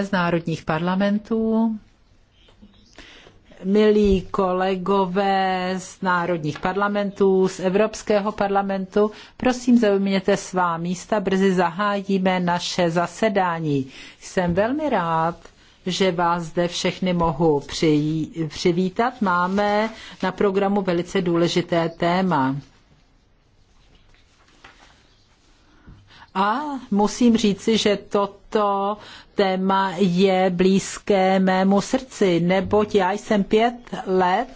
z národních parlamentů, milí kolegové z národních parlamentů, z Evropského parlamentu, prosím zaujměte svá místa, brzy zahájíme naše zasedání. Jsem velmi rád, že vás zde všechny mohu přivítat. Máme na programu velice důležité téma. A musím říci, že toto téma je blízké mému srdci, neboť já jsem pět let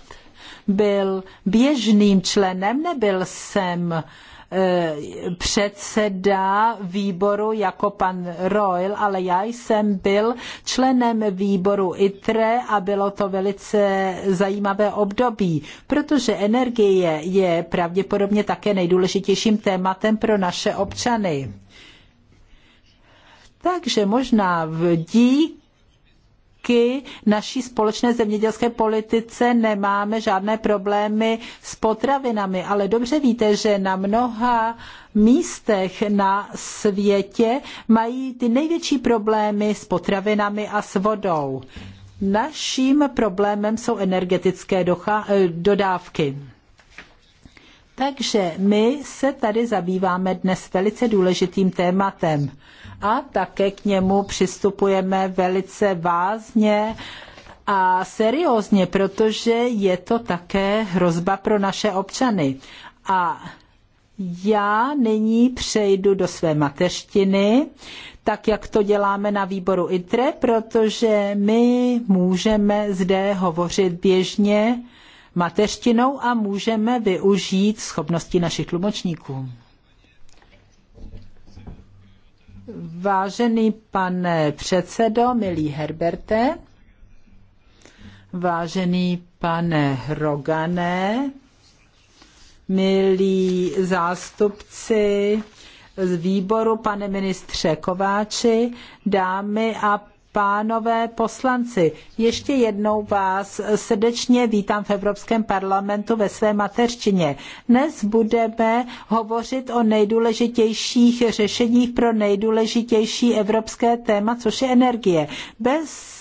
byl běžným členem, nebyl jsem e, předseda výboru jako pan Royal, ale já jsem byl členem výboru ITRE a bylo to velice zajímavé období, protože energie je pravděpodobně také nejdůležitějším tématem pro naše občany. Takže možná v díky naší společné zemědělské politice nemáme žádné problémy s potravinami, ale dobře víte, že na mnoha místech na světě mají ty největší problémy s potravinami a s vodou. Naším problémem jsou energetické dodávky. Takže my se tady zabýváme dnes velice důležitým tématem a také k němu přistupujeme velice vázně a seriózně, protože je to také hrozba pro naše občany. A já nyní přejdu do své mateřtiny, tak jak to děláme na výboru ITRE, protože my můžeme zde hovořit běžně mateřtinou a můžeme využít schopnosti našich tlumočníků. Vážený pane předsedo, milý Herberte, vážený pane Rogane, milí zástupci z výboru, pane ministře Kováči, dámy a pánové poslanci, ještě jednou vás srdečně vítám v Evropském parlamentu ve své mateřštině. Dnes budeme hovořit o nejdůležitějších řešeních pro nejdůležitější evropské téma, což je energie. Bez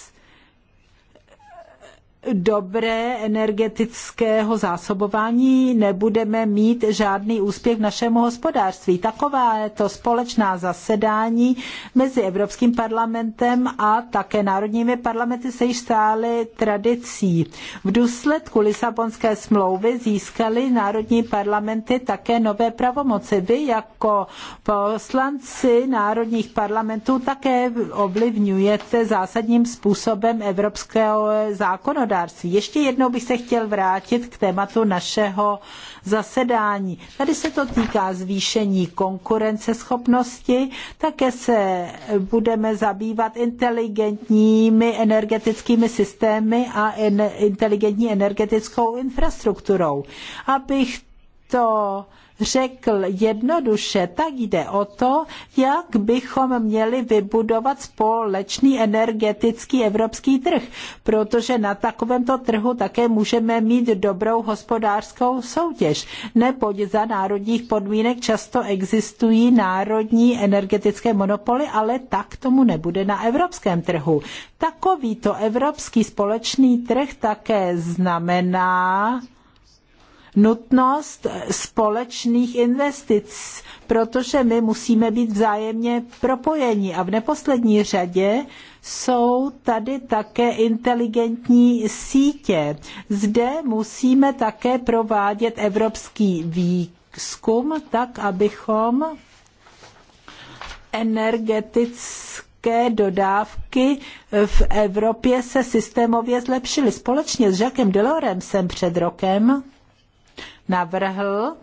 dobré energetického zásobování nebudeme mít žádný úspěch v našem hospodářství. Taková je to společná zasedání mezi Evropským parlamentem a také národními parlamenty se již stály tradicí. V důsledku Lisabonské smlouvy získaly národní parlamenty také nové pravomoci. Vy jako poslanci národních parlamentů také ovlivňujete zásadním způsobem evropského zákonodárství hospodářství. Ještě jednou bych se chtěl vrátit k tématu našeho zasedání. Tady se to týká zvýšení konkurenceschopnosti, také se budeme zabývat inteligentními energetickými systémy a inteligentní energetickou infrastrukturou. Abych to řekl jednoduše, tak jde o to, jak bychom měli vybudovat společný energetický evropský trh, protože na takovémto trhu také můžeme mít dobrou hospodářskou soutěž. Neboť za národních podmínek často existují národní energetické monopoly, ale tak tomu nebude na evropském trhu. Takovýto evropský společný trh také znamená, nutnost společných investic, protože my musíme být vzájemně propojeni. A v neposlední řadě jsou tady také inteligentní sítě. Zde musíme také provádět evropský výzkum, tak abychom energetické dodávky v Evropě se systémově zlepšily. Společně s Jacques Delorem jsem před rokem navrhl,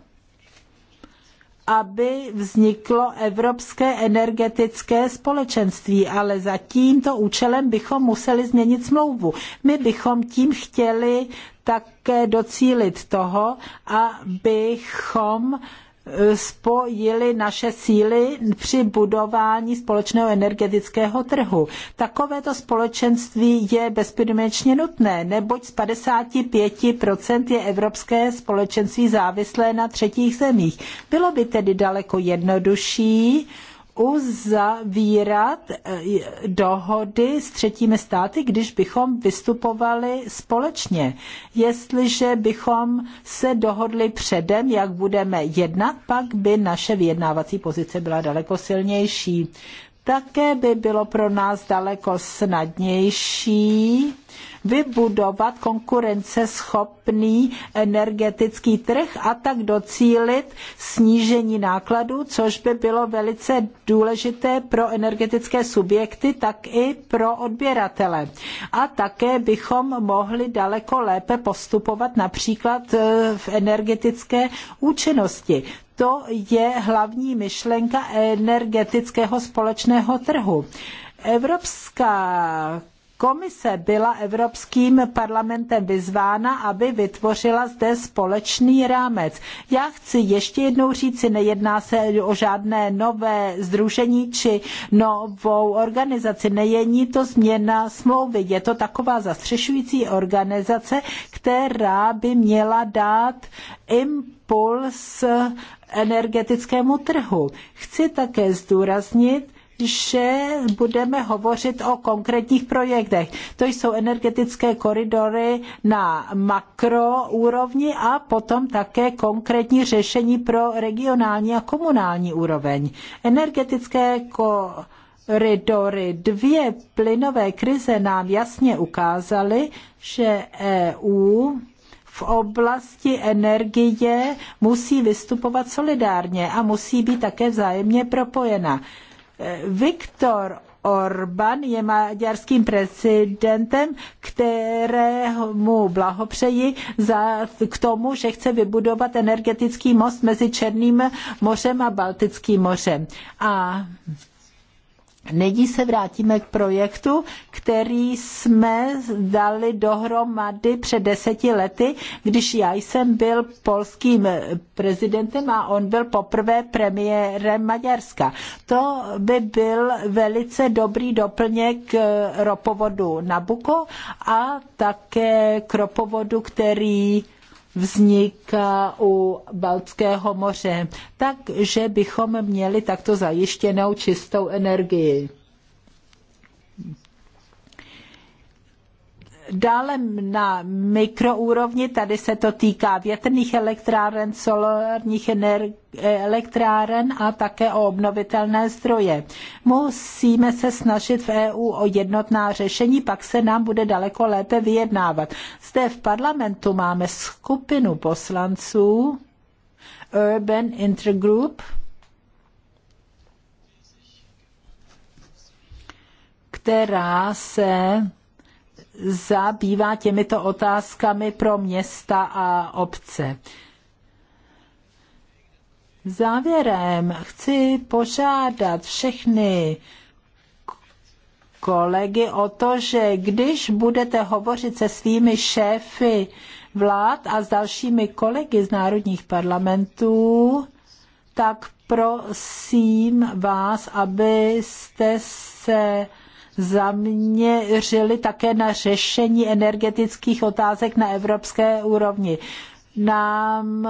aby vzniklo Evropské energetické společenství, ale za tímto účelem bychom museli změnit smlouvu. My bychom tím chtěli také docílit toho, abychom Eh, spojili naše síly při budování společného energetického trhu. Takovéto společenství je bezpodmínečně nutné, neboť z 55% je evropské společenství závislé na třetích zemích. Bylo by tedy daleko jednodušší, uzavírat eh, dohody s třetími státy, když bychom vystupovali společně. Jestliže bychom se dohodli předem, jak budeme jednat, pak by naše vyjednávací pozice byla daleko silnější. Také by bylo pro nás daleko snadnější vybudovat konkurenceschopný energetický trh a tak docílit snížení nákladů, což by bylo velice důležité pro energetické subjekty, tak i pro odběratele. A také bychom mohli daleko lépe postupovat například e, v energetické účinnosti. To je hlavní myšlenka energetického společného trhu. Evropská Komise byla Evropským parlamentem vyzvána, aby vytvořila zde společný rámec. Já chci ještě jednou říci, nejedná se o žádné nové združení či novou organizaci. Nejení to změna smlouvy. Je to taková zastřešující organizace, která by měla dát impuls energetickému trhu. Chci také zdůraznit, že budeme hovořit o konkrétních projektech. To jsou energetické koridory na makroúrovni a potom také konkrétní řešení pro regionální a komunální úroveň. Energetické koridory dvě plynové krize nám jasně ukázaly, že EU v oblasti energie musí vystupovat solidárně a musí být také vzájemně propojena. Viktor Orbán je maďarským prezidentem, kterému blahopřeji za, k tomu, že chce vybudovat energetický most mezi Černým mořem a Baltickým mořem. A Nyní se vrátíme k projektu, který jsme dali dohromady před deseti lety, když já jsem byl polským prezidentem a on byl poprvé premiérem Maďarska. To by byl velice dobrý doplněk ropovodu Nabuko a také k ropovodu, který vzniká u Baltského moře, takže bychom měli takto zajištěnou čistou energii. Dále na mikroúrovni, tady se to týká větrných elektráren, solárních elektráren a také o obnovitelné zdroje. Musíme se snažit v EU o jednotná řešení, pak se nám bude daleko lépe vyjednávat. Zde v parlamentu máme skupinu poslanců Urban Intergroup, která se zabývá těmito otázkami pro města a obce. Závěrem chci požádat všechny kolegy o to, že když budete hovořit se svými šéfy vlád a s dalšími kolegy z národních parlamentů, tak prosím vás, abyste se zaměřili také na řešení energetických otázek na evropské úrovni nám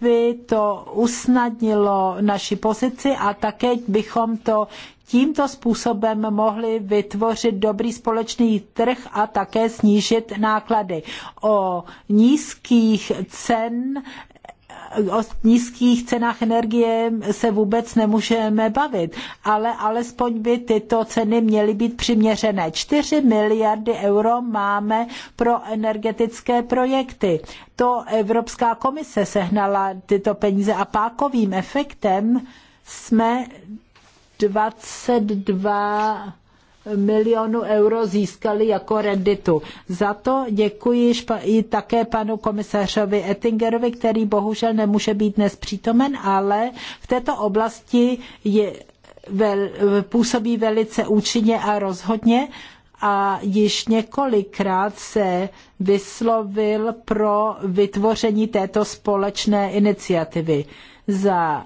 by to usnadnilo naši pozici a také bychom to tímto způsobem mohli vytvořit dobrý společný trh a také snížit náklady. O nízkých cen o nízkých cenách energie se vůbec nemůžeme bavit, ale alespoň by tyto ceny měly být přiměřené. 4 miliardy euro máme pro energetické projekty. To Evropská komise sehnala tyto peníze a pákovým efektem jsme 22 milionů euro získali jako renditu. Za to děkuji i také panu komisařovi Ettingerovi, který bohužel nemůže být dnes přítomen, ale v této oblasti je, vel, působí velice účinně a rozhodně a již několikrát se vyslovil pro vytvoření této společné iniciativy. Za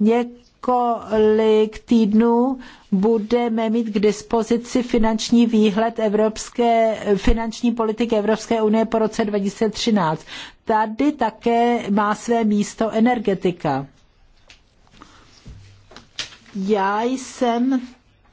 něk- několik týdnů budeme mít k dispozici finanční výhled evropské, finanční politiky Evropské unie po roce 2013. Tady také má své místo energetika. Já jsem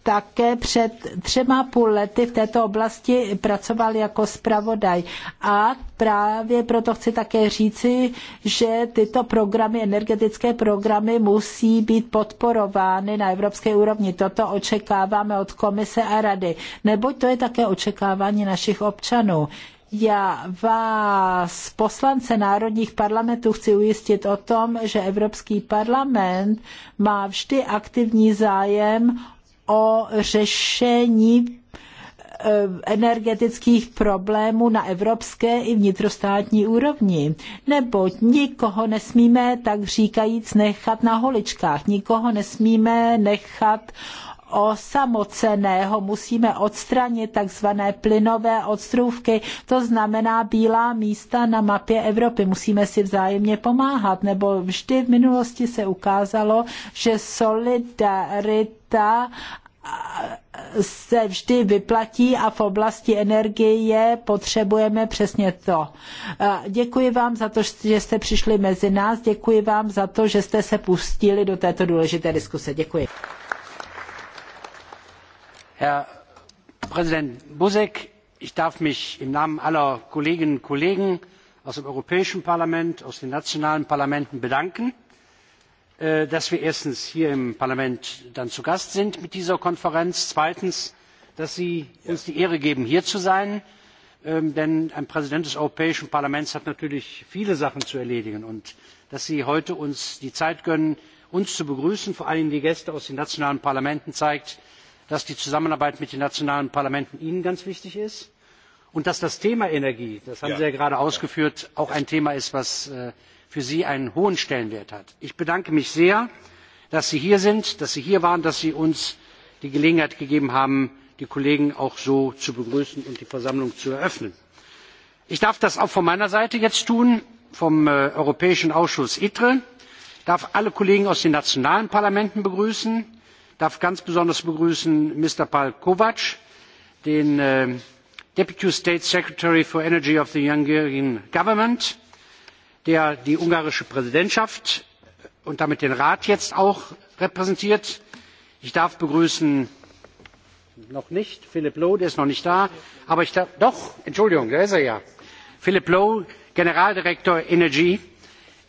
také před třema půl lety v této oblasti pracoval jako zpravodaj. A právě proto chci také říci, že tyto programy, energetické programy musí být podporovány na evropské úrovni. Toto očekáváme od komise a rady, neboť to je také očekávání našich občanů. Já vás, poslance národních parlamentů, chci ujistit o tom, že Evropský parlament má vždy aktivní zájem o řešení eh, energetických problémů na evropské i vnitrostátní úrovni. Neboť nikoho nesmíme, tak říkajíc, nechat na holičkách, nikoho nesmíme nechat osamoceného. Musíme odstranit takzvané plynové odstrůvky, to znamená bílá místa na mapě Evropy. Musíme si vzájemně pomáhat, nebo vždy v minulosti se ukázalo, že solidarita místa se vždy vyplatí a v oblasti energie potřebujeme přesně to. Děkuji vám za to, že jste přišli mezi nás, děkuji vám za to, že jste se pustili do této důležité diskuse. Děkuji. Herr Präsident Buzek, ich darf mich im Namen aller Kolleginnen und Kollegen aus dem Europäischen Parlament, aus den nationalen Parlamenten bedanken Äh, dass wir erstens hier im parlament zu gast sind mit dieser konferenz zweitens dass sie uns die ehre geben hier zu sein ähm, denn ein präsident des europäischen parlaments hat natürlich viele sachen zu erledigen und dass sie uns heute die zeit gönnen uns zu begrüßen vor allem die gäste aus den nationalen parlamenten zeigt dass die zusammenarbeit mit den nationalen parlamenten ihnen ganz wichtig ist und dass das thema energie das haben sie ja gerade ausgeführt auch ein thema ist das äh, für sie einen hohen Stellenwert hat. Ich bedanke mich sehr, dass Sie hier sind, dass Sie hier waren, dass Sie uns die Gelegenheit gegeben haben, die Kollegen auch so zu begrüßen und die Versammlung zu eröffnen. Ich darf das auch von meiner Seite jetzt tun, vom äh, Europäischen Ausschuss ITRE, darf alle Kollegen aus den nationalen Parlamenten begrüßen, darf ganz besonders begrüßen Mr. Paul Kovac, den äh, Deputy State Secretary for Energy of the Hungarian Government, der die ungarische präsidentschaft und damit den rat jetzt auch repräsentiert. ich darf begrüßen noch nicht philip lowe der ist noch nicht da aber ich darf doch entschuldigung da ist er ja philip lowe generaldirektor energie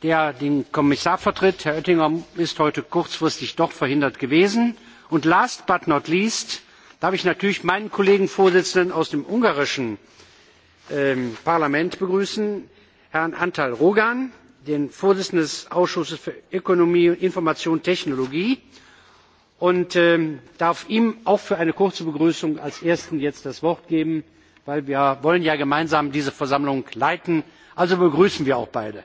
der den kommissar vertritt herr oettinger ist heute kurzfristig doch verhindert gewesen und last but not least darf ich natürlich meinen kollegen vorsitzenden aus dem ungarischen ähm, parlament begrüßen herrn antal rogan den vorsitzenden des ausschusses für ökonomie information und technologie und ähm, darf ihm auch für eine kurze begrüßung als ersten jetzt das wort geben weil wir wollen ja gemeinsam diese versammlung leiten also begrüßen wir auch beide.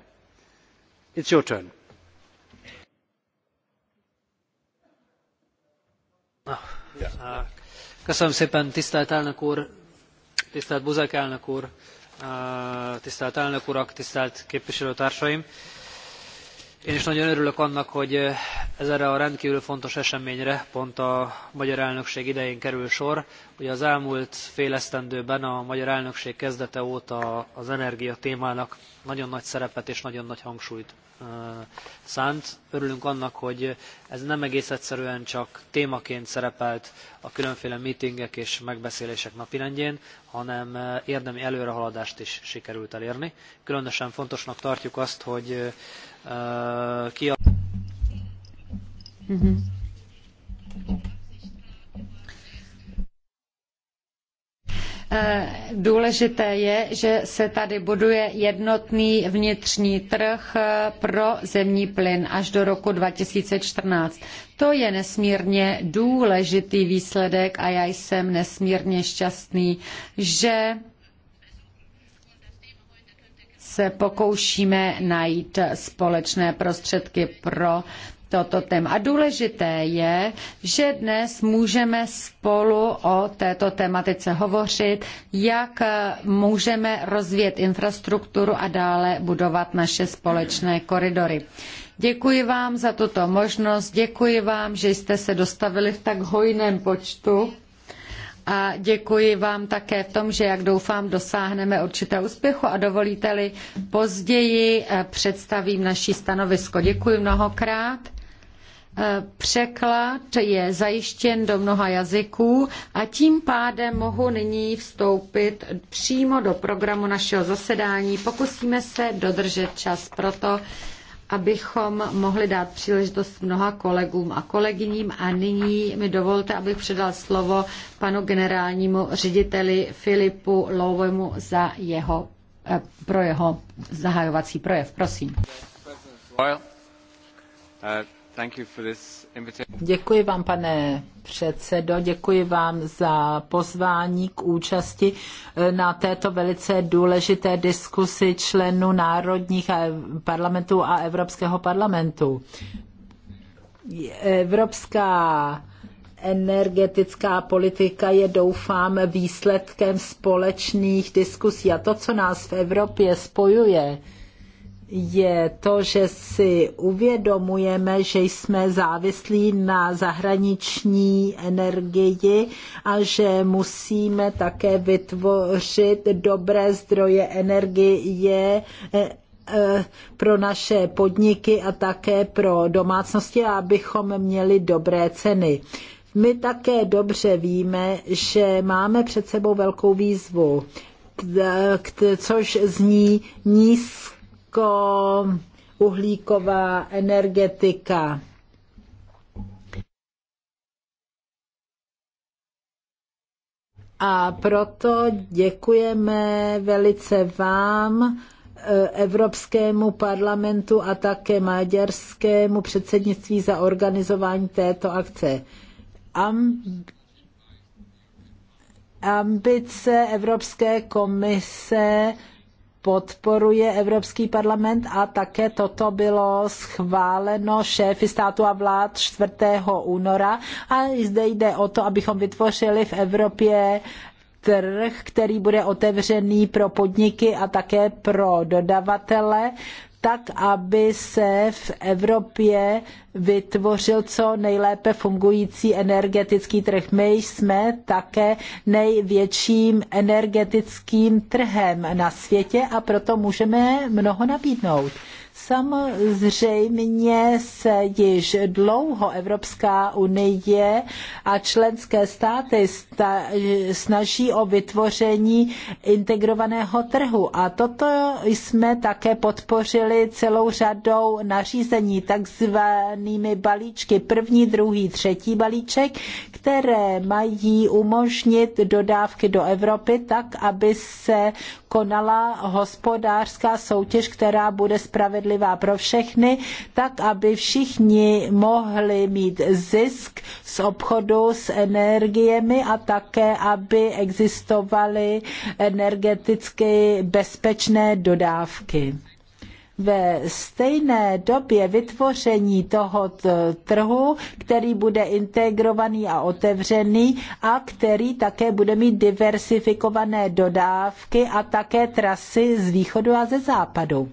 it's your turn. köszönöm szépen tisztelt elnök úr tisztelt buzek elnök úr! tisztelt elnök urak tisztelt képviselőtársaim! Én is nagyon örülök annak, hogy eh, ez erre a rendkívül fontos eseményre pont a magyar elnökség idején kerül sor. Ugye az elmúlt fél esztendőben a magyar elnökség kezdete óta az energia témának nagyon nagy szerepet és nagyon nagy hangsúlyt eh, szánt. Örülünk annak, hogy ez nem egész egyszerűen csak témaként szerepelt a különféle meetingek és megbeszélések napirendjén, hanem eh, érdemi előrehaladást is sikerült elérni. Különösen fontosnak tartjuk azt, hogy ki eh, mm-hmm. Eh, důležité je, že se tady buduje jednotný vnitřní trh eh, pro zemní plyn až do roku 2014. To je nesmírně důležitý výsledek a já jsem nesmírně šťastný, že se pokoušíme najít společné prostředky pro toto téma. A důležité je, že dnes můžeme spolu o této tematice hovořit, jak můžeme rozvíjet infrastrukturu a dále budovat naše společné koridory. Děkuji vám za tuto možnost, děkuji vám, že jste se dostavili v tak hojném počtu a děkuji vám také v tom, že, jak doufám, dosáhneme určitého úspěchu a dovolíte-li, později eh, představím naší stanovisko. Děkuji mnohokrát. Eh, překlad je zajištěn do mnoha jazyků a tím pádem mohu nyní vstoupit přímo do programu našeho zasedání. Pokusíme se dodržet čas proto, abychom mohli dát příležitost mnoha kolegům a kolegyním. A nyní mi dovolte, abych předal slovo panu generálnímu řediteli Filipu Louvemu za jeho, eh, pro jeho zahajovací projev. Prosím. Well, uh, thank you for this Děkuji vám, pane předsedo, děkuji vám za pozvání k účasti eh, na této velice důležité diskusi členů národních eh, parlamentů a Evropského parlamentu. Evropská energetická politika je, doufám, výsledkem společných diskusí a to, co nás v Evropě spojuje, je to, že si uvědomujeme, že jsme závislí na zahraniční energii a že musíme také vytvořit dobré zdroje energie eh, eh, pro naše podniky a také pro domácnosti, abychom měli dobré ceny. My také dobře víme, že máme před sebou velkou výzvu, což zní nízké nízko uhlíková energetika. A proto děkujeme velice vám, e, Evropskému parlamentu a také maďarskému předsednictví za organizování této akce. ambice Evropské komise podporuje Evropský parlament a také toto bylo schváleno šéfy státu a vlád 4. února. A zde jde o to, abychom vytvořili v Evropě trh, který bude otevřený pro podniky a také pro dodavatele, tak, aby se v Evropě vytvořil co nejlépe fungující energetický trh. My jsme také největším energetickým trhem na světě a proto můžeme mnoho nabídnout. Samozřejmě se již dlouho Evropská unie a členské státy snaží o vytvoření integrovaného trhu a toto jsme také podpořili celou řadou nařízení, takzvanými balíčky, první, druhý, třetí balíček, které mají umožnit dodávky do Evropy tak, aby se konala hospodářská soutěž, která bude spravedlivá spravedlivá pro všechny, tak aby všichni mohli mít zisk z obchodu s energiemi a také, aby existovaly energeticky bezpečné dodávky ve stejné době vytvoření tohoto trhu, který bude integrovaný a otevřený a který také bude mít diversifikované dodávky a také trasy z východu a ze západu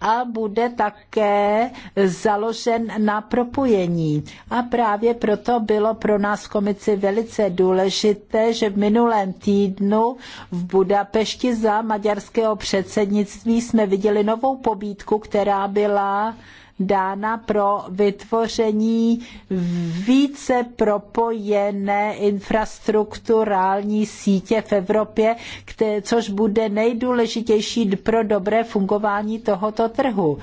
a bude také založen na propojení. A právě proto bylo pro nás komici velice důležité, že v minulém týdnu v Budapešti za maďarského předsednictví jsme viděli novou pobídku, která byla dána pro vytvoření více propojené infrastrukturální sítě v Evropě, což bude nejdůležitější pro dobré fungování tohoto trhu.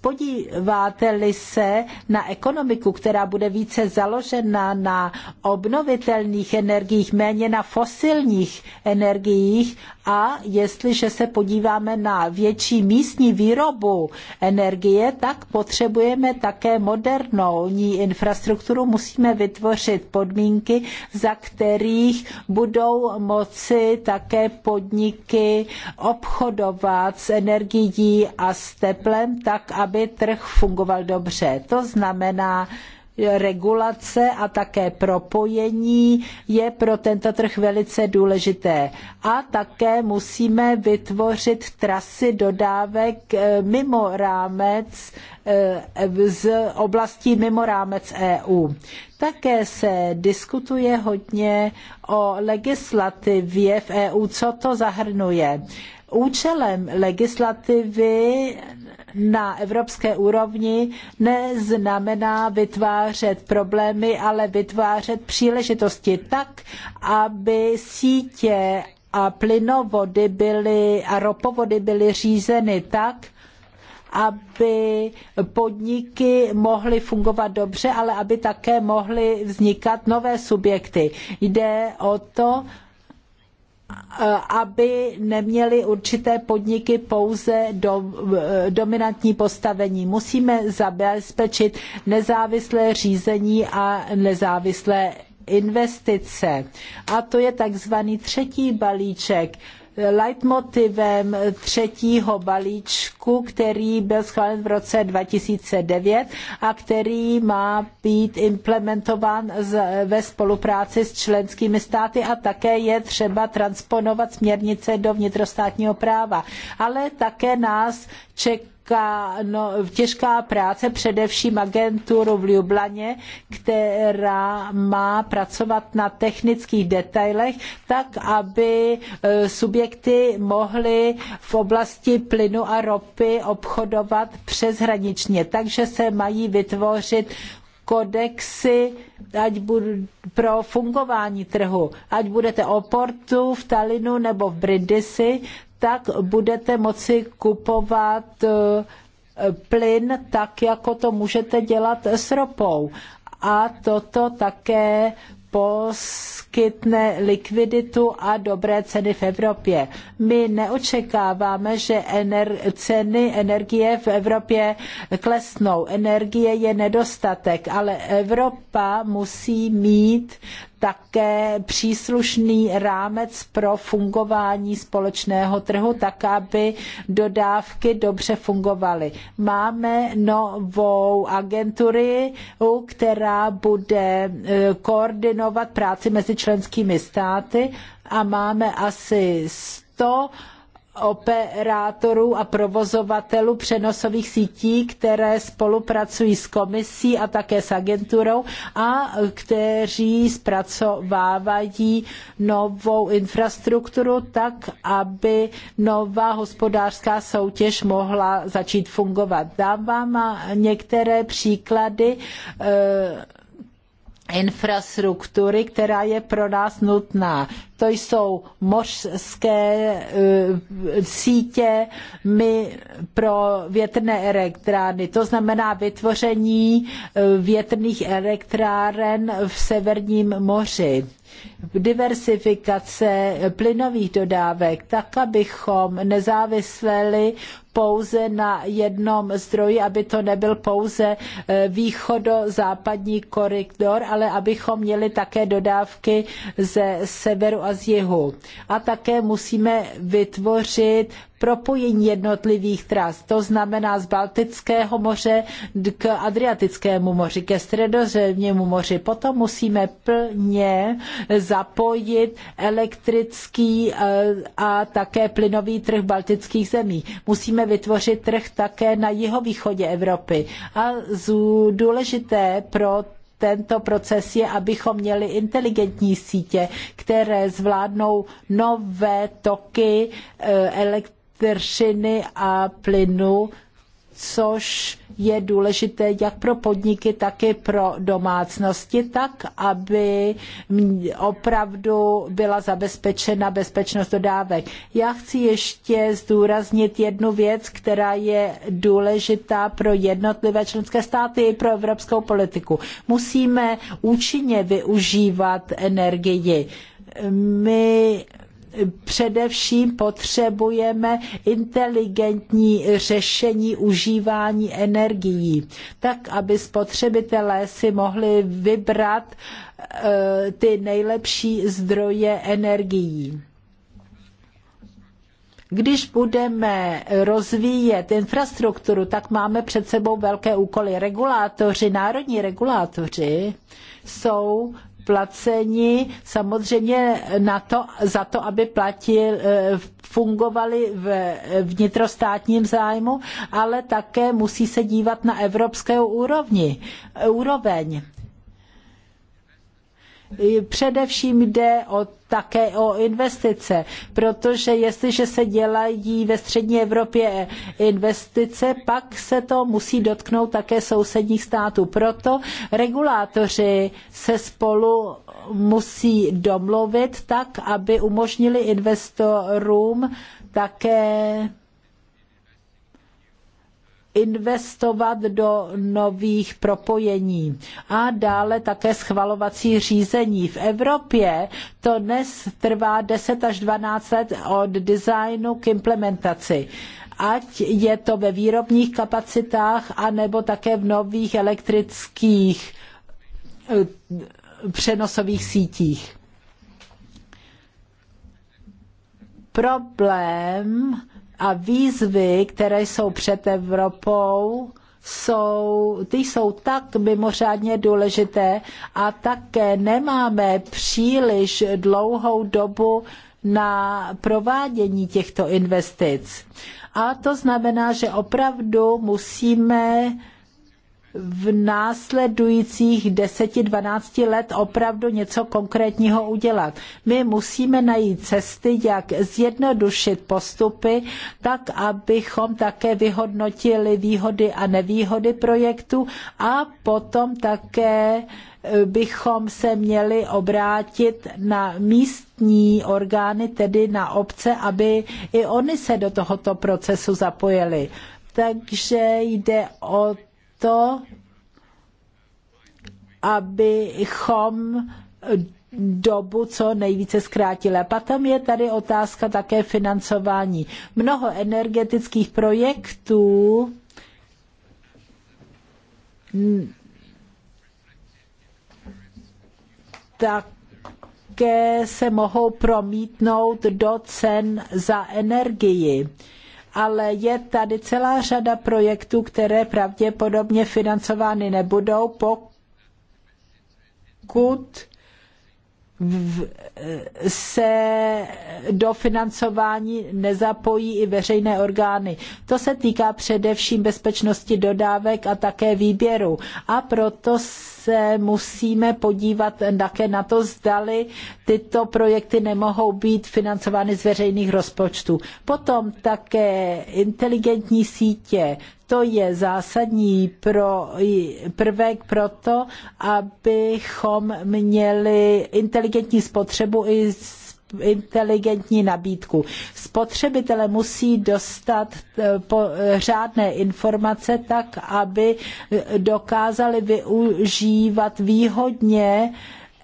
Podíváte-li se na ekonomiku, která bude více založena na obnovitelných energiích, méně na fosilních energiích a jestliže se podíváme na větší místní výrobu energie, tak potřebujeme také moderní infrastrukturu, musíme vytvořit podmínky, za kterých budou moci také podniky obchodovat s energií a s teplem tak, aby trh fungoval dobře. To znamená, regulace a také propojení je pro tento trh velice důležité. A také musíme vytvořit trasy dodávek eh, mimo rámec eh, z oblastí mimo rámec EU. Také se diskutuje hodně o legislativě v EU, co to zahrnuje účelem legislativy na evropské úrovni neznamená vytvářet problémy, ale vytvářet příležitosti tak, aby sítě a plynovody byly a ropovody byly řízeny tak, aby podniky mohly fungovat dobře, ale aby také mohly vznikat nové subjekty. Jde o to, Eh, aby neměly určité podniky pouze do, eh, dominantní postavení. Musíme zabezpečit nezávislé řízení a nezávislé investice. A to je takzvaný třetí balíček leitmotivem třetího balíčku, který byl schválen v roce 2009 a který má být implementován ve spolupráci s členskými státy a také je třeba transponovat směrnice do vnitrostátního práva. Ale také nás čeká těžká, no, těžká práce, především agenturu v Ljubljaně, která má pracovat na technických detailech, tak aby e, subjekty mohly v oblasti plynu a ropy obchodovat přeshraničně. Takže se mají vytvořit kodexy, ať budu, pro fungování trhu. Ať budete portu v Talinu nebo v Brindisi, tak budete moci kupovat e, plyn tak, jako to můžete dělat s ropou. A toto také poskytne likviditu a dobré ceny v Evropě. My neočekáváme, že ener- ceny energie v Evropě klesnou. Energie je nedostatek, ale Evropa musí mít také příslušný rámec pro fungování společného trhu, tak aby dodávky dobře fungovaly. Máme novou agenturu, která bude eh, koordinovat práci mezi členskými státy a máme asi 100 operátorů a provozovatelů přenosových sítí, které spolupracují s komisí a také s agenturou a kteří zpracovávají novou infrastrukturu tak, aby nová hospodářská soutěž mohla začít fungovat. Dávám některé příklady e, infrastruktury, která je pro nás nutná. To jsou mořské eh, sítě my pro větrné elektrárny. To znamená vytvoření eh, větrných elektráren v Severním moři. Diversifikace plynových dodávek, tak abychom nezávisleli pouze na jednom zdroji, aby to nebyl pouze eh, východo-západní koridor, ale abychom měli také dodávky ze severu a z jihu. A také musíme vytvořit propojení jednotlivých tras, to znamená z Baltického moře k Adriatickému moři, ke Středozemnímu moři. Potom musíme plně zapojit elektrický eh, a také plynový trh baltických zemí. Musíme vytvořit trh také na jihovýchodě Evropy. A důležité pro tento proces je, abychom měli inteligentní sítě, které zvládnou nové toky eh, elektřiny elektřiny a plynu, což je důležité jak pro podniky, tak i pro domácnosti, tak aby opravdu byla zabezpečena bezpečnost dodávek. Já chci ještě zdůraznit jednu věc, která je důležitá pro jednotlivé členské státy i pro evropskou politiku. Musíme účinně využívat energii. My především potřebujeme inteligentní řešení užívání energií, tak aby spotřebitelé si mohli vybrat eh, ty nejlepší zdroje energií. Když budeme rozvíjet infrastrukturu, tak máme před sebou velké úkoly. Regulátoři, národní regulátoři jsou placeni samozřejmě na to, za to, aby platil, eh, fungovali v vnitrostátním zájmu, ale také musí se dívat na evropskou úrovni, úroveň. Především jde o, také o investice, protože jestliže se dělají ve střední Evropě investice, pak se to musí dotknout také sousedních států. Proto regulátoři se spolu musí domluvit tak, aby umožnili investorům také investovat do nových propojení a dále také schvalovací řízení. V Evropě to dnes trvá 10 až 12 let od designu k implementaci ať je to ve výrobních kapacitách, anebo také v nových elektrických eh, přenosových sítích. Problém a výzvy, které jsou před Evropou, jsou, ty jsou tak mimořádně důležité a také nemáme příliš dlouhou dobu na provádění těchto investic. A to znamená, že opravdu musíme v následujících 10-12 let opravdu něco konkrétního udělat. My musíme najít cesty, jak zjednodušit postupy, tak abychom také vyhodnotili výhody a nevýhody projektu a potom také eh, bychom se měli obrátit na místní orgány, tedy na obce, aby i oni se do tohoto procesu zapojili. Takže jde o to, abychom dobu co nejvíce zkrátili. A potom je tady otázka také financování. Mnoho energetických projektů také se mohou promítnout do cen za energii ale je tady celá řada projektů, které pravděpodobně financovány nebudou, pokud v, se do financování nezapojí i veřejné orgány. To se týká především bezpečnosti dodávek a také výběru. A proto se musíme podívat také na to, zdali tyto projekty nemohou být financovány z veřejných rozpočtů. Potom také inteligentní sítě. To je zásadní pro, prvek pro to, abychom měli inteligentní spotřebu i z inteligentní nabídku. Spotřebitele musí dostat eh, eh, řádné informace tak, aby eh, dokázali využívat výhodně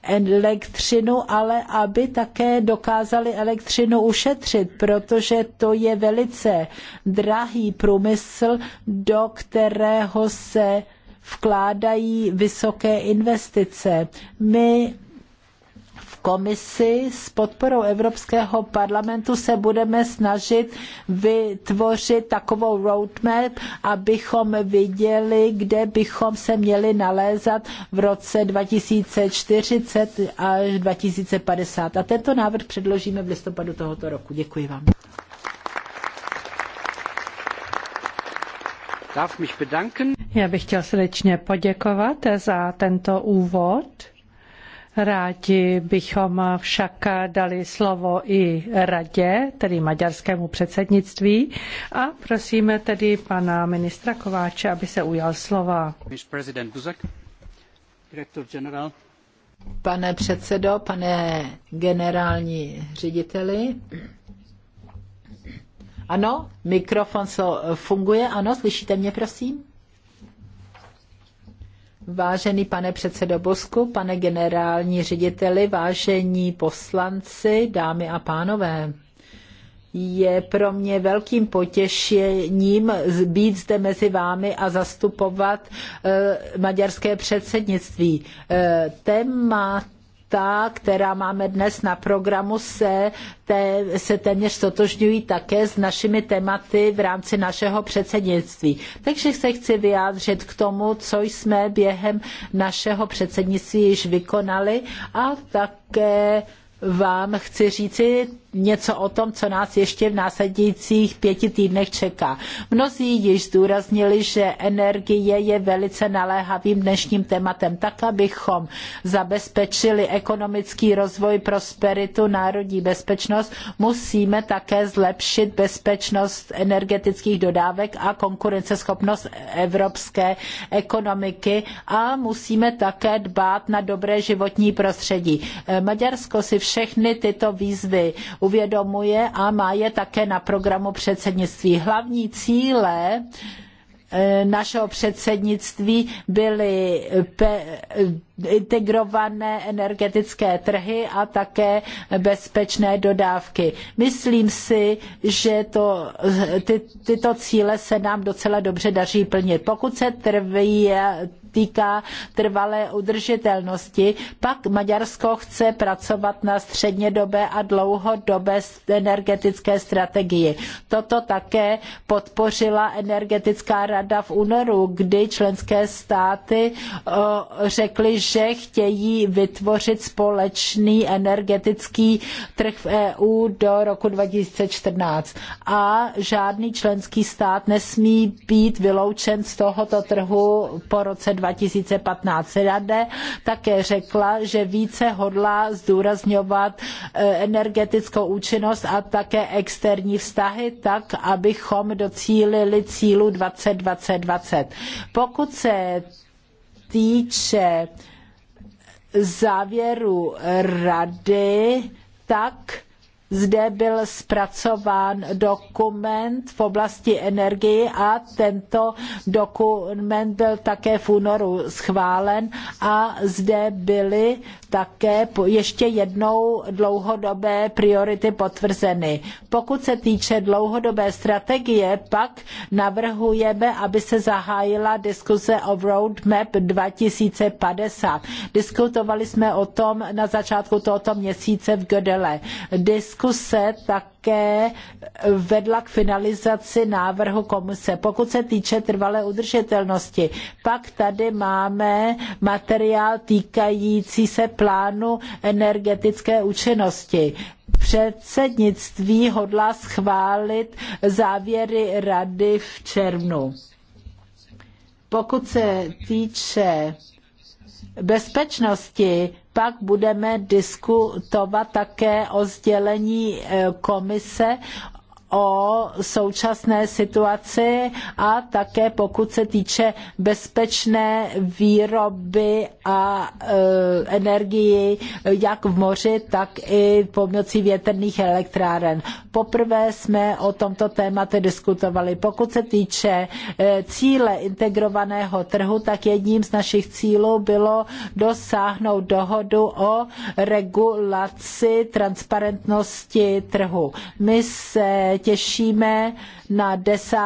elektřinu, ale aby také dokázali elektřinu ušetřit, protože to je velice drahý průmysl, do kterého se vkládají vysoké investice. My komisi s podporou Evropského parlamentu se budeme snažit vytvořit takovou roadmap, abychom viděli, kde bychom se měli nalézat v roce 2040 až 2050. A tento návrh předložíme v listopadu tohoto roku. Děkuji vám. Já bych chtěl srdečně poděkovat za tento úvod. Rádi bychom však dali slovo i radě, tedy maďarskému předsednictví, a prosíme tedy pana ministra Kováče, aby se ujal slova. Pane předsedo, pane generální řediteli. Ano, mikrofon funguje, ano, slyšíte mě, prosím? Vážený pane předsedo Bosku, pane generální řediteli, vážení poslanci, dámy a pánové, je pro mě velkým potěšením být zde mezi vámi a zastupovat eh, maďarské předsednictví. Eh, téma fakta, která máme dnes na programu, se, te, se téměř totožňují také s našimi tématy v rámci našeho předsednictví. Takže se chci vyjádřit k tomu, co jsme během našeho předsednictví již vykonali a také vám chci říci, něco o tom, co nás ještě v následujících pěti týdnech čeká. Mnozí již zdůraznili, že energie je velice naléhavým dnešním tématem, tak abychom zabezpečili ekonomický rozvoj, prosperitu, národní bezpečnost, musíme také zlepšit bezpečnost energetických dodávek a konkurenceschopnost evropské ekonomiky a musíme také dbát na dobré životní prostředí. Maďarsko si všechny tyto výzvy uvědomuje a má je také na programu předsednictví. Hlavní cíle eh, našeho předsednictví byly eh, integrované energetické trhy a také bezpečné dodávky. Myslím si, že to, eh, ty, tyto cíle se nám docela dobře daří plnit. Pokud se trví, týká trvalé udržitelnosti, pak Maďarsko chce pracovat na střednědobé a dlouhodobé energetické strategii. Toto také podpořila energetická rada v únoru, kdy členské státy eh, řekly, že chtějí vytvořit společný energetický trh v EU do roku 2014 a žádný členský stát nesmí být vyloučen z tohoto trhu po roce 2015. Rade také řekla, že více hodlá zdůrazňovat eh, energetickou účinnost a také externí vztahy tak, abychom docílili cílu 2020. Pokud se týče závěru rady, tak zde byl zpracován dokument v oblasti energie a tento dokument byl také v únoru schválen a zde byly také ještě jednou dlouhodobé priority potvrzeny. Pokud se týče dlouhodobé strategie, pak navrhujeme, aby se zahájila diskuse o Roadmap 2050. Diskutovali jsme o tom na začátku tohoto měsíce v Gödele. Diskuse tak také vedla k finalizaci návrhu komise. Pokud se týče trvalé udržitelnosti, pak tady máme materiál týkající se plánu energetické účinnosti předsednictví hodlá schválit závěry rady v červnu. Pokud se týče bezpečnosti, pak budeme diskutovat také o sdělení eh, komise o současné situaci a také pokud se týče bezpečné výroby a e, energii jak v moři, tak i pomocí větrných elektráren. Poprvé jsme o tomto tématu diskutovali. Pokud se týče e, cíle integrovaného trhu, tak jedním z našich cílů bylo dosáhnout dohodu o regulaci transparentnosti trhu. My se těšíme na 10.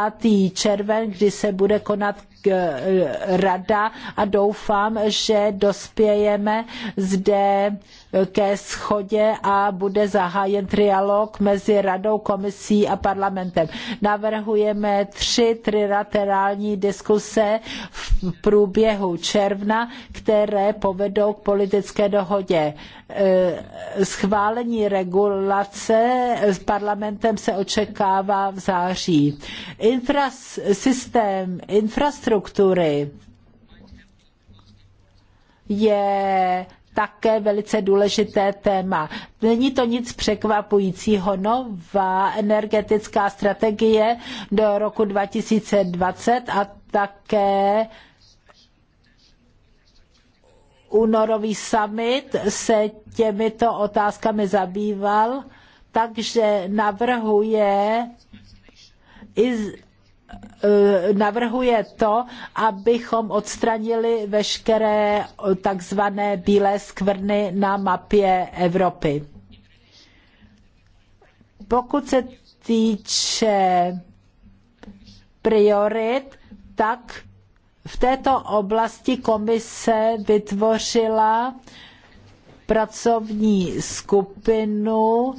červen, kdy se bude konat Eh, rada a doufám, že dospějeme zde eh, ke schodě a bude zahájen trialog mezi radou, komisí a parlamentem. Navrhujeme tři trilaterální diskuse v průběhu června, které povedou k politické dohodě. Eh, schválení regulace s parlamentem se očekává v září. Infras, systém infrastruktury struktury je také velice důležité téma. Není to nic překvapujícího. Nová energetická strategie do roku 2020 a také únorový summit se těmito otázkami zabýval, takže navrhuje Eh, navrhuje to, abychom odstranili veškeré eh, takzvané bílé skvrny na mapě Evropy. Pokud se týče priorit, tak v této oblasti komise vytvořila pracovní skupinu,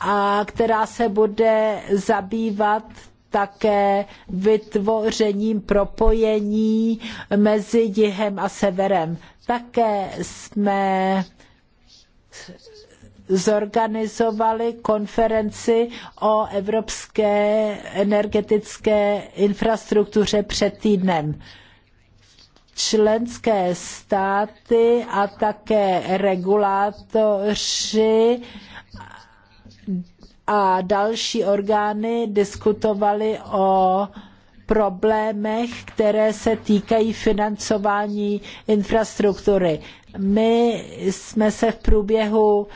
a která se bude zabývat také vytvořením propojení mezi jihem a severem. Také jsme zorganizovali konferenci o evropské energetické infrastruktuře před týdnem. Členské státy a také regulátoři a další orgány diskutovaly o problémech, které se týkají financování infrastruktury. My jsme se v průběhu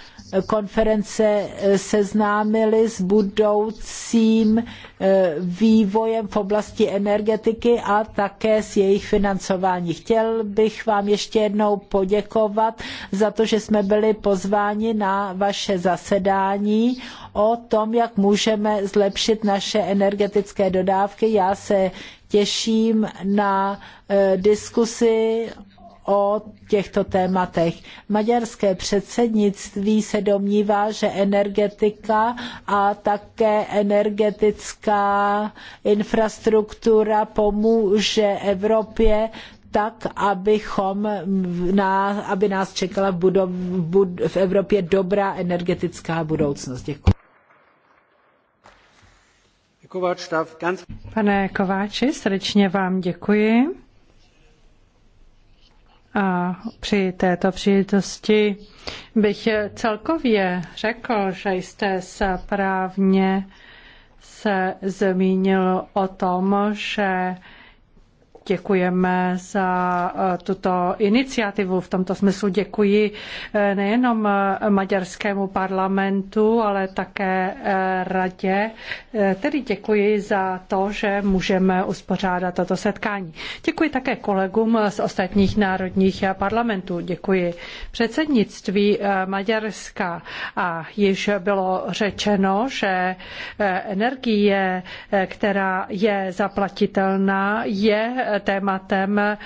konference eh, seznámili s budoucím eh, vývojem v oblasti energetiky a také s jejich financování. Chtěl bych vám ještě jednou poděkovat za to, že jsme byli pozváni na vaše zasedání o tom, jak můžeme zlepšit naše energetické dodávky. Já se těším na eh, diskusi o těchto tématech. Maďarské předsednictví se domnívá, že energetika a také energetická infrastruktura pomůže Evropě tak, abychom aby nás čekala v, budov, v Evropě dobrá energetická budoucnost. Děkuji. Pane Kováči, srdečně vám děkuji. A při této příležitosti bych celkově řekl, že jste se právně se zmínil o tom, že Děkujeme za eh, tuto iniciativu. V tomto smyslu děkuji eh, nejenom eh, maďarskému parlamentu, ale také radě. Tedy děkuji za to, že můžeme uspořádat toto setkání. Děkuji také kolegům z ostatních národních parlamentů. Děkuji předsednictví Maďarska a již bylo řečeno, že energie, která je zaplatitelná, je tématem eh,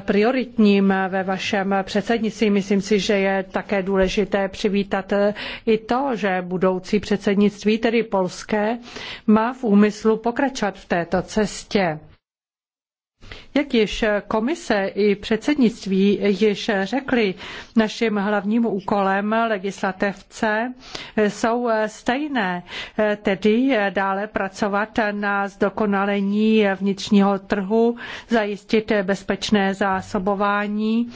prioritním ve vašem předsednictví. Myslím si, že je také důležité přivítat eh, i to, že budoucí předsednictví, tedy polské, má v úmyslu pokračovat v této cestě. Jak již komise i předsednictví již řekli, naším hlavním úkolem legislativce jsou stejné, tedy dále pracovat na zdokonalení vnitřního trhu, zajistit bezpečné zásobování,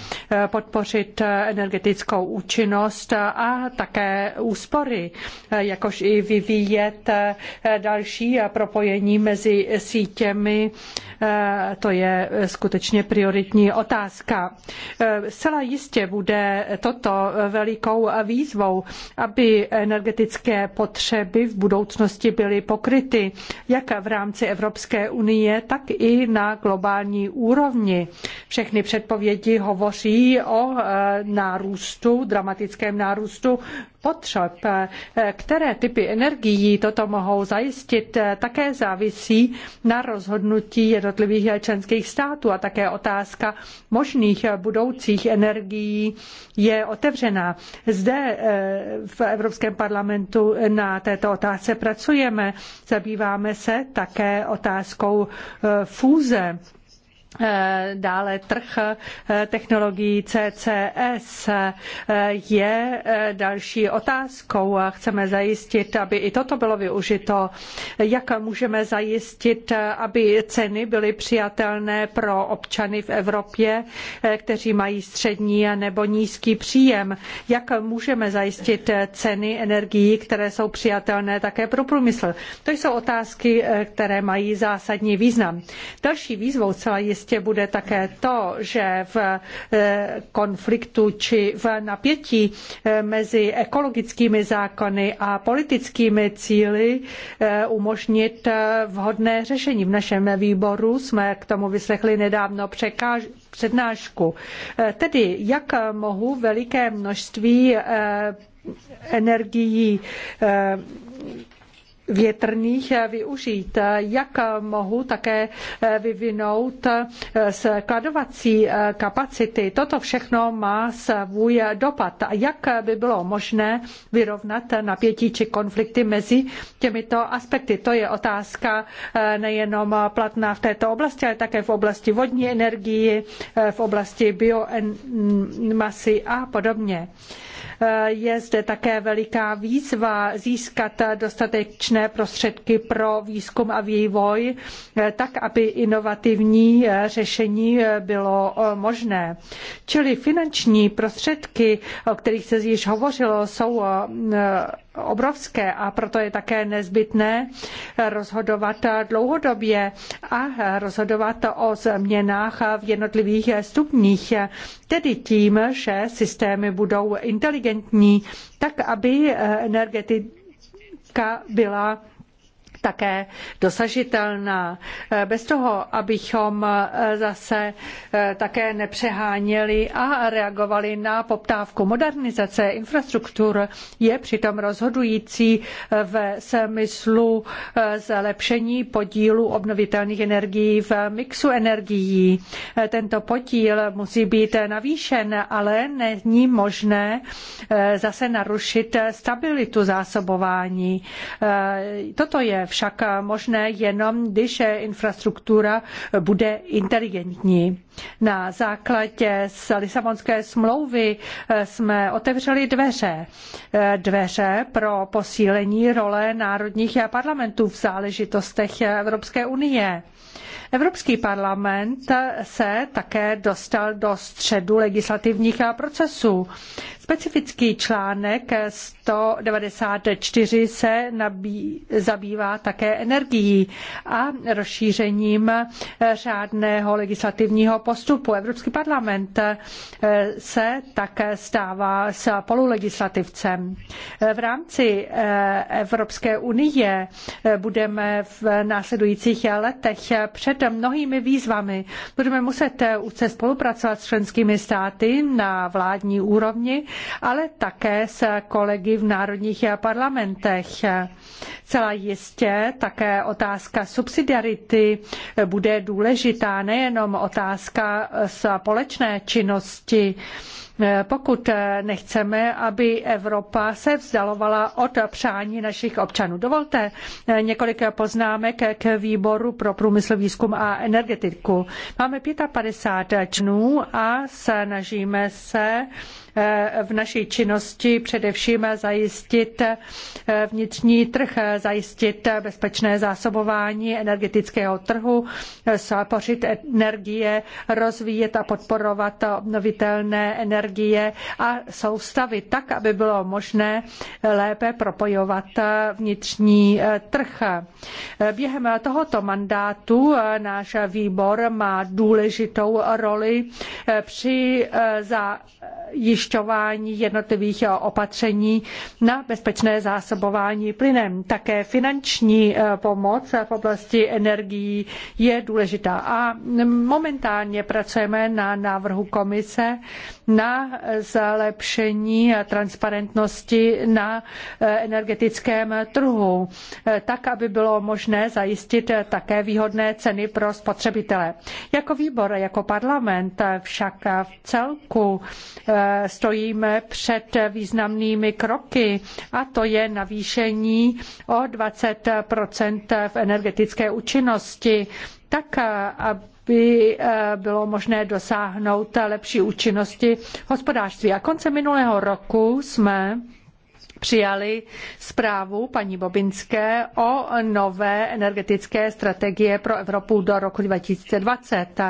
podpořit energetickou účinnost a také úspory, jakož i vyvíjet další propojení mezi sítěmi, to je je eh, skutečně prioritní otázka. Eh, zcela jistě bude toto eh, velikou výzvou, aby energetické potřeby v budoucnosti byly pokryty jak v rámci Evropské unie, tak i na globální úrovni. Všechny předpovědi hovoří o nárůstu, dramatickém nárůstu potřeb. Které typy energií toto mohou zajistit, také závisí na rozhodnutí jednotlivých členských členských států a také otázka možných budoucích energií je otevřená. Zde eh, v Evropském parlamentu na této otázce pracujeme. Zabýváme se také otázkou eh, fúze Eh, dále trh eh, technologií CCS eh, je další otázkou a chceme zajistit, aby i toto bylo využito. Jak můžeme zajistit, aby ceny byly přijatelné pro občany v Evropě, kteří mají střední nebo nízký příjem? Jak můžeme zajistit ceny energií, které jsou přijatelné také pro průmysl? To jsou otázky, které mají zásadní význam. Další výzvou celá jistě jistě bude také to, že v eh, konfliktu či v napětí eh, mezi ekologickými zákony a politickými cíli eh, umožnit vhodné řešení. V našem výboru jsme k tomu vyslechli nedávno překáž, přednášku. Tedy, jak mohu veliké množství energií větrných eh, využít. Jak eh, mohu také eh, vyvinout skladovací kapacity? Toto všechno má svůj dopad. A jak by bylo možné vyrovnat napětí či konflikty mezi těmito aspekty? To je otázka nejenom platná v této oblasti, ale také v oblasti vodní energie, v oblasti biomasy a podobně. Je zde také veliká výzva získat dostatečné prostředky pro výzkum a vývoj, tak aby inovativní řešení bylo eh, možné. Čili finanční prostředky, o kterých se již hovořilo, jsou eh, obrovské a proto je také nezbytné rozhodovat dlouhodobě a rozhodovat o změnách v jednotlivých stupních, tedy tím, že systémy budou inteligentní, tak aby energetika byla také dosažitelná. Eh, bez toho, abychom eh, zase eh, také nepřeháněli a reagovali na poptávku. Modernizace infrastruktur je přitom rozhodující ve smyslu zlepšení podílu obnovitelných energií v mixu energií. Tento podíl musí být navýšen, ale není možné zase narušit stabilitu zásobování. Toto je však možné jenom, když infrastruktura bude inteligentní. Na základě z Lisabonské smlouvy eh, jsme otevřeli dveře. Eh, dveře pro posílení role národních parlamentů v záležitostech Evropské unie. Evropský parlament se také dostal do středu legislativních procesů. Specifický článek 194 se nabí, zabývá také energií a rozšířením řádného legislativního postupu. Evropský parlament eh, se také stává spolulegislativcem. V rámci eh, Evropské unie eh, budeme v následujících letech před mnohými výzvami. Budeme muset úzce spolupracovat s členskými státy na vládní úrovni, ale také s kolegy v národních parlamentech. Celá jistě také otázka subsidiarity bude důležitá, nejenom otázka společné činnosti, pokud nechceme, aby Evropa se vzdalovala od přání našich občanů. Dovolte několik poznámek k výboru pro průmysl, výzkum a energetiku. Máme 55 členů a snažíme se v naší činnosti především zajistit vnitřní trh, zajistit bezpečné zásobování energetického trhu, spořit energie, rozvíjet a podporovat obnovitelné energie a soustavy tak, aby bylo možné lépe propojovat vnitřní trh. Během tohoto mandátu náš výbor má důležitou roli při zajištění zajišťování jednotlivých eh, opatření na bezpečné zásobování plynem. Také finanční eh, pomoc v oblasti energií je důležitá. A mm, momentálně pracujeme na návrhu komise na zlepšení transparentnosti na eh, energetickém trhu, eh, tak, aby bylo možné zajistit eh, také výhodné ceny pro spotřebitele. Jako výbor, jako parlament však v celku stojíme před významnými kroky a to je navýšení o 20 v energetické účinnosti tak, eh, aby eh, bylo možné dosáhnout lepší účinnosti hospodářství. A konce minulého roku jsme přijali zprávu paní Bobinské o nové energetické strategie pro Evropu do roku 2020.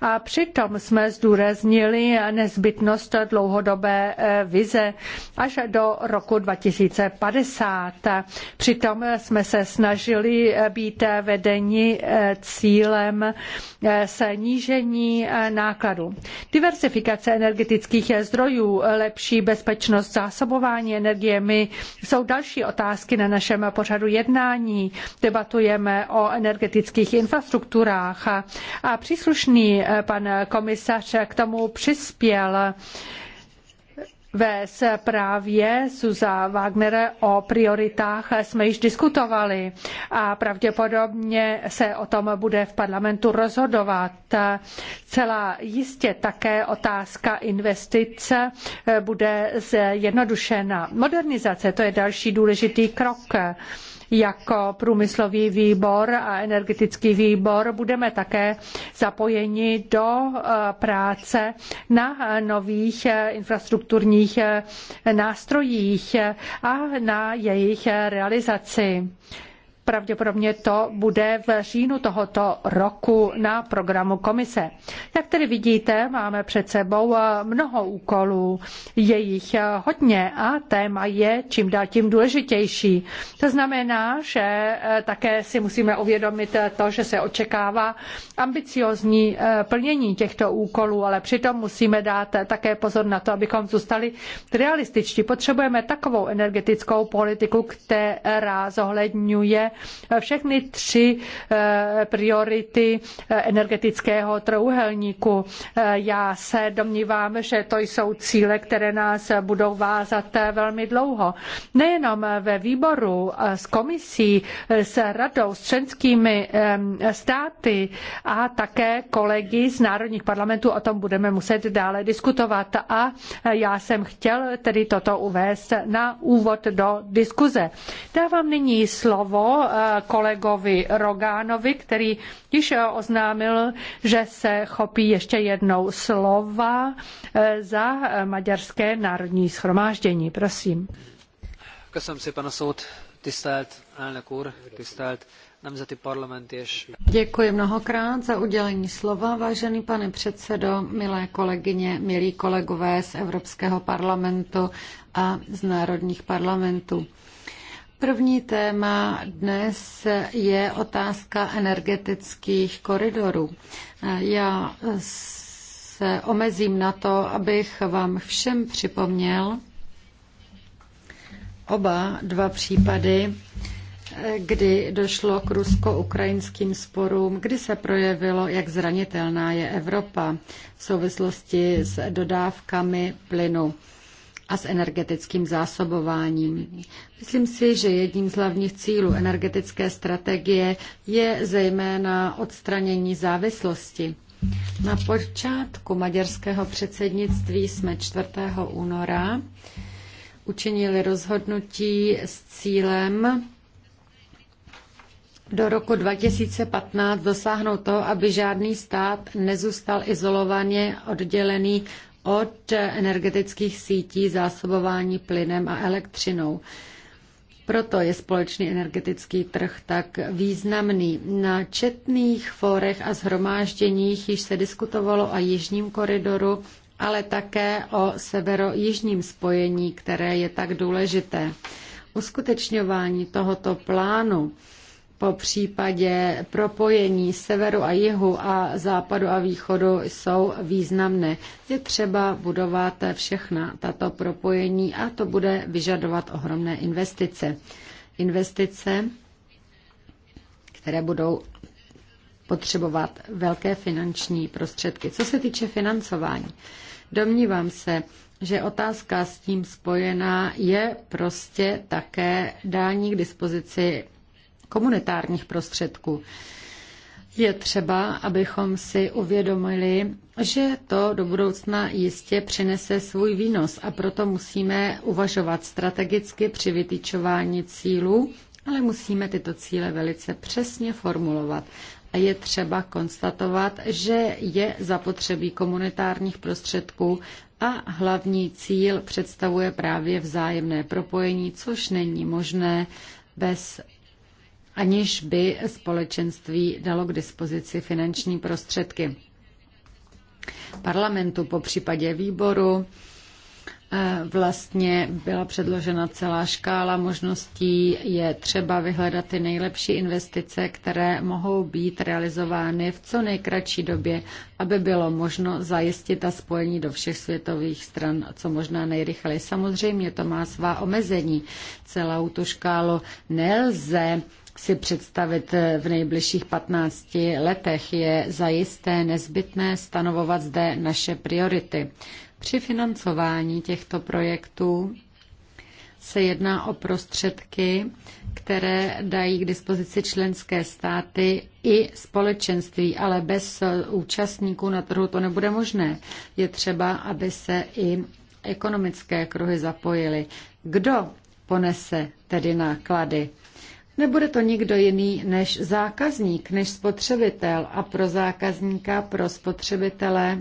A přitom jsme zdůraznili nezbytnost dlouhodobé eh, vize až do roku 2050. Přitom jsme se snažili eh, být eh, vedeni cílem snížení nákladů. Diversifikace energetických zdrojů, lepší bezpečnost zásobování energiemi, zemi. Jsou další otázky na našem pořadu jednání. Debatujeme o energetických infrastrukturách a příslušný eh, pan komisař k tomu přispěl. Ve zprávě Suza Wagnere o prioritách jsme již diskutovali a pravděpodobně se o tom bude v parlamentu rozhodovat. Celá jistě také otázka investic bude zjednodušena. Modernizace to je další důležitý krok jako průmyslový výbor a energetický výbor budeme také zapojeni do eh, práce na eh, nových eh, infrastrukturních nástrojích a na jejich realizaci. Pravděpodobně to bude v říjnu tohoto roku na programu komise. Jak tedy vidíte, máme před sebou eh, mnoho úkolů, je jich eh, hodně a téma je čím dál tím důležitější. To znamená, že eh, také si musíme uvědomit to, že se očekává ambiciózní plnění těchto úkolů, ale přitom musíme dát také pozor na to, abychom zůstali realističtí. Potřebujeme takovou energetickou politiku, která zohledňuje všechny tři eh, priority eh, energetického trouhelníku. Eh, já se domnívám, že to jsou cíle, které nás budou vázat velmi dlouho. Nejenom ve výboru s komisí, s radou, s členskými státy a také kolegy z národních parlamentů o tom budeme muset dále diskutovat. A já jsem chtěl tedy toto uvést na úvod do diskuze. Dávám nyní slovo Eh, kolegovi Rogánovi, který již eh, oznámil, že se chopí ještě jednou slova eh, za Maďarské národní schromáždění. Prosím. tisztelt tisztelt nemzeti parlament és... Děkuji mnohokrát za udělení slova, vážený pane předsedo, milé kolegyně, milí kolegové z Evropského parlamentu a z národních parlamentů. První téma dnes je otázka energetických koridorů. Já se omezím na to, abych vám všem připomněl oba dva případy, kdy došlo k rusko-ukrajinským sporům, kdy se projevilo, jak zranitelná je Evropa v souvislosti s dodávkami plynu a s energetickým zásobováním. Myslím si, že jedním z hlavních cílů energetické strategie je zejména odstranění závislosti. Na počátku maďarského předsednictví jsme 4. února učinili rozhodnutí s cílem do roku 2015 dosáhnout toho, aby žádný stát nezůstal izolovaně oddělený od energetických sítí zásobování plynem a elektřinou. Proto je společný energetický trh tak významný. Na četných fórech a zhromážděních již se diskutovalo o jižním koridoru, ale také o severo-jižním spojení, které je tak důležité. Uskutečňování tohoto plánu po případě propojení severu a jihu a západu a východu jsou významné. Je třeba budovat všechna tato propojení a to bude vyžadovat ohromné investice. Investice, které budou potřebovat velké finanční prostředky. Co se týče financování, domnívám se, že otázka s tím spojená je prostě také dání k dispozici komunitárních prostředků. Je třeba, abychom si uvědomili, že to do budoucna jistě přinese svůj výnos a proto musíme uvažovat strategicky při vytýčování cílů, ale musíme tyto cíle velice přesně formulovat. A je třeba konstatovat, že je zapotřebí komunitárních prostředků a hlavní cíl představuje právě vzájemné propojení, což není možné bez aniž by společenství dalo k dispozici finanční prostředky. Parlamentu, po případě výboru, eh, vlastně byla předložena celá škála možností. Je třeba vyhledat ty nejlepší investice, které mohou být realizovány v co nejkratší době, aby bylo možno zajistit a spojení do všech světových stran co možná nejrychleji. Samozřejmě to má svá omezení. Celou tu škálu nelze si představit eh, v nejbližších 15 letech, je zajisté nezbytné stanovovat zde naše priority. Při financování těchto projektů se jedná o prostředky, které dají k dispozici členské státy i společenství, ale bez eh, účastníků na trhu to nebude možné. Je třeba, aby se i ekonomické kruhy zapojily. Kdo ponese tedy náklady? Nebude to nikdo jiný než zákazník, než spotřebitel a pro zákazníka, pro spotřebitele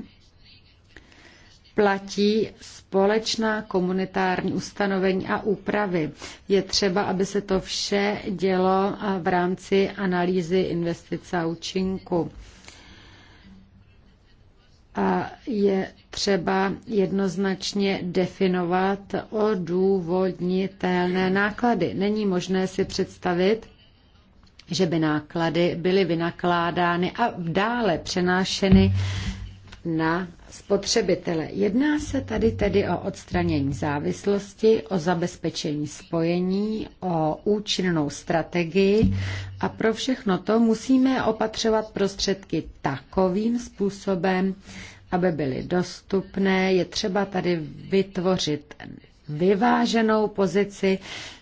platí společná komunitární ustanovení a úpravy. Je třeba, aby se to vše dělo v rámci analýzy investice a účinku a je třeba jednoznačně definovat odůvodnitelné náklady. Není možné si představit, že by náklady byly vynakládány a dále přenášeny na spotřebitele. Jedná se tady tedy o odstranění závislosti, o zabezpečení spojení, o účinnou strategii a pro všechno to musíme opatřovat prostředky takovým způsobem, aby byly dostupné. Je třeba tady vytvořit vyváženou pozici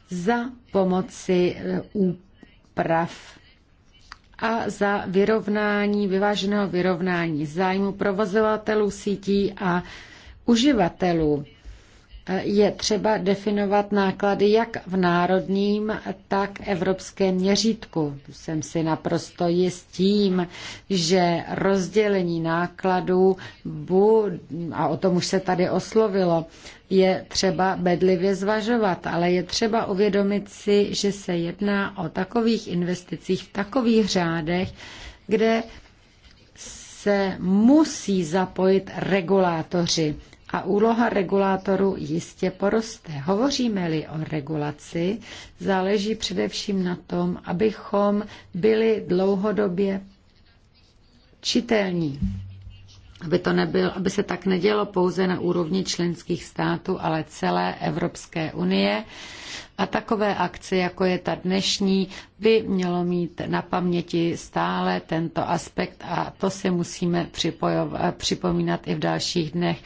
za pomoci eh, úprav a za vyrovnání, vyváženého vyrovnání zájmu provozovatelů sítí a uživatelů je třeba definovat náklady jak v národním, tak evropském měřítku. Jsem si naprosto jist tím, že rozdělení nákladů, a o tom už se tady oslovilo, je třeba bedlivě zvažovat, ale je třeba uvědomit si, že se jedná o takových investicích v takových řádech, kde se musí zapojit regulátoři a úloha regulátoru jistě poroste. Hovoříme-li o regulaci, záleží především na tom, abychom byli dlouhodobě čitelní aby, to nebyl, aby se tak nedělo pouze na úrovni členských států, ale celé Evropské unie. A takové akce, jako je ta dnešní, by mělo mít na paměti stále tento aspekt a to si musíme připomínat i v dalších dnech.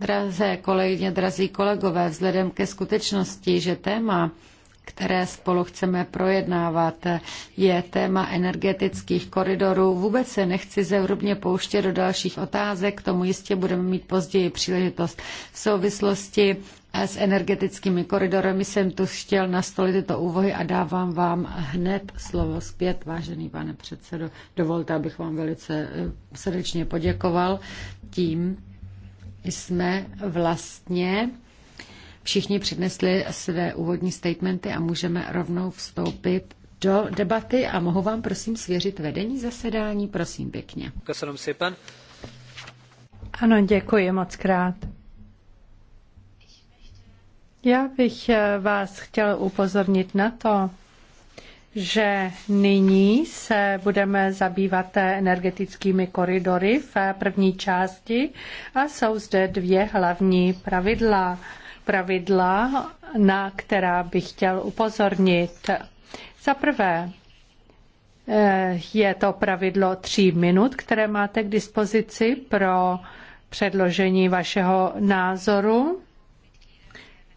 Drazé kolegyně, drazí kolegové, vzhledem ke skutečnosti, že téma které spolu chceme projednávat, je téma energetických koridorů. Vůbec se nechci zevrubně pouštět do dalších otázek, k tomu jistě budeme mít později příležitost v souvislosti s energetickými koridory. Jsem tu chtěl nastolit tyto úvohy a dávám vám hned slovo zpět, vážený pane předsedo. Dovolte, abych vám velice eh, srdečně poděkoval. Tím jsme vlastně Všichni přednesli své úvodní statementy a můžeme rovnou vstoupit do debaty a mohu vám prosím svěřit vedení zasedání, prosím pěkně. Ano, děkuji moc krát. Já bych eh, vás chtěl upozornit na to, že nyní se budeme zabývat eh, energetickými koridory v eh, první části a jsou zde dvě hlavní pravidla pravidla, na která bych chtěl upozornit. Za prvé, eh, je to pravidlo tří minut, které máte k dispozici pro předložení vašeho názoru.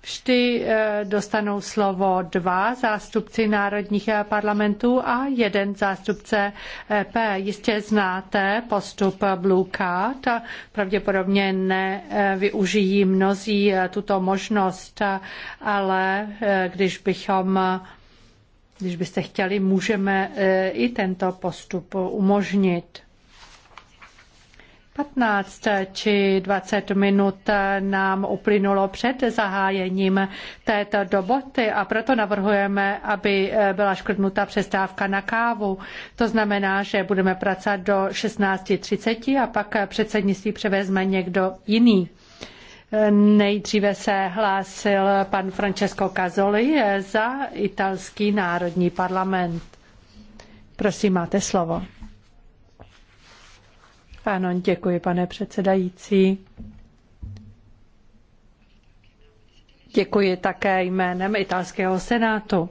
Vždy eh, dostanou slovo dva zástupci národních eh, parlamentů a jeden zástupce EP. Eh, Jistě znáte postup Blue Card. Pravděpodobně nevyužijí mnozí tuto možnost, ale když bychom když byste chtěli, můžeme i tento postup umožnit. 15 či 20 minut nám uplynulo před zahájením této doboty a proto navrhujeme, aby byla škrtnuta přestávka na kávu. To znamená, že budeme pracovat do 16.30 a pak předsednictví převezme někdo jiný. Nejdříve se hlásil pan Francesco Casoli za italský národní parlament. Prosím, máte slovo. Ano, děkuji, pane předsedající. Děkuji také jménem italského senátu.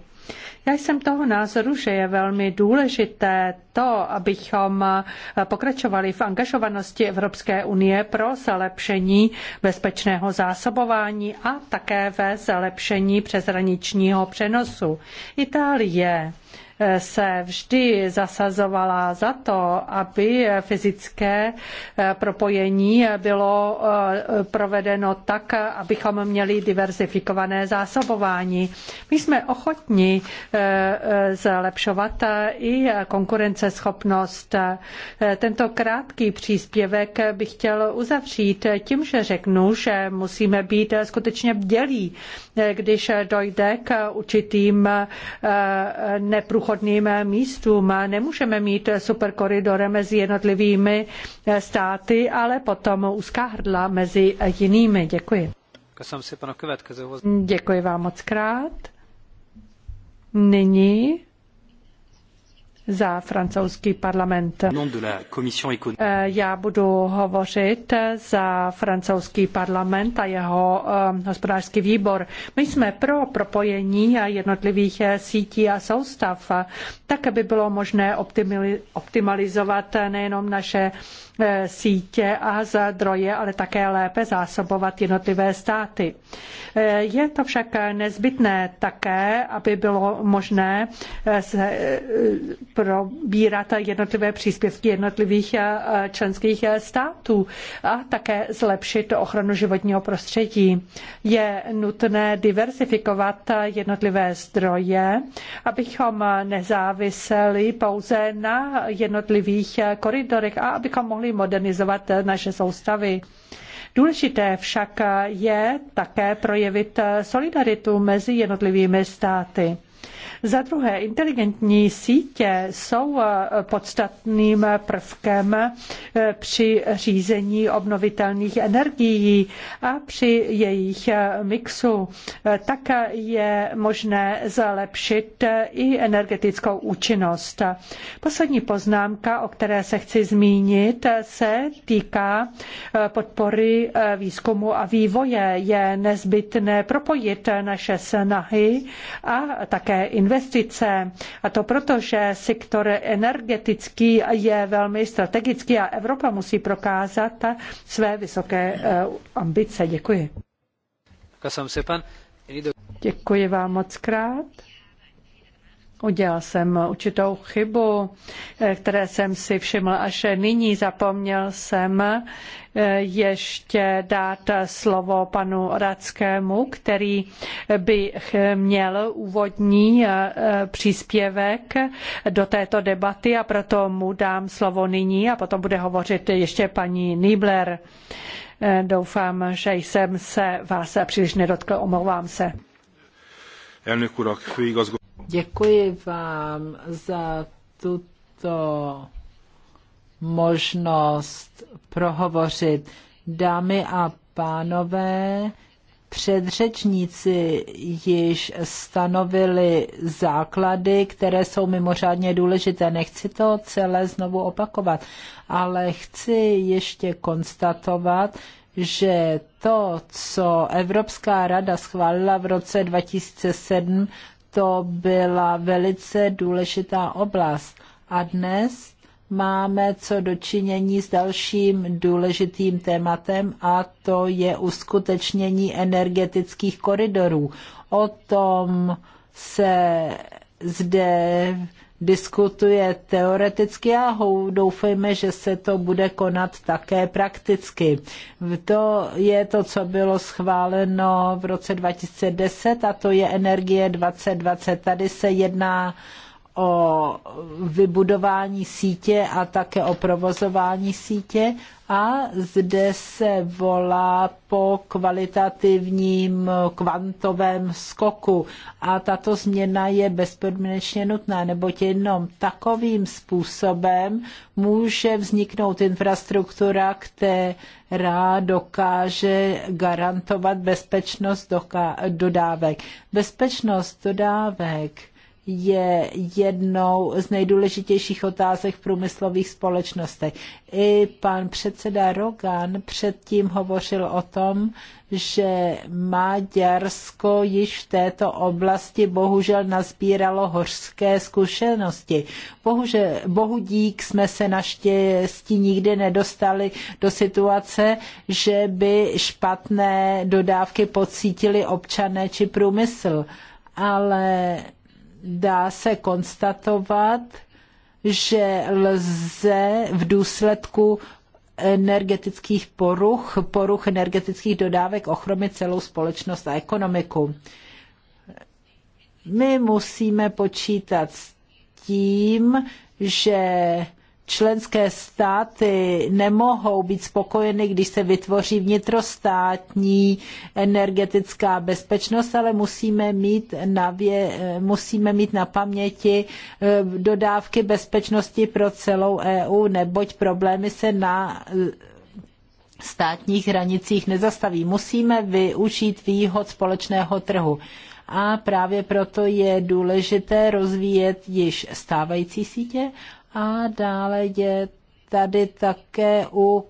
Já jsem toho názoru, že je velmi důležité to, abychom pokračovali v angažovanosti Evropské unie pro zlepšení bezpečného zásobování a také ve zlepšení přeshraničního přenosu. Itálie se vždy zasazovala za to, aby fyzické eh, propojení bylo eh, provedeno tak, abychom měli diverzifikované zásobování. My jsme ochotni eh, zlepšovat i konkurenceschopnost. Tento krátký příspěvek bych chtěl uzavřít tím, že řeknu, že musíme být skutečně bdělí když dojde k určitým eh, neprůchodným místům. Nemůžeme mít superkoridory mezi jednotlivými eh, státy, ale potom úzká hrdla mezi jinými. Děkuji. Děkuji vám moc krát. Nyní za francouzský parlament. Eh, já budu hovořit za francouzský parlament a jeho eh, hospodářský výbor. My jsme pro propojení jednotlivých eh, sítí a soustav, tak aby bylo možné optimalizovat nejenom naše E, sítě a zdroje, ale také lépe zásobovat jednotlivé státy. E, je to však nezbytné také, aby bylo možné e, probírat jednotlivé příspěvky jednotlivých členských států a také zlepšit ochranu životního prostředí. Je nutné diversifikovat jednotlivé zdroje, abychom nezáviseli pouze na jednotlivých koridorech a abychom mohli mohli modernizovat naše soustavy. Důležité však je také projevit solidaritu mezi jednotlivými státy. Za druhé, inteligentní sítě jsou eh, podstatným prvkem eh, při řízení obnovitelných energií a při jejich eh, mixu. Tak je možné zlepšit i energetickou účinnost. Poslední poznámka, o které se chci zmínit, se týká podpory výzkumu a vývoje. Je nezbytné propojit naše snahy a také investice. A to proto, že sektor energetický je velmi strategický a Evropa musí prokázat své vysoké eh, ambice. Děkuji. Děkuji vám moc krát. Udělal jsem určitou chybu, eh, které jsem si všiml až nyní. Zapomněl jsem eh, ještě dát slovo panu Radskému, který by měl úvodní eh, příspěvek do této debaty a proto mu dám slovo nyní a potom bude hovořit ještě paní Nibler. Doufám, že jsem se vás příliš nedotkl, omlouvám se. Elnök urak, főigazgató Děkuji vám za tuto možnost prohovořit. Dámy a pánové, předřečníci již stanovili základy, které jsou mimořádně důležité. Nechci to celé znovu opakovat, ale chci ještě konstatovat, že to, co Evropská rada schválila v roce 2007, to byla velice důležitá oblast. A dnes máme co dočinění s dalším důležitým tématem a to je uskutečnění energetických koridorů. O tom se zde diskutuje teoreticky a doufejme, že se to bude konat také prakticky. To je to, co bylo schváleno v roce 2010 a to je energie 2020. Tady se jedná o vybudování sítě a také o provozování sítě a zde se volá po kvalitativním kvantovém skoku a tato změna je bezpodmínečně nutná, neboť jenom takovým způsobem může vzniknout infrastruktura, která dokáže garantovat bezpečnost dodávek. Bezpečnost dodávek je jednou z nejdůležitějších otázek v průmyslových společnostech. I pan předseda Rogan předtím hovořil o tom, že Maďarsko již v této oblasti bohužel nazbíralo hořské zkušenosti. Bohužel, bohu dík jsme se naštěstí nikdy nedostali do situace, že by špatné dodávky pocítili občané či průmysl. Ale dá se konstatovat, že lze v důsledku energetických poruch, poruch energetických dodávek ochromit celou společnost a ekonomiku. My musíme počítat s tím, že členské státy nemohou být spokojeny, když se vytvoří vnitrostátní energetická bezpečnost, ale musíme mít na, vě, musíme mít na paměti eh, dodávky bezpečnosti pro celou EU, neboť problémy se na eh, státních hranicích nezastaví. Musíme využít výhod společného trhu. A právě proto je důležité rozvíjet již stávající sítě a dále je tady také u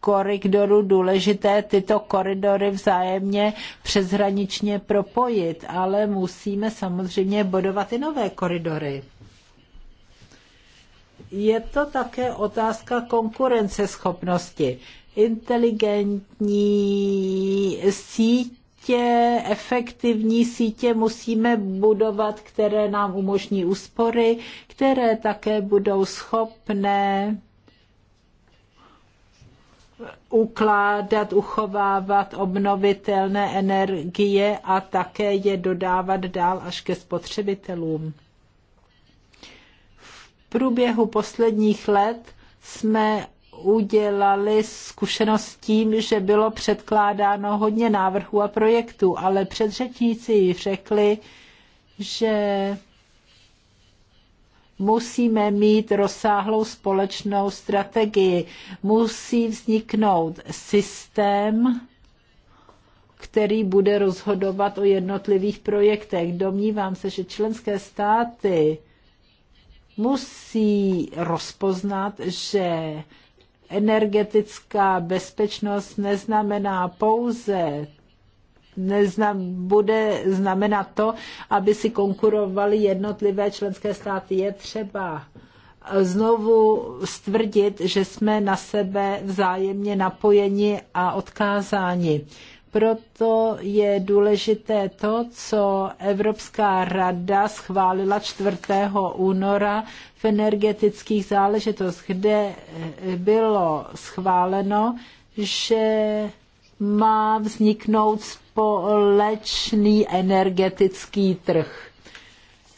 koridorů důležité tyto koridory vzájemně přeshraničně propojit, ale musíme samozřejmě bodovat i nové koridory. Je to také otázka konkurenceschopnosti. Inteligentní síť sítě, efektivní sítě musíme budovat, které nám umožní úspory, které také budou schopné ukládat, uchovávat obnovitelné energie a také je dodávat dál až ke spotřebitelům. V průběhu posledních let jsme udělali zkušenost s tím, že bylo předkládáno hodně návrhů a projektů, ale předřečníci řekli, že musíme mít rozsáhlou společnou strategii. Musí vzniknout systém, který bude rozhodovat o jednotlivých projektech. Domnívám se, že členské státy musí rozpoznat, že energetická bezpečnost neznamená pouze neznam, bude znamenat to, aby si konkurovaly jednotlivé členské státy. Je třeba znovu stvrdit, že jsme na sebe vzájemně napojeni a odkázáni. Proto je důležité to, co Evropská rada schválila 4. února v energetických záležitostech, kde bylo schváleno, že má vzniknout společný energetický trh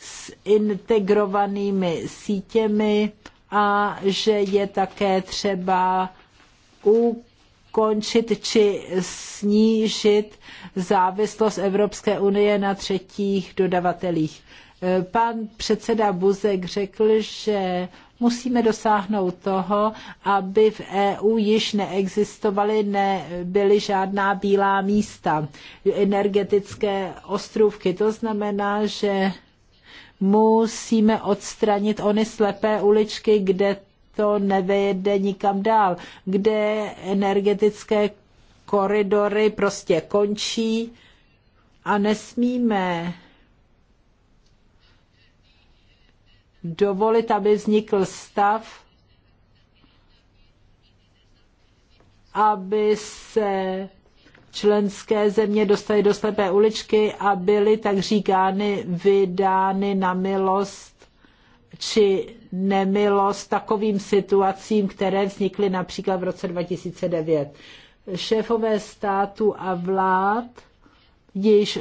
s integrovanými sítěmi a že je také třeba ukončit či snížit závislost Evropské unie na třetích dodavatelích. E, pan předseda Buzek řekl, že musíme dosáhnout toho, aby v EU již neexistovaly, nebyly žádná bílá místa, energetické ostrůvky. To znamená, že musíme odstranit ony slepé uličky, kde to nevede nikam dál, kde energetické koridory prostě končí a nesmíme dovolit, aby vznikl stav, aby se členské země dostaly do slepé uličky a byly, tak říkány, vydány na milost či nemilost takovým situacím, které vznikly například v roce 2009. Šéfové státu a vlád již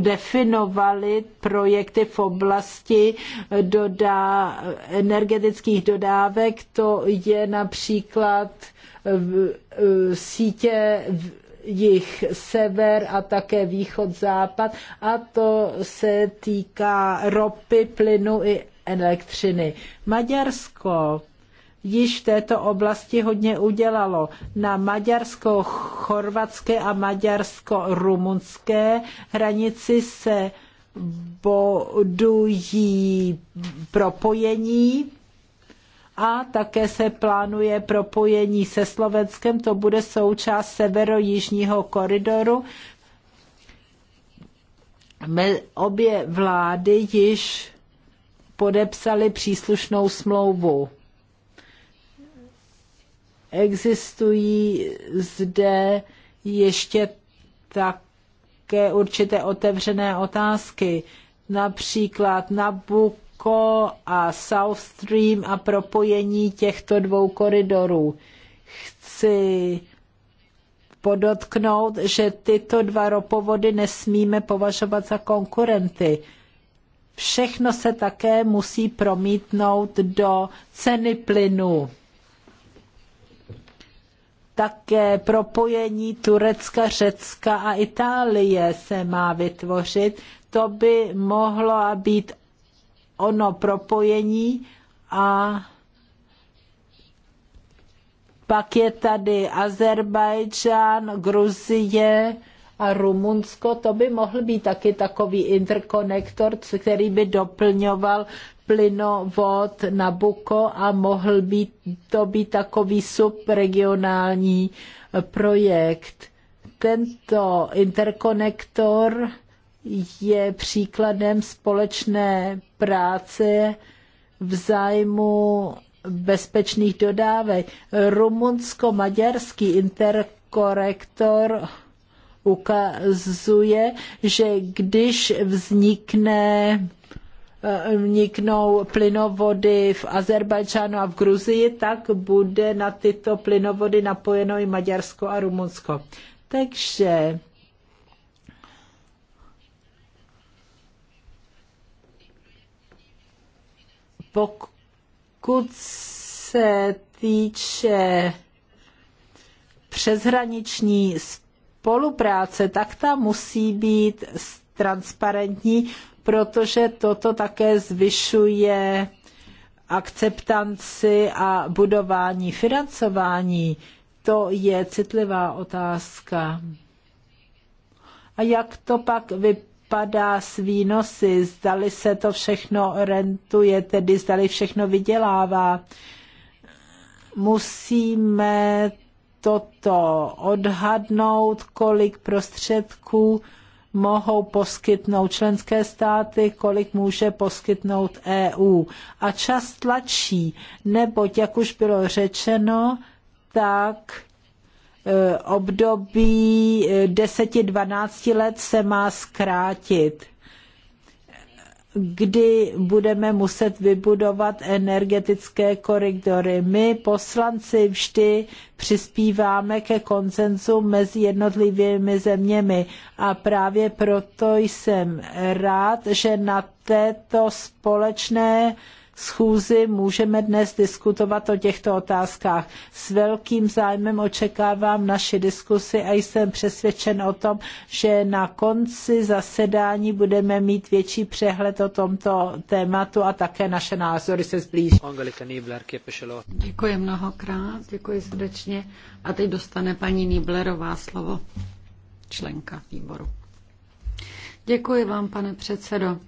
definovali projekty v oblasti dodá, energetických dodávek. To je například v, v, sítě v, jich sever a také východ západ a to se týká ropy, plynu i elektřiny. Maďarsko již v této oblasti hodně udělalo. Na maďarsko-chorvatské a maďarsko-rumunské hranici se bodují propojení a také se plánuje propojení se Slovenskem, to bude součást severo-jižního koridoru. Obě vlády již podepsaly příslušnou smlouvu. Existují zde ještě také určité otevřené otázky, například Nabucco, Nabucco a South Stream a propojení těchto dvou koridorů. Chci podotknout, že tyto dva ropovody nesmíme považovat za konkurenty. Všechno se také musí promítnout do ceny plynu. Také propojení Turecka, Řecka a Itálie se má vytvořit. To by mohlo být ono propojení a pak je tady Azerbajdžán, Gruzie a Rumunsko. To by mohl být taky takový interkonektor, který by doplňoval plynovod Nabuko a mohl být, to být takový subregionální projekt. Tento interkonektor je příkladem společné práce v zájmu bezpečných dodávek. Rumunsko-maďarský interkorektor ukazuje, že když vznikne eh, vniknou plynovody v Azerbajdžánu a v Gruzii, tak bude na tyto plynovody napojeno i Maďarsko a Rumunsko. Takže Pokud se týče přeshraniční spolupráce, tak ta musí být transparentní, protože toto také zvyšuje akceptanci a budování financování. To je citlivá otázka. A jak to pak vypadá? vypadá s výnosy, zdali se to všechno rentuje, tedy zdali všechno vydělává. Musíme toto odhadnout, kolik prostředků mohou poskytnout členské státy, kolik může poskytnout EU. A čas tlačí, neboť, jak už bylo řečeno, tak Eh, období 10-12 eh, let se má zkrátit kdy budeme muset vybudovat energetické koridory. My poslanci vždy přispíváme ke koncenzu mezi jednotlivými zeměmi a právě proto jsem rád, že na této společné schůzi můžeme dnes diskutovat o těchto otázkách. S velkým zájmem očekávám naši diskusi a jsem přesvědčen o tom, že na konci zasedání budeme mít větší přehled o tomto tématu a také naše názory se zblíží. Děkuji mnohokrát, děkuji srdečně. A teď dostane paní Niblerová slovo, členka výboru. Děkuji vám, pane předsedo.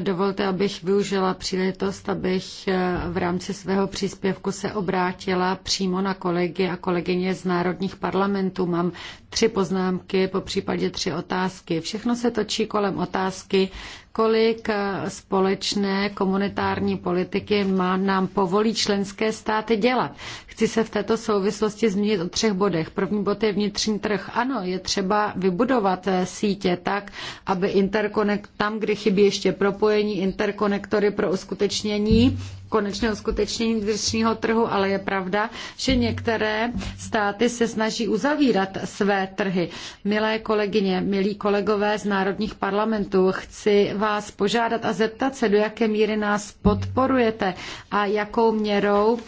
Dovolte, abych využila příležitost, abych eh, v rámci svého příspěvku se obrátila přímo na kolegy a kolegyně z národních parlamentů. Mám tři poznámky, po případě tři otázky. Všechno se točí kolem otázky, kolik eh, společné komunitární politiky má, nám povolí členské státy dělat. Chci se v této souvislosti zmínit o třech bodech. První bod je vnitřní trh. Ano, je třeba vybudovat eh, sítě tak, aby interkonek. tam, kde chybí ještě propojení, interkonektory pro uskutečnění konečné uskutečnění vnitřního trhu, ale je pravda, že některé státy se snaží uzavírat své trhy. Milé kolegyně, milí kolegové z národních parlamentů, chci vás požádat a zeptat se, do jaké míry nás podporujete a jakou měrou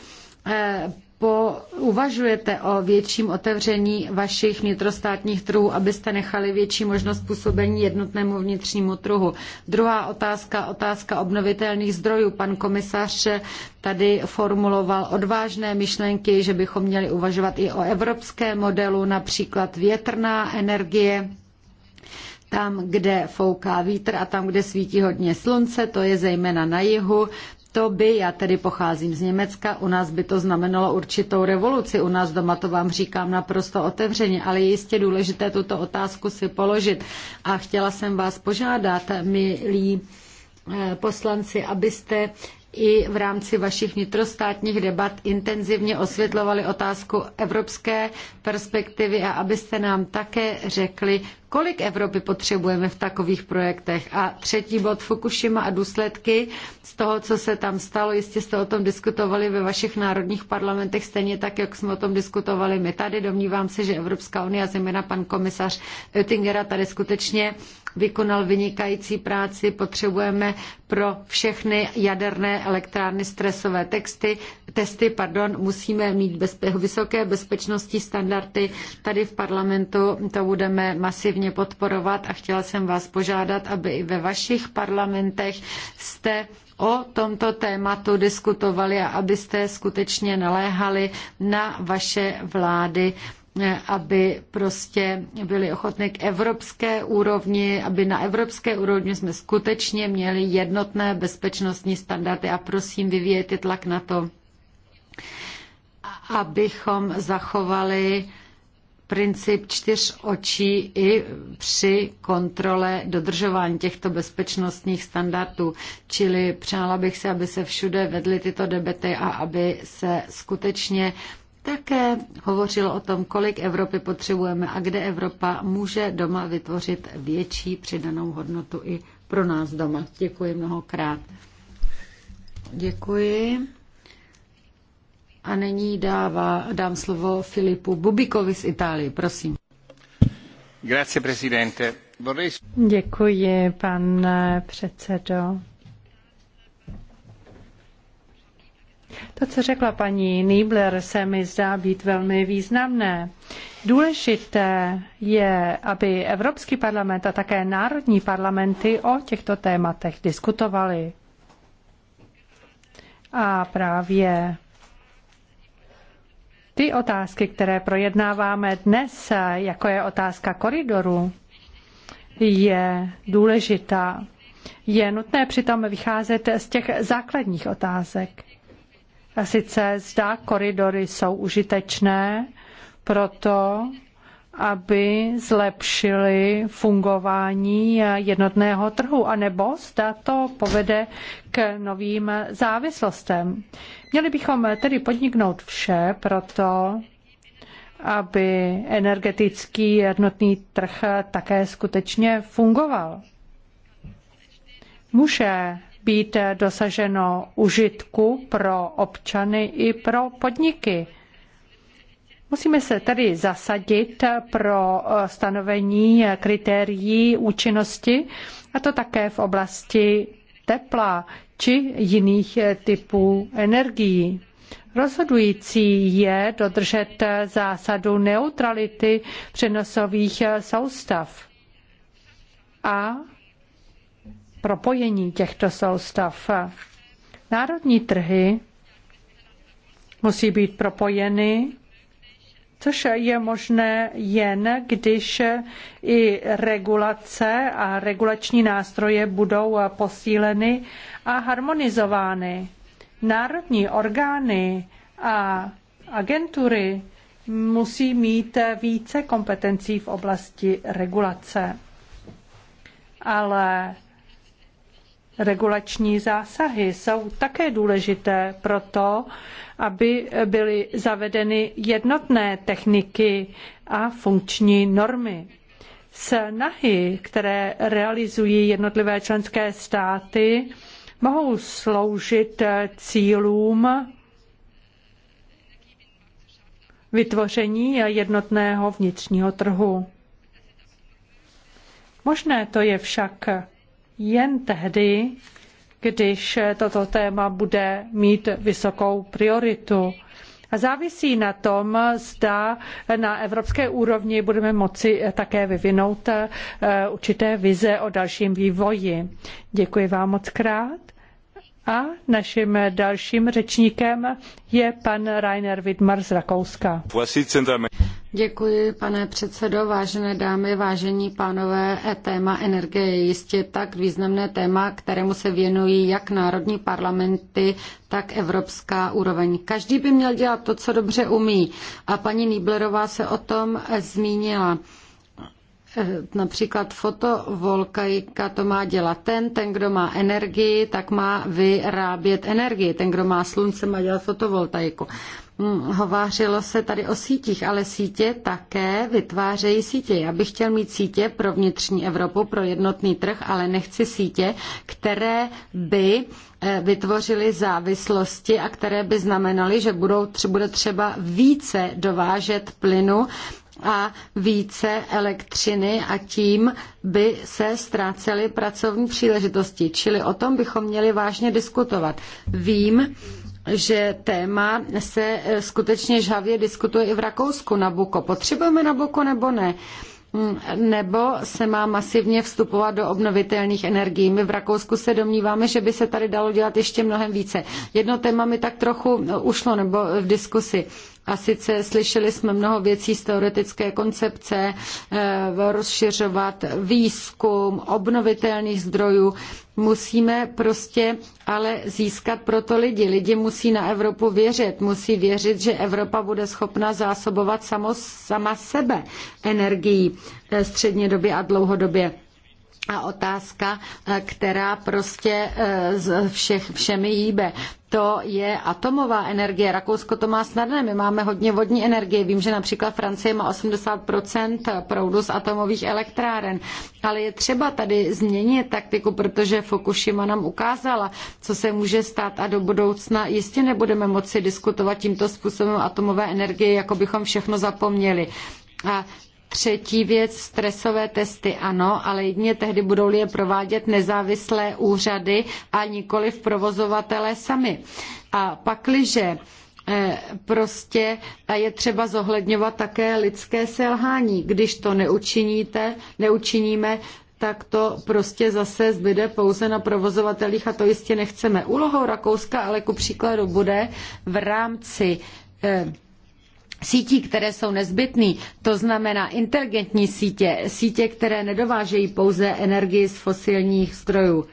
eh, po, uvažujete o větším otevření vašich vnitrostátních trhů, abyste nechali větší možnost působení jednotnému vnitřnímu trhu? Druhá otázka, otázka obnovitelných zdrojů. Pan komisař tady formuloval odvážné myšlenky, že bychom měli uvažovat i o evropském modelu, například větrná energie tam, kde fouká vítr a tam, kde svítí hodně slunce, to je zejména na jihu, to by, já tedy pocházím z Německa, u nás by to znamenalo určitou revoluci, u nás doma to vám říkám naprosto otevřeně, ale je jistě důležité tuto otázku si položit. A chtěla jsem vás požádat, milí eh, poslanci, abyste i v rámci vašich vnitrostátních debat intenzivně osvětlovali otázku evropské perspektivy a abyste nám také řekli, Kolik Evropy potřebujeme v takových projektech? A třetí bod Fukushima a důsledky z toho, co se tam stalo. Jistě jste o tom diskutovali ve vašich národních parlamentech, stejně tak, jak jsme o tom diskutovali my tady. Domnívám se, že Evropská unie a zejména pan komisař Oettingera tady skutečně vykonal vynikající práci. Potřebujeme pro všechny jaderné elektrárny stresové texty, testy. Pardon, musíme mít bezpe- vysoké bezpečnostní standardy. Tady v parlamentu to budeme masivně aktivně podporovat a chtěla jsem vás požádat, aby i ve vašich parlamentech jste o tomto tématu diskutovali a abyste skutečně naléhali na vaše vlády, eh, aby prostě byli ochotní k evropské úrovni, aby na evropské úrovni jsme skutečně měli jednotné bezpečnostní standardy a prosím vyvíjet tlak na to, abychom zachovali princip čtyř očí i při kontrole dodržování těchto bezpečnostních standardů. Čili přála bych se, aby se všude vedly tyto debety a aby se skutečně také hovořilo o tom, kolik Evropy potřebujeme a kde Evropa může doma vytvořit větší přidanou hodnotu i pro nás doma. Děkuji mnohokrát. Děkuji. A nyní dává, dám slovo Filipu Bubikovi z Itálie. Prosím. Grazie, presidente. Vorrei... Děkuji, pane předsedo. To, co řekla paní Niebler, se mi zdá být velmi významné. Důležité je, aby Evropský parlament a také národní parlamenty o těchto tématech diskutovali A právě ty otázky, které projednáváme dnes, jako je otázka koridoru, je důležitá. Je nutné přitom vycházet z těch základních otázek. A sice zda koridory jsou užitečné, proto aby zlepšili fungování jednotného trhu, anebo zda to povede k novým závislostem. Měli bychom tedy podniknout vše pro to, aby energetický jednotný trh také skutečně fungoval. Může být dosaženo užitku pro občany i pro podniky Musíme se tedy zasadit pro eh, stanovení kritérií účinnosti, a to také v oblasti tepla či jiných eh, typů energií. Rozhodující je dodržet eh, zásadu neutrality přenosových soustav a propojení těchto soustav. Národní trhy musí být propojeny což je možné jen, když i regulace a regulační nástroje budou posíleny a harmonizovány. Národní orgány a agentury musí mít více kompetencí v oblasti regulace. Ale Regulační zásahy jsou také důležité proto, aby byly zavedeny jednotné techniky a funkční normy. Snahy, které realizují jednotlivé členské státy, mohou sloužit cílům vytvoření jednotného vnitřního trhu. Možné to je však jen tehdy, když toto téma bude mít vysokou prioritu. A závisí na tom, zda na evropské úrovni budeme moci také vyvinout eh, určité vize o dalším vývoji. Děkuji vám moc krát. A naším dalším řečníkem je pan Rainer Widmar z Rakouska. Děkuji, pane předsedo, vážené dámy, vážení pánové. E, téma energie je jistě tak významné téma, kterému se věnují jak národní parlamenty, tak evropská úroveň. Každý by měl dělat to, co dobře umí. A paní Nýblerová se o tom zmínila. E, například fotovoltaika to má dělat ten, ten, kdo má energii, tak má vyrábět energii. Ten, kdo má slunce, má dělat fotovoltaiku. Mm, hovářilo se tady o sítích, ale sítě také vytvářejí sítě. Já bych chtěl mít sítě pro vnitřní Evropu, pro jednotný trh, ale nechci sítě, které by eh, vytvořily závislosti a které by znamenaly, že budou, bude třeba více dovážet plynu a více elektřiny a tím by se ztrácely pracovní příležitosti. Čili o tom bychom měli vážně diskutovat. Vím, že téma se eh, skutečně žhavě diskutuje i v Rakousku na Buko. Potřebujeme na Buko nebo ne? Mm, nebo se má masivně vstupovat do obnovitelných energií. My v Rakousku se domníváme, že by se tady dalo dělat ještě mnohem více. Jedno téma mi tak trochu eh, ušlo nebo eh, v diskusi. A sice slyšeli jsme mnoho věcí z teoretické koncepce, eh, rozšiřovat výzkum obnovitelných zdrojů. Musíme prostě ale získat proto lidi. Lidi musí na Evropu věřit, musí věřit, že Evropa bude schopna zásobovat samo, sama sebe energií eh, střednědobě a dlouhodobě a otázka, eh, která prostě eh, z všech, všemi jíbe. To je atomová energie. Rakousko to má snadné. My máme hodně vodní energie. Vím, že například Francie má 80 proudu z atomových elektráren. Ale je třeba tady změnit taktiku, protože Fukushima nám ukázala, co se může stát a do budoucna jistě nebudeme moci diskutovat tímto způsobem atomové energie, jako bychom všechno zapomněli. A Třetí věc, stresové testy ano, ale jedině tehdy budou je provádět nezávislé úřady a nikoli v provozovatelé sami. A pakliže eh, prostě je třeba zohledňovat také lidské selhání. Když to neučiníte, neučiníme, tak to prostě zase zbyde pouze na provozovatelích a to jistě nechceme. Úlohou Rakouska ale ku příkladu bude v rámci eh, sítí, které jsou nezbytné, to znamená inteligentní sítě, sítě, které nedovážejí pouze energii z fosilních zdrojů.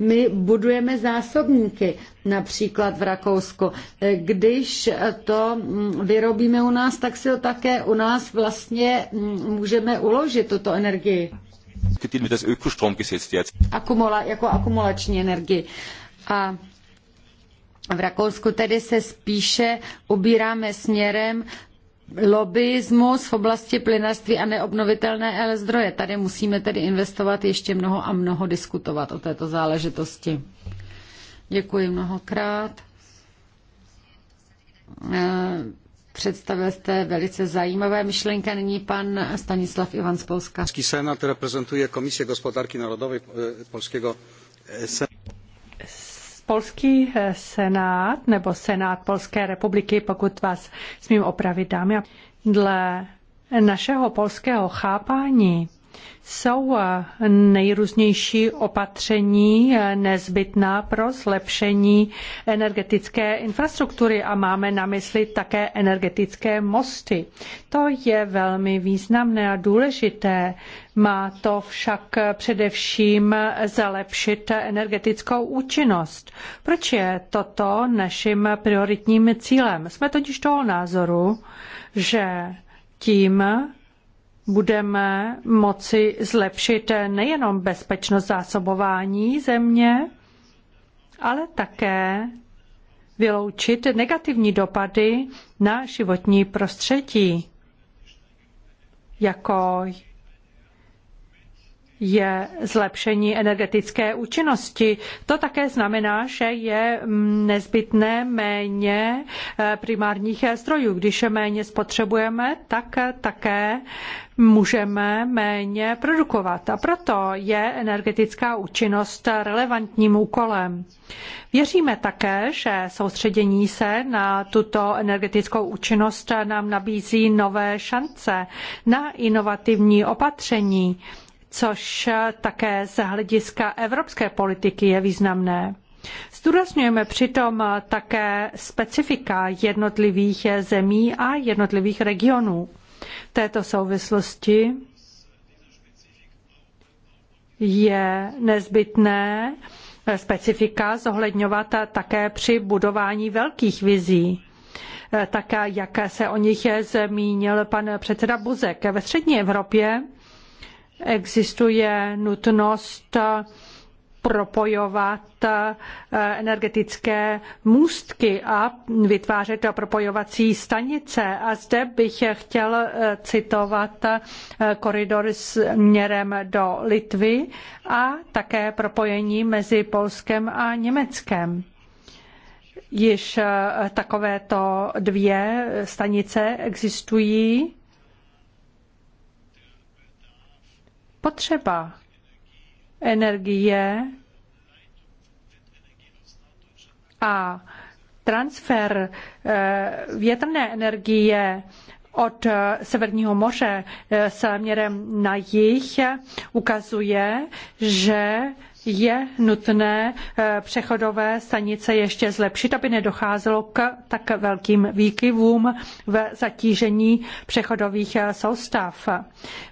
My budujeme zásobníky, například v Rakousku. Když to vyrobíme u nás, tak si ho také u nás vlastně můžeme uložit, tuto energii. Akumula, jako akumulační energii. A v Rakousku tedy se spíše ubíráme směrem lobbyismus v oblasti plynařství a neobnovitelné zdroje. Tady musíme tedy investovat ještě mnoho a mnoho diskutovat o této záležitosti. Děkuji mnohokrát. Eh, představil jste velice zajímavé myšlenky. Nyní pan Stanislav Ivan z Polska. senát senat reprezentuje Komisie Gospodarki Narodowej eh, Polskiego eh, Polský eh, senát nebo senát Polské republiky, pokud vás smím opravit, dámy a dle našeho polského chápání jsou eh, nejrůznější opatření eh, nezbytná pro zlepšení energetické infrastruktury a máme na mysli také energetické mosty. To je velmi významné a důležité. Má to však především zalepšit energetickou účinnost. Proč je toto naším prioritním cílem? Jsme totiž toho názoru, že tím budeme moci zlepšit nejenom bezpečnost zásobování země, ale také vyloučit negativní dopady na životní prostředí, jako je zlepšení energetické účinnosti. To také znamená, že je mm, nezbytné méně eh, primárních zdrojů. Když méně spotřebujeme, tak eh, také můžeme méně produkovat. A proto je energetická účinnost relevantním úkolem. Věříme také, že soustředění se na tuto energetickou účinnost nám nabízí nové šance na inovativní opatření což eh, také z hlediska evropské politiky je významné. Zdůrazňujeme přitom eh, také specifika jednotlivých eh, zemí a jednotlivých regionů. V této souvislosti je nezbytné specifika zohledňovat také při budování velkých vizí tak jak se o nich zmínil pan předseda Buzek. Ve střední Evropě Existuje nutnost propojovat eh, energetické můstky a vytvářet propojovací stanice. A zde bych chtěl eh, citovat eh, koridor směrem do Litvy a také propojení mezi Polskem a Německem. Již takovéto dvě stanice existují Potřeba energie a transfer eh, větrné energie od eh, Severního moře eh, směrem na jih ukazuje, že je nutné eh, přechodové stanice ještě zlepšit, aby nedocházelo k tak velkým výkyvům v zatížení přechodových eh, soustav.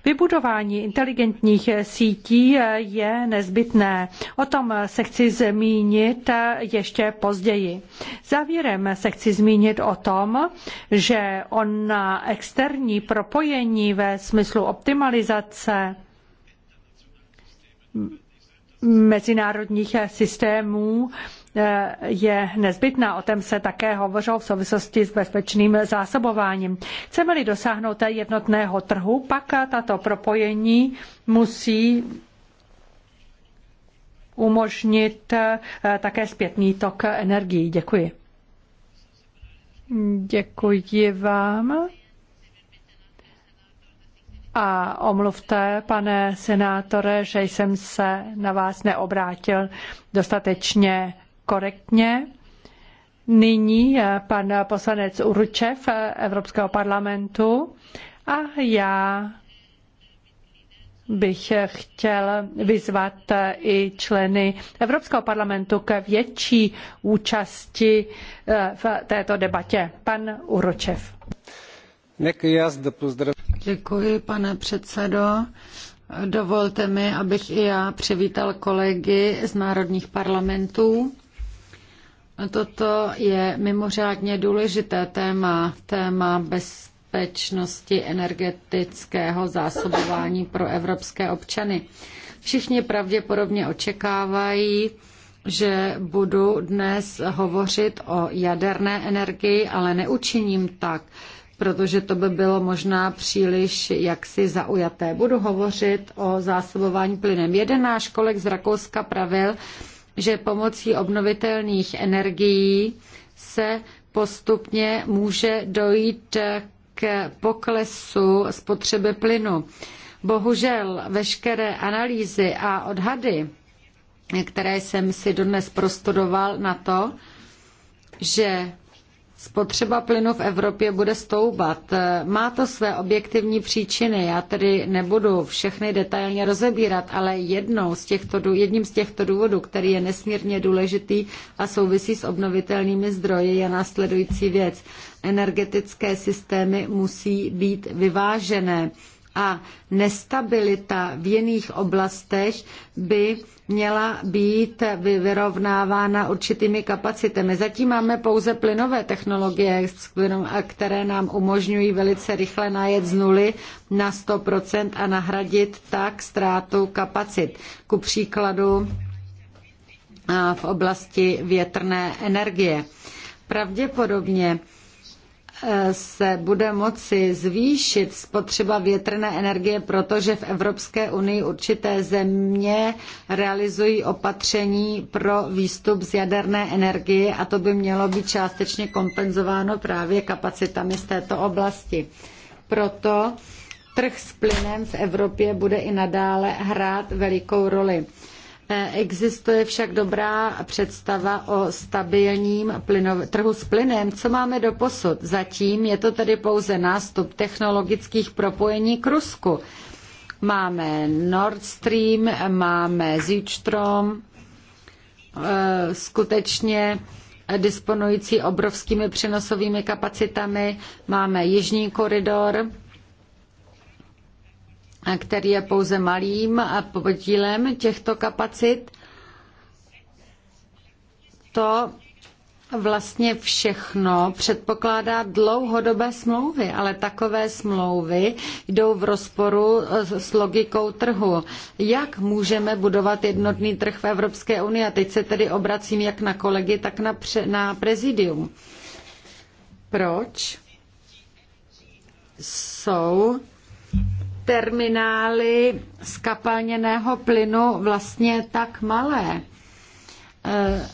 Vybudování inteligentních eh, sítí je nezbytné. O tom se chci zmínit ještě později. Závěrem se chci zmínit o tom, že ona externí propojení ve smyslu optimalizace mezinárodních systémů eh, je nezbytná. O tom se také hovořilo v souvislosti s bezpečným zásobováním. Chceme-li dosáhnout jednotného trhu, pak tato propojení musí umožnit eh, také zpětný tok energií. Děkuji. Děkuji vám a omluvte, pane senátore, že jsem se na vás neobrátil dostatečně korektně. Nyní pan poslanec Určev Evropského parlamentu a já bych chtěl vyzvat i členy Evropského parlamentu k větší účasti eh, v této debatě. Pan Uročev. Děkuji, pane předsedo. Dovolte mi, abych i já přivítal kolegy z národních parlamentů. Toto je mimořádně důležité téma, téma bezpečnosti energetického zásobování pro evropské občany. Všichni pravděpodobně očekávají, že budu dnes hovořit o jaderné energii, ale neučiním tak protože to by bylo možná příliš jaksi zaujaté. Budu hovořit o zásobování plynem. Jeden náš kolek z Rakouska pravil, že pomocí obnovitelných energií se postupně může dojít k poklesu spotřeby plynu. Bohužel veškeré analýzy a odhady, které jsem si dodnes prostudoval na to, že Spotřeba plynu v Evropě bude stoubat. Eh, má to své objektivní příčiny, já tedy nebudu všechny detailně rozebírat, ale jednou z těchto, jedním z těchto důvodů, který je nesmírně důležitý a souvisí s obnovitelnými zdroji, je následující věc. Energetické systémy musí být vyvážené a nestabilita v jiných oblastech by měla být vyrovnávána určitými kapacitami. Zatím máme pouze plynové technologie, které nám umožňují velice rychle najet z nuly na 100% a nahradit tak ztrátu kapacit. Ku příkladu v oblasti větrné energie. Pravděpodobně Eh, se bude moci zvýšit spotřeba větrné energie, protože v Evropské unii určité země realizují opatření pro výstup z jaderné energie a to by mělo být částečně kompenzováno právě kapacitami z této oblasti. Proto trh s plynem v Evropě bude i nadále hrát velikou roli Existuje však dobrá představa o stabilním plynov- trhu s plynem, co máme do posud. Zatím je to tedy pouze nástup technologických propojení k Rusku. Máme Nord Stream, máme Südstrom, eh, skutečně disponující obrovskými přenosovými kapacitami, máme Jižní koridor, který je pouze malým podílem těchto kapacit, to vlastně všechno předpokládá dlouhodobé smlouvy, ale takové smlouvy jdou v rozporu s logikou trhu. Jak můžeme budovat jednotný trh v Evropské unii? A teď se tedy obracím jak na kolegy, tak na, pře- na prezidium. Proč jsou terminály skapalněného plynu vlastně tak malé. Eh,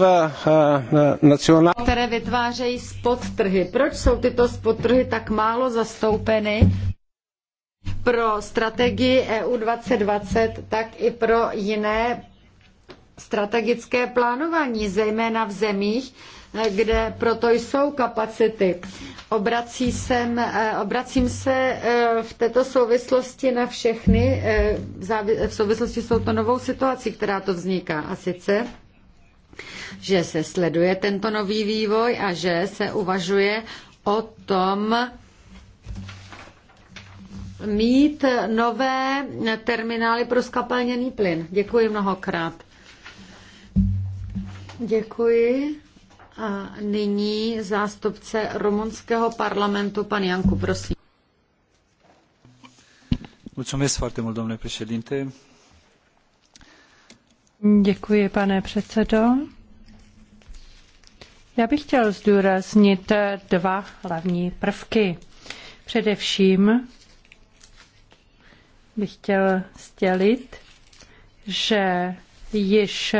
eh, eh, které vytvářejí spodtrhy. Proč jsou tyto spodtrhy tak málo zastoupeny pro strategii EU 2020, tak i pro jiné strategické plánování, zejména v zemích, kde proto jsou kapacity. Obrací sem, eh, obracím se eh, v této souvislosti na všechny, eh, v souvislosti s touto novou situací, která to vzniká. A sice, že se sleduje tento nový vývoj a že se uvažuje o tom, mít nové terminály pro skapalněný plyn. Děkuji mnohokrát. Děkuji. A nyní zástupce rumunského parlamentu, pan Janku, prosím. Mulțumesc foarte mult, domnule Děkuji, pane předsedo. Já bych chtěl zdůraznit dva hlavní prvky. Především bych chtěl sdělit, že již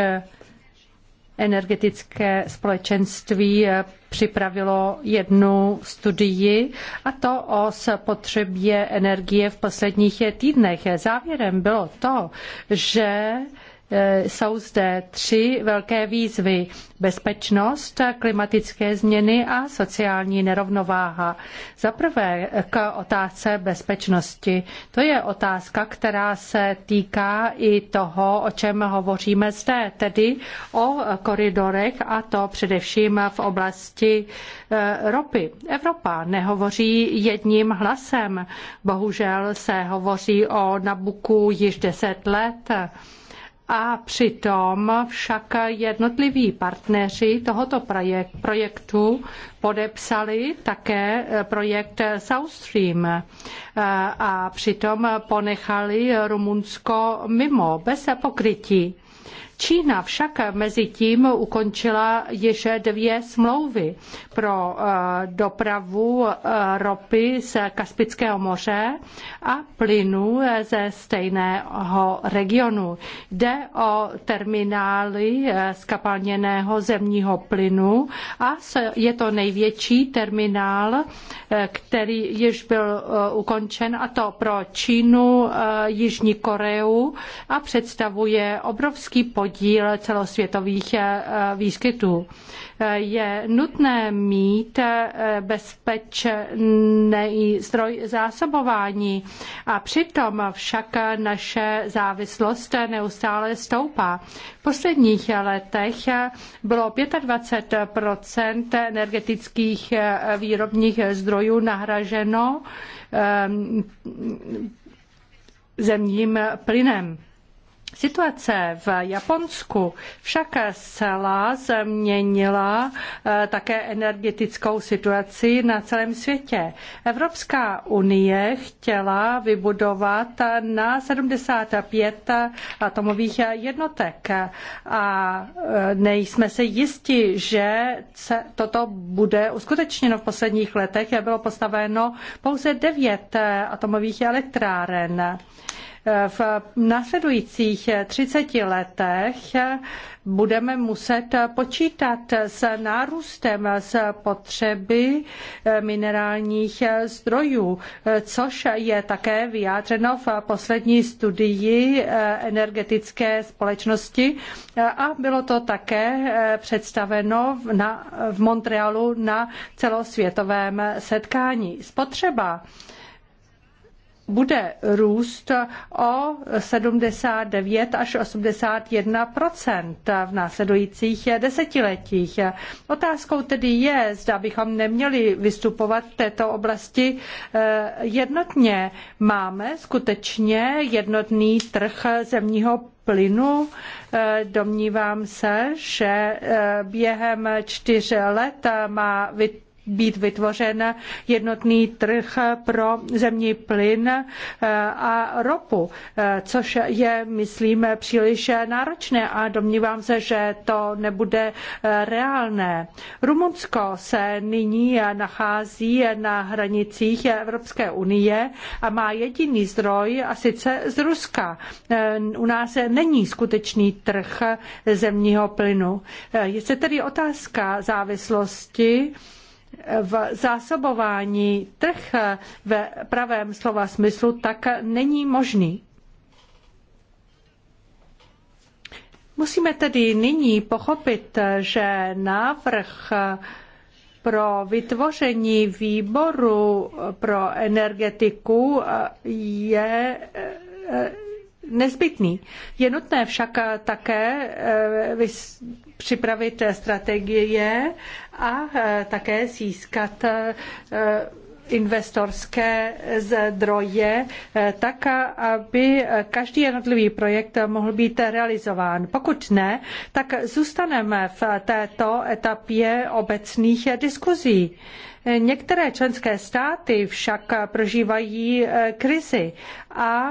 energetické společenství eh, připravilo jednu studii a to o spotřebě energie v posledních týdnech. Závěrem bylo to, že E, jsou zde tři velké výzvy. Bezpečnost, klimatické změny a sociální nerovnováha. Za prvé k otázce bezpečnosti. To je otázka, která se týká i toho, o čem hovoříme zde, tedy o koridorech a to především v oblasti e, ropy. Evropa nehovoří jedním hlasem. Bohužel se hovoří o Nabuku již deset let a přitom však jednotliví partneři tohoto projektu podepsali také eh, projekt South Stream eh, a přitom ponechali Rumunsko mimo, bez pokrytí. Čína však mezi tím ukončila již dvě smlouvy pro eh, dopravu eh, ropy z Kaspického moře a plynu ze stejného regionu. Jde o terminály skapalněného eh, zemního plynu a je to největší terminál, který již byl ukončen a to pro Čínu, Jižní Koreu a představuje obrovský podíl díl celosvětových eh, výskytů. Eh, je nutné mít eh, bezpečný zdroj zásobování a přitom však naše závislost neustále stoupá. V posledních letech bylo 25 energetických výrobních zdrojů nahraženo ehm, zemním plynem. Situace v Japonsku však zcela změnila eh, také energetickou situaci na celém světě. Evropská unie chtěla vybudovat na 75 atomových jednotek a eh, nejsme si jisti, že toto bude uskutečněno v posledních letech. Bylo postaveno pouze devět eh, atomových elektráren. V následujících 30 letech budeme muset počítat s nárůstem spotřeby minerálních zdrojů, což je také vyjádřeno v poslední studii energetické společnosti a bylo to také představeno na, v Montrealu na celosvětovém setkání. Spotřeba bude růst o 79 až 81 v následujících desetiletích. Otázkou tedy je, zda bychom neměli vystupovat v této oblasti eh, jednotně. Máme skutečně jednotný trh zemního plynu. Eh, domnívám se, že eh, během čtyř let má vytvořit být vytvořen jednotný trh pro zemní plyn eh, a ropu, eh, což je, myslím, příliš náročné a domnívám se, že to nebude eh, reálné. Rumunsko se nyní nachází na hranicích Evropské unie a má jediný zdroj, a sice z Ruska. U nás není skutečný trh zemního plynu. Je se tedy otázka závislosti, v zásobování trh ve pravém slova smyslu tak není možný. Musíme tedy nyní pochopit, že návrh pro vytvoření výboru pro energetiku je nezbytný. Je nutné však eh, také eh, připravit eh, strategie a také získat investorské zdroje, tak aby každý jednotlivý projekt mohl být realizován. Pokud ne, tak zůstaneme v této etapě obecných diskuzí. Některé členské státy však prožívají krizi a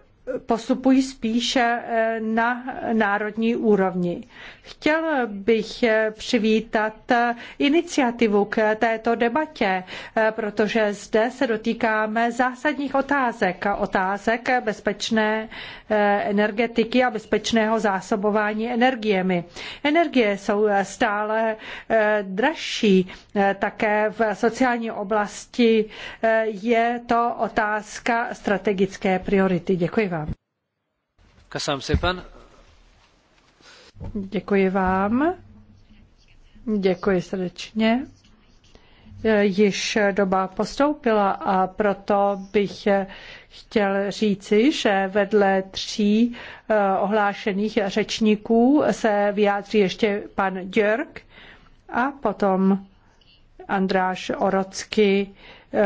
postupují spíše eh, na národní úrovni. Chtěl bych eh, přivítat eh, iniciativu k této debatě, protože zde se dotýkáme zásadních otázek, otázek bezpečné energetiky a bezpečného zásobování energiemi. Energie jsou stále dražší, také v sociální oblasti je to otázka strategické priority. Děkuji vám. Děkuji vám. Děkuji srdečně. E, již doba postoupila a proto bych e, chtěl říci, že vedle tří e, ohlášených řečníků se vyjádří ještě pan Djörg a potom Andráš Orocky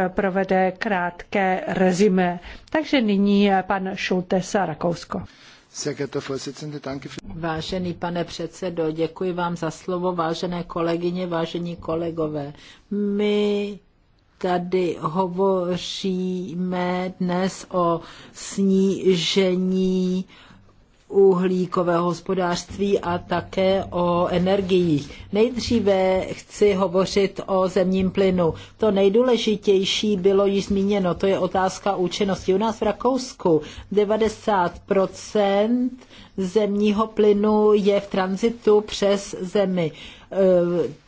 provede krátké rezime. Takže nyní pan Šultesa Rakousko. Vážený pane předsedo, děkuji vám za slovo, vážené kolegyně, vážení kolegové. My tady hovoříme dnes o snížení uhlíkového hospodářství a také o energiích. Nejdříve chci hovořit o zemním plynu. To nejdůležitější bylo již zmíněno, to je otázka účinnosti. U nás v Rakousku 90% zemního plynu je v tranzitu přes zemi eh,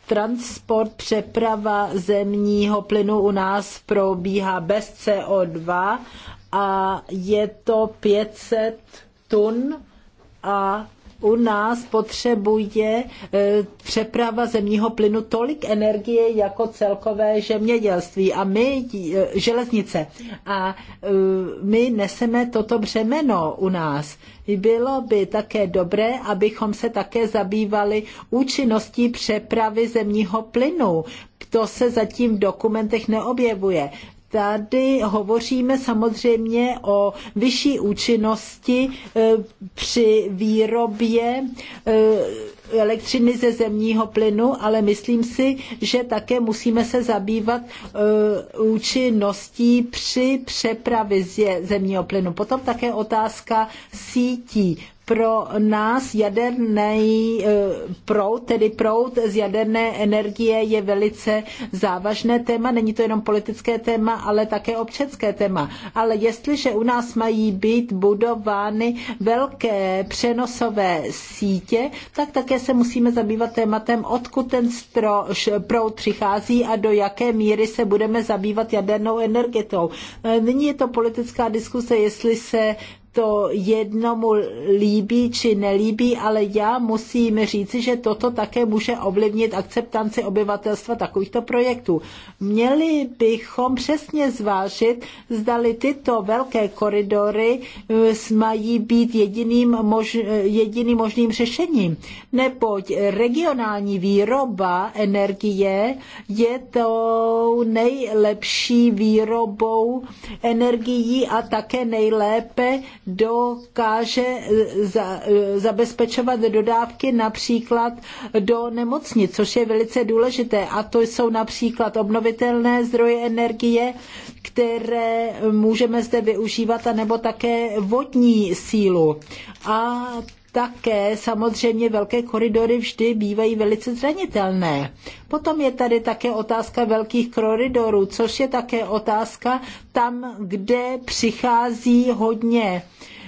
transport, přeprava zemního plynu u nás probíhá bez CO2 a je to 500 tun a u nás potřebuje e, přeprava zemního plynu tolik energie jako celkové zemědělství a my e, železnice. A e, my neseme toto břemeno u nás. Bylo by také dobré, abychom se také zabývali účinností přepravy zemního plynu. To se zatím v dokumentech neobjevuje tady hovoříme samozřejmě o vyšší účinnosti e, při výrobě e, elektřiny ze zemního plynu, ale myslím si, že také musíme se zabývat e, účinností při přepravě zemního plynu. Potom také otázka sítí pro nás jaderný eh, prout, tedy proud z jaderné energie je velice závažné téma. Není to jenom politické téma, ale také občanské téma. Ale jestliže u nás mají být budovány velké přenosové sítě, tak také se musíme zabývat tématem, odkud ten strož, proud přichází a do jaké míry se budeme zabývat jadernou energetou. Eh, nyní je to politická diskuse, jestli se to jednomu líbí či nelíbí, ale já musím říci, že toto také může ovlivnit akceptanci obyvatelstva takovýchto projektů. Měli bychom přesně zvážit, zdali tyto velké koridory eh, mají být jediným, mož, eh, jediným možným řešením. Neboť regionální výroba energie je tou nejlepší výrobou energií a také nejlépe dokáže eh, za, eh, zabezpečovat dodávky například do nemocnic, což je velice důležité. A to jsou například obnovitelné zdroje energie, které můžeme zde využívat, anebo také vodní sílu. A také samozřejmě velké koridory vždy bývají velice zranitelné. Potom je tady také otázka velkých koridorů, což je také otázka tam, kde přichází hodně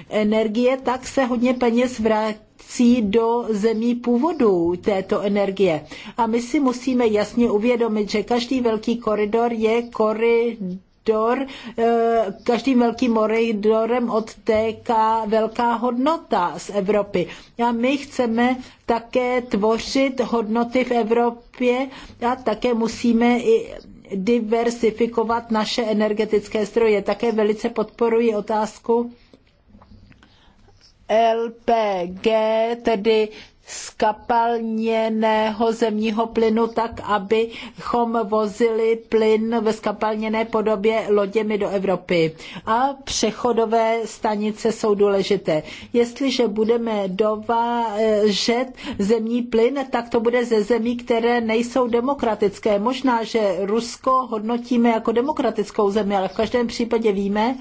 energie, tak se hodně peněz vrací do zemí původu této energie. A my si musíme jasně uvědomit, že každý velký koridor je koridor koridor, eh, každým velkým Moridorem odtéká velká hodnota z Evropy. A my chceme také tvořit hodnoty v Evropě a také musíme i diversifikovat naše energetické zdroje. Také velice podporuji otázku LPG, tedy skapalněného zemního plynu tak, abychom vozili plyn ve skapalněné podobě loděmi do Evropy. A přechodové stanice jsou důležité. Jestliže budeme dovážet zemní plyn, tak to bude ze zemí, které nejsou demokratické. Možná, že Rusko hodnotíme jako demokratickou zemi, ale v každém případě víme,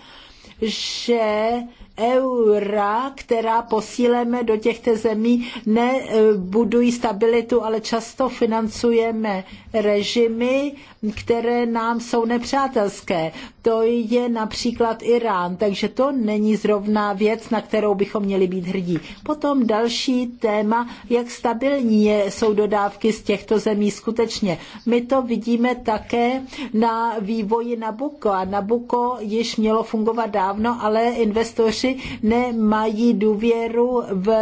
že eura, která posíleme do těchto zemí, nebudují stabilitu, ale často financujeme režimy které nám jsou nepřátelské. To je například Irán, takže to není zrovna věc, na kterou bychom měli být hrdí. Potom další téma, jak stabilní jsou dodávky z těchto zemí skutečně. My to vidíme také na vývoji Nabuko. A Nabuko již mělo fungovat dávno, ale investoři nemají důvěru v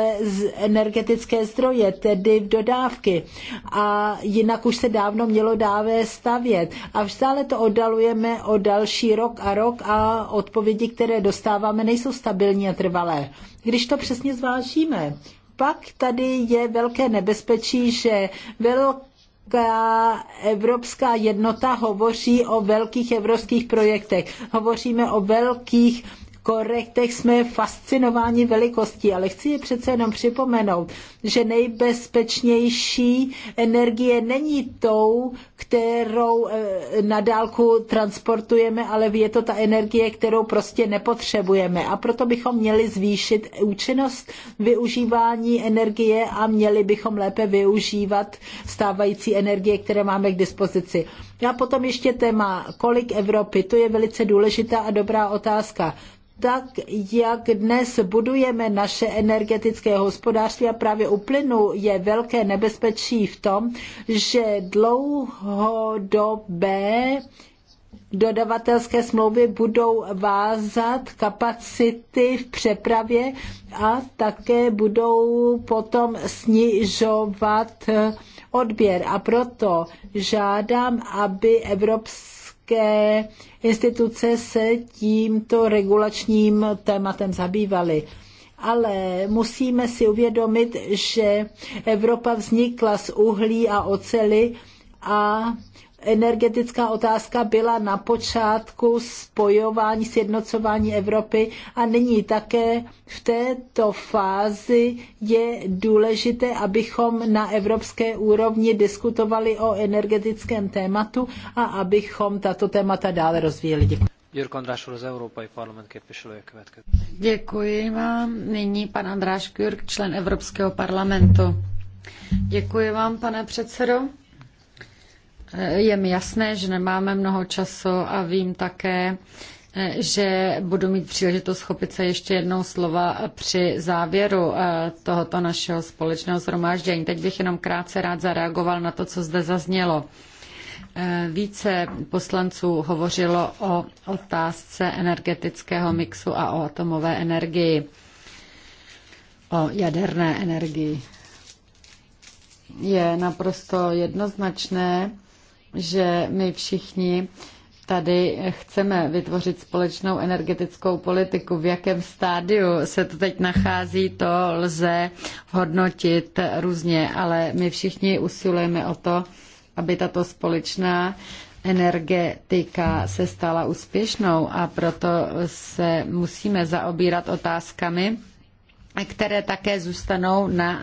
energetické zdroje, tedy v dodávky. A jinak už se dávno mělo dáve stavět stavět. A stále to oddalujeme o další rok a rok a odpovědi, které dostáváme, nejsou stabilní a trvalé. Když to přesně zvážíme, pak tady je velké nebezpečí, že velké Evropská, evropská jednota hovoří o velkých evropských projektech. Hovoříme o velkých korektech jsme fascinováni velikostí, ale chci je přece jenom připomenout, že nejbezpečnější energie není tou, kterou eh, na dálku transportujeme, ale je to ta energie, kterou prostě nepotřebujeme. A proto bychom měli zvýšit účinnost využívání energie a měli bychom lépe využívat stávající energie, které máme k dispozici. A potom ještě téma, kolik Evropy, to je velice důležitá a dobrá otázka tak jak dnes budujeme naše energetické hospodářství a právě u plynu je velké nebezpečí v tom, že dlouhodobé dodavatelské smlouvy budou vázat kapacity v přepravě a také budou potom snižovat odběr. A proto žádám, aby Evropská Jaké instituce se tímto regulačním tématem zabývaly ale musíme si uvědomit, že Evropa vznikla z uhlí a ocely a energetická otázka byla na počátku spojování, sjednocování Evropy a nyní také v této fázi je důležité, abychom na evropské úrovni diskutovali o energetickém tématu a abychom tato témata dále rozvíjeli. Děkuji. Jirko Andrášul z Európai parlament képviselője Děkuji vám. Nyní pan Andráš Kürk, člen Evropského parlamentu. Děkuji vám, pane předsedo. Eh, je mi jasné, že nemáme mnoho času a vím také, eh, že budu mít příležitost chopit se ještě jednou slova při závěru eh, tohoto našeho společného zhromáždění. Teď bych jenom krátce rád zareagoval na to, co zde zaznělo. Více poslanců hovořilo o otázce energetického mixu a o atomové energii, o jaderné energii. Je naprosto jednoznačné, že my všichni tady chceme vytvořit společnou energetickou politiku. V jakém stádiu se to teď nachází, to lze hodnotit různě, ale my všichni usilujeme o to, aby tato společná energetika se stala úspěšnou a proto se musíme zaobírat otázkami, které také zůstanou na,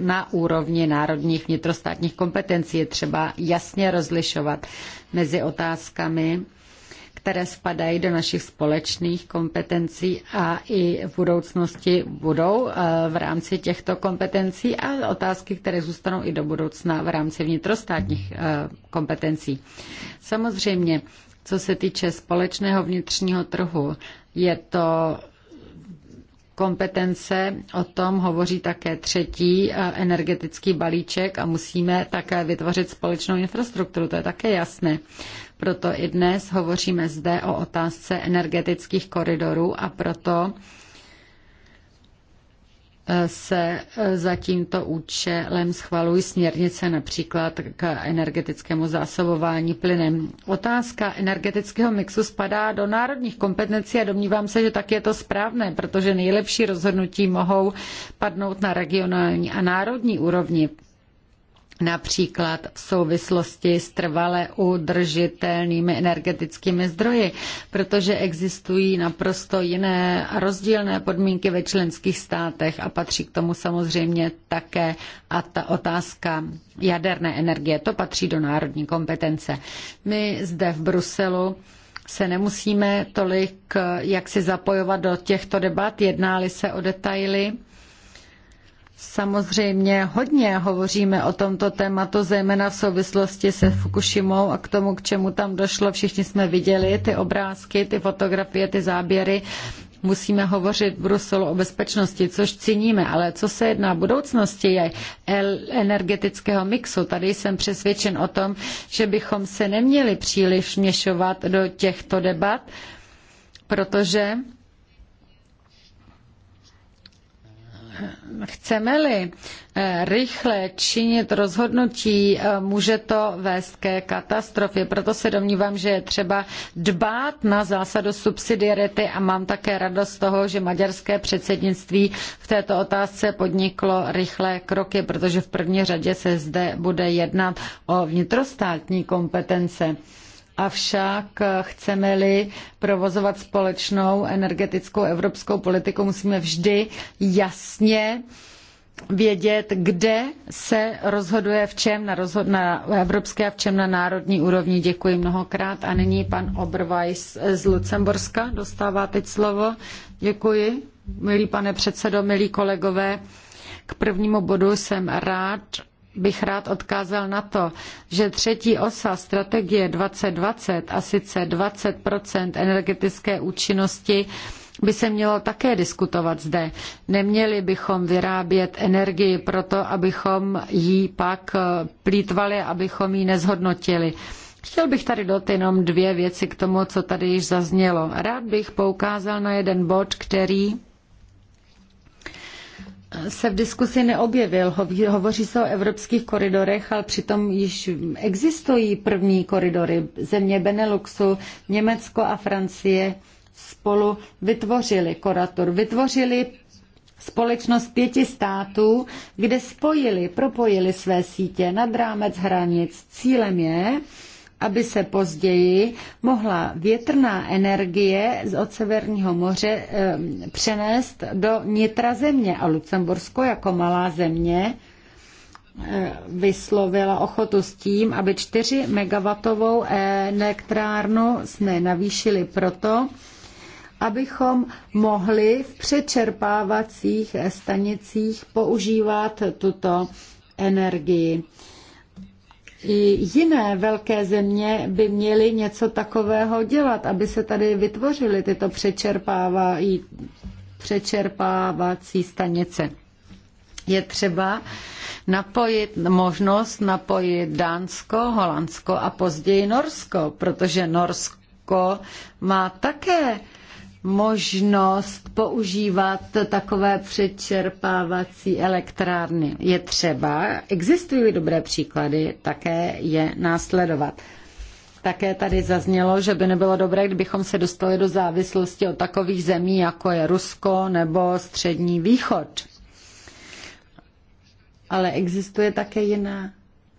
na úrovni národních vnitrostátních kompetencí. Je třeba jasně rozlišovat mezi otázkami, které spadají do našich společných kompetencí a i v budoucnosti budou eh, v rámci těchto kompetencí a otázky, které zůstanou i do budoucna v rámci vnitrostátních eh, kompetencí. Samozřejmě, co se týče společného vnitřního trhu, je to kompetence, o tom hovoří také třetí eh, energetický balíček a musíme také vytvořit společnou infrastrukturu, to je také jasné. Proto i dnes hovoříme zde o otázce energetických koridorů a proto se e, za tímto účelem schvalují směrnice například k energetickému zásobování plynem. Otázka energetického mixu spadá do národních kompetencí a domnívám se, že tak je to správné, protože nejlepší rozhodnutí mohou padnout na regionální a národní úrovni například v souvislosti s trvale udržitelnými energetickými zdroji, protože existují naprosto jiné a rozdílné podmínky ve členských státech a patří k tomu samozřejmě také a ta otázka jaderné energie. To patří do národní kompetence. My zde v Bruselu se nemusíme tolik jak si zapojovat do těchto debat, jednáli se o detaily Samozřejmě hodně hovoříme o tomto tématu, zejména v souvislosti se Fukushimou a k tomu, k čemu tam došlo. Všichni jsme viděli ty obrázky, ty fotografie, ty záběry. Musíme hovořit v Bruselu o bezpečnosti, což ciníme, ale co se jedná v budoucnosti je energetického mixu. Tady jsem přesvědčen o tom, že bychom se neměli příliš měšovat do těchto debat, protože Chceme-li eh, rychle činit rozhodnutí, eh, může to vést ke katastrofě. Proto se domnívám, že je třeba dbát na zásadu subsidiarity a mám také radost z toho, že maďarské předsednictví v této otázce podniklo rychlé kroky, protože v první řadě se zde bude jednat o vnitrostátní kompetence. Avšak chceme-li provozovat společnou energetickou evropskou politiku, musíme vždy jasně vědět, kde se rozhoduje v čem na, na evropské a v čem na národní úrovni. Děkuji mnohokrát. A nyní pan Oberweis z Lucemburska dostává teď slovo. Děkuji, milý pane předsedo, milí kolegové. K prvnímu bodu jsem rád, bych rád odkázal na to, že třetí osa strategie 2020 a sice 20 energetické účinnosti by se mělo také diskutovat zde. Neměli bychom vyrábět energii proto, abychom ji pak eh, plítvali, abychom ji nezhodnotili. Chtěl bych tady dot jenom dvě věci k tomu, co tady již zaznělo. Rád bych poukázal na jeden bod, který se v diskusi neobjevil. Hovoří se o evropských koridorech, ale přitom již existují první koridory. Země Beneluxu, Německo a Francie spolu vytvořili korator, vytvořili společnost pěti států, kde spojili, propojili své sítě nad rámec hranic. Cílem je, aby se později mohla větrná energie od Severního moře přenést do nitra země. A Lucembursko jako malá země vyslovila ochotu s tím, aby 4 MW elektrárnu jsme navýšili proto, abychom mohli v přečerpávacích stanicích používat tuto energii i jiné velké země by měly něco takového dělat, aby se tady vytvořily tyto přečerpávají, přečerpávací stanice. Je třeba napojit možnost napojit Dánsko, Holandsko a později Norsko, protože Norsko má také možnost používat takové přečerpávací elektrárny. Je třeba, existují dobré příklady, také je následovat. Také tady zaznělo, že by nebylo dobré, kdybychom se dostali do závislosti od takových zemí, jako je Rusko nebo Střední východ. Ale existuje také jiná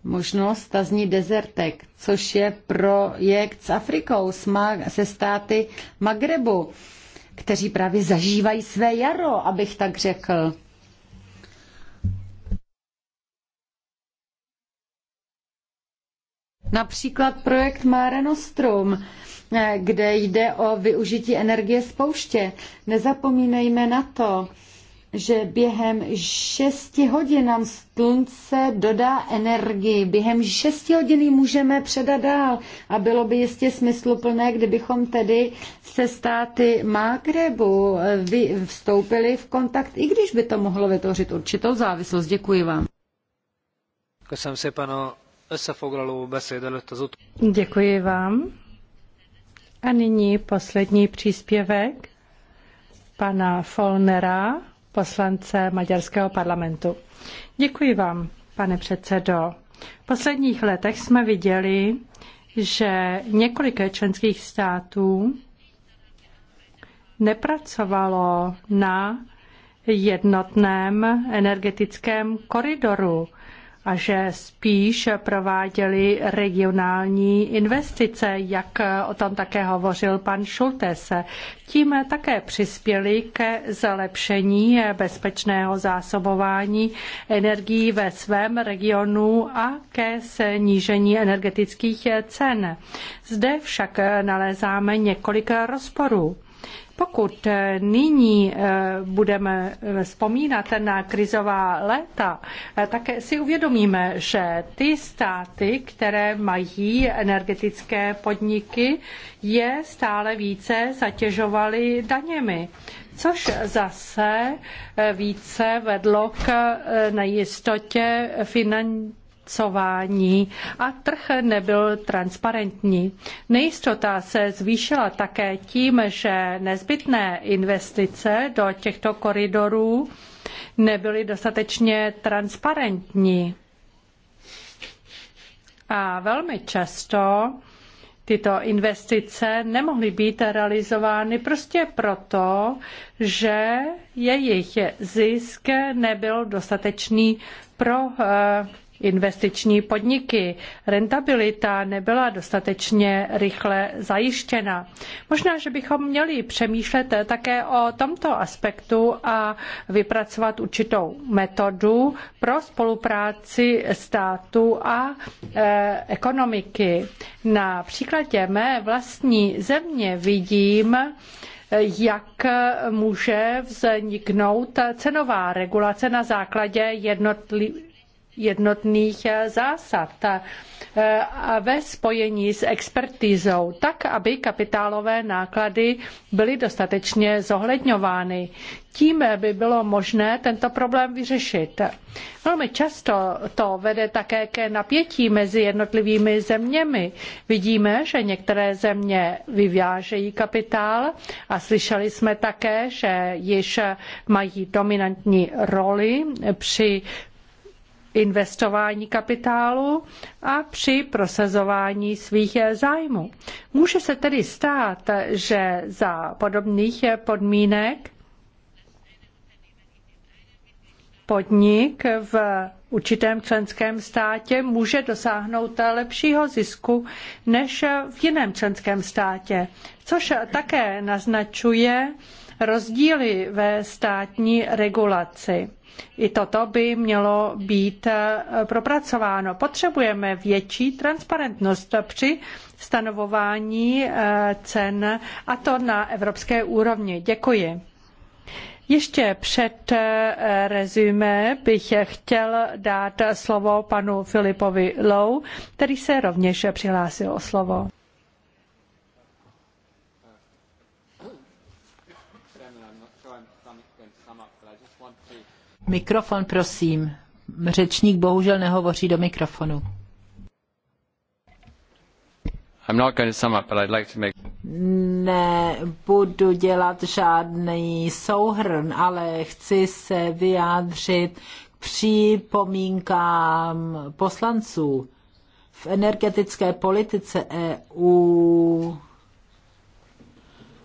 možnost, ta zní Desertek, což je projekt s Afrikou, s ma- se státy Magrebu, kteří právě zažívají své jaro, abych tak řekl. Například projekt Mare Nostrum, eh, kde jde o využití energie z pouště. Nezapomínejme na to, že během 6 hodin nám slunce dodá energii. Během 6 hodin ji můžeme předat dál. A bylo by jistě smysluplné, kdybychom tedy se státy Mákrebu eh, vstoupili v kontakt, i když by to mohlo vytvořit určitou závislost. Děkuji vám. Děkuji vám. A nyní poslední příspěvek pana Folnera poslance maďarského parlamentu. Děkuji vám, pane předsedo. V posledních letech jsme viděli, že několik členských států nepracovalo na jednotném energetickém koridoru a že spíš prováděli regionální investice, jak o tom také hovořil pan Šultes. Tím také přispěli ke zlepšení bezpečného zásobování energií ve svém regionu a ke snížení energetických cen. Zde však nalézáme několik rozporů. Pokud eh, nyní eh, budeme eh, vzpomínat na krizová léta, také si uvědomíme, že ty státy, které mají energetické podniky, je stále více zatěžovaly daněmi což zase více vedlo k nejistotě finanční financování a trh nebyl transparentní. Nejistota se zvýšila také tím, že nezbytné investice do těchto koridorů nebyly dostatečně transparentní. A velmi často tyto investice nemohly být realizovány prostě proto, že jejich zisk nebyl dostatečný pro eh, investiční podniky. Rentabilita nebyla dostatečně rychle zajištěna. Možná, že bychom měli přemýšlet také o tomto aspektu a vypracovat určitou metodu pro spolupráci státu a e, ekonomiky. Na příkladě mé vlastní země vidím, jak může vzniknout cenová regulace na základě jednotlivých jednotných eh, zásad eh, a ve spojení s expertizou, tak aby kapitálové náklady byly dostatečně zohledňovány. Tím eh, by bylo možné tento problém vyřešit. Velmi často to vede také ke napětí mezi jednotlivými zeměmi. Vidíme, že některé země vyvážejí kapitál a slyšeli jsme také, že již mají dominantní roli při investování kapitálu a při prosazování svých zájmů. Může se tedy stát, že za podobných podmínek podnik v určitém členském státě může dosáhnout lepšího zisku než v jiném členském státě, což také naznačuje rozdíly ve státní regulaci. I toto by mělo být eh, propracováno. Potřebujeme větší transparentnost při stanovování eh, cen a to na evropské úrovni. Děkuji. Ještě před eh, rezumé bych chtěl dát slovo panu Filipovi Lou, který se rovněž přihlásil o slovo. Mikrofon, prosím. Řečník bohužel nehovoří do mikrofonu. Nebudu dělat žádný souhrn, ale chci se vyjádřit k připomínkám poslanců. V energetické politice EU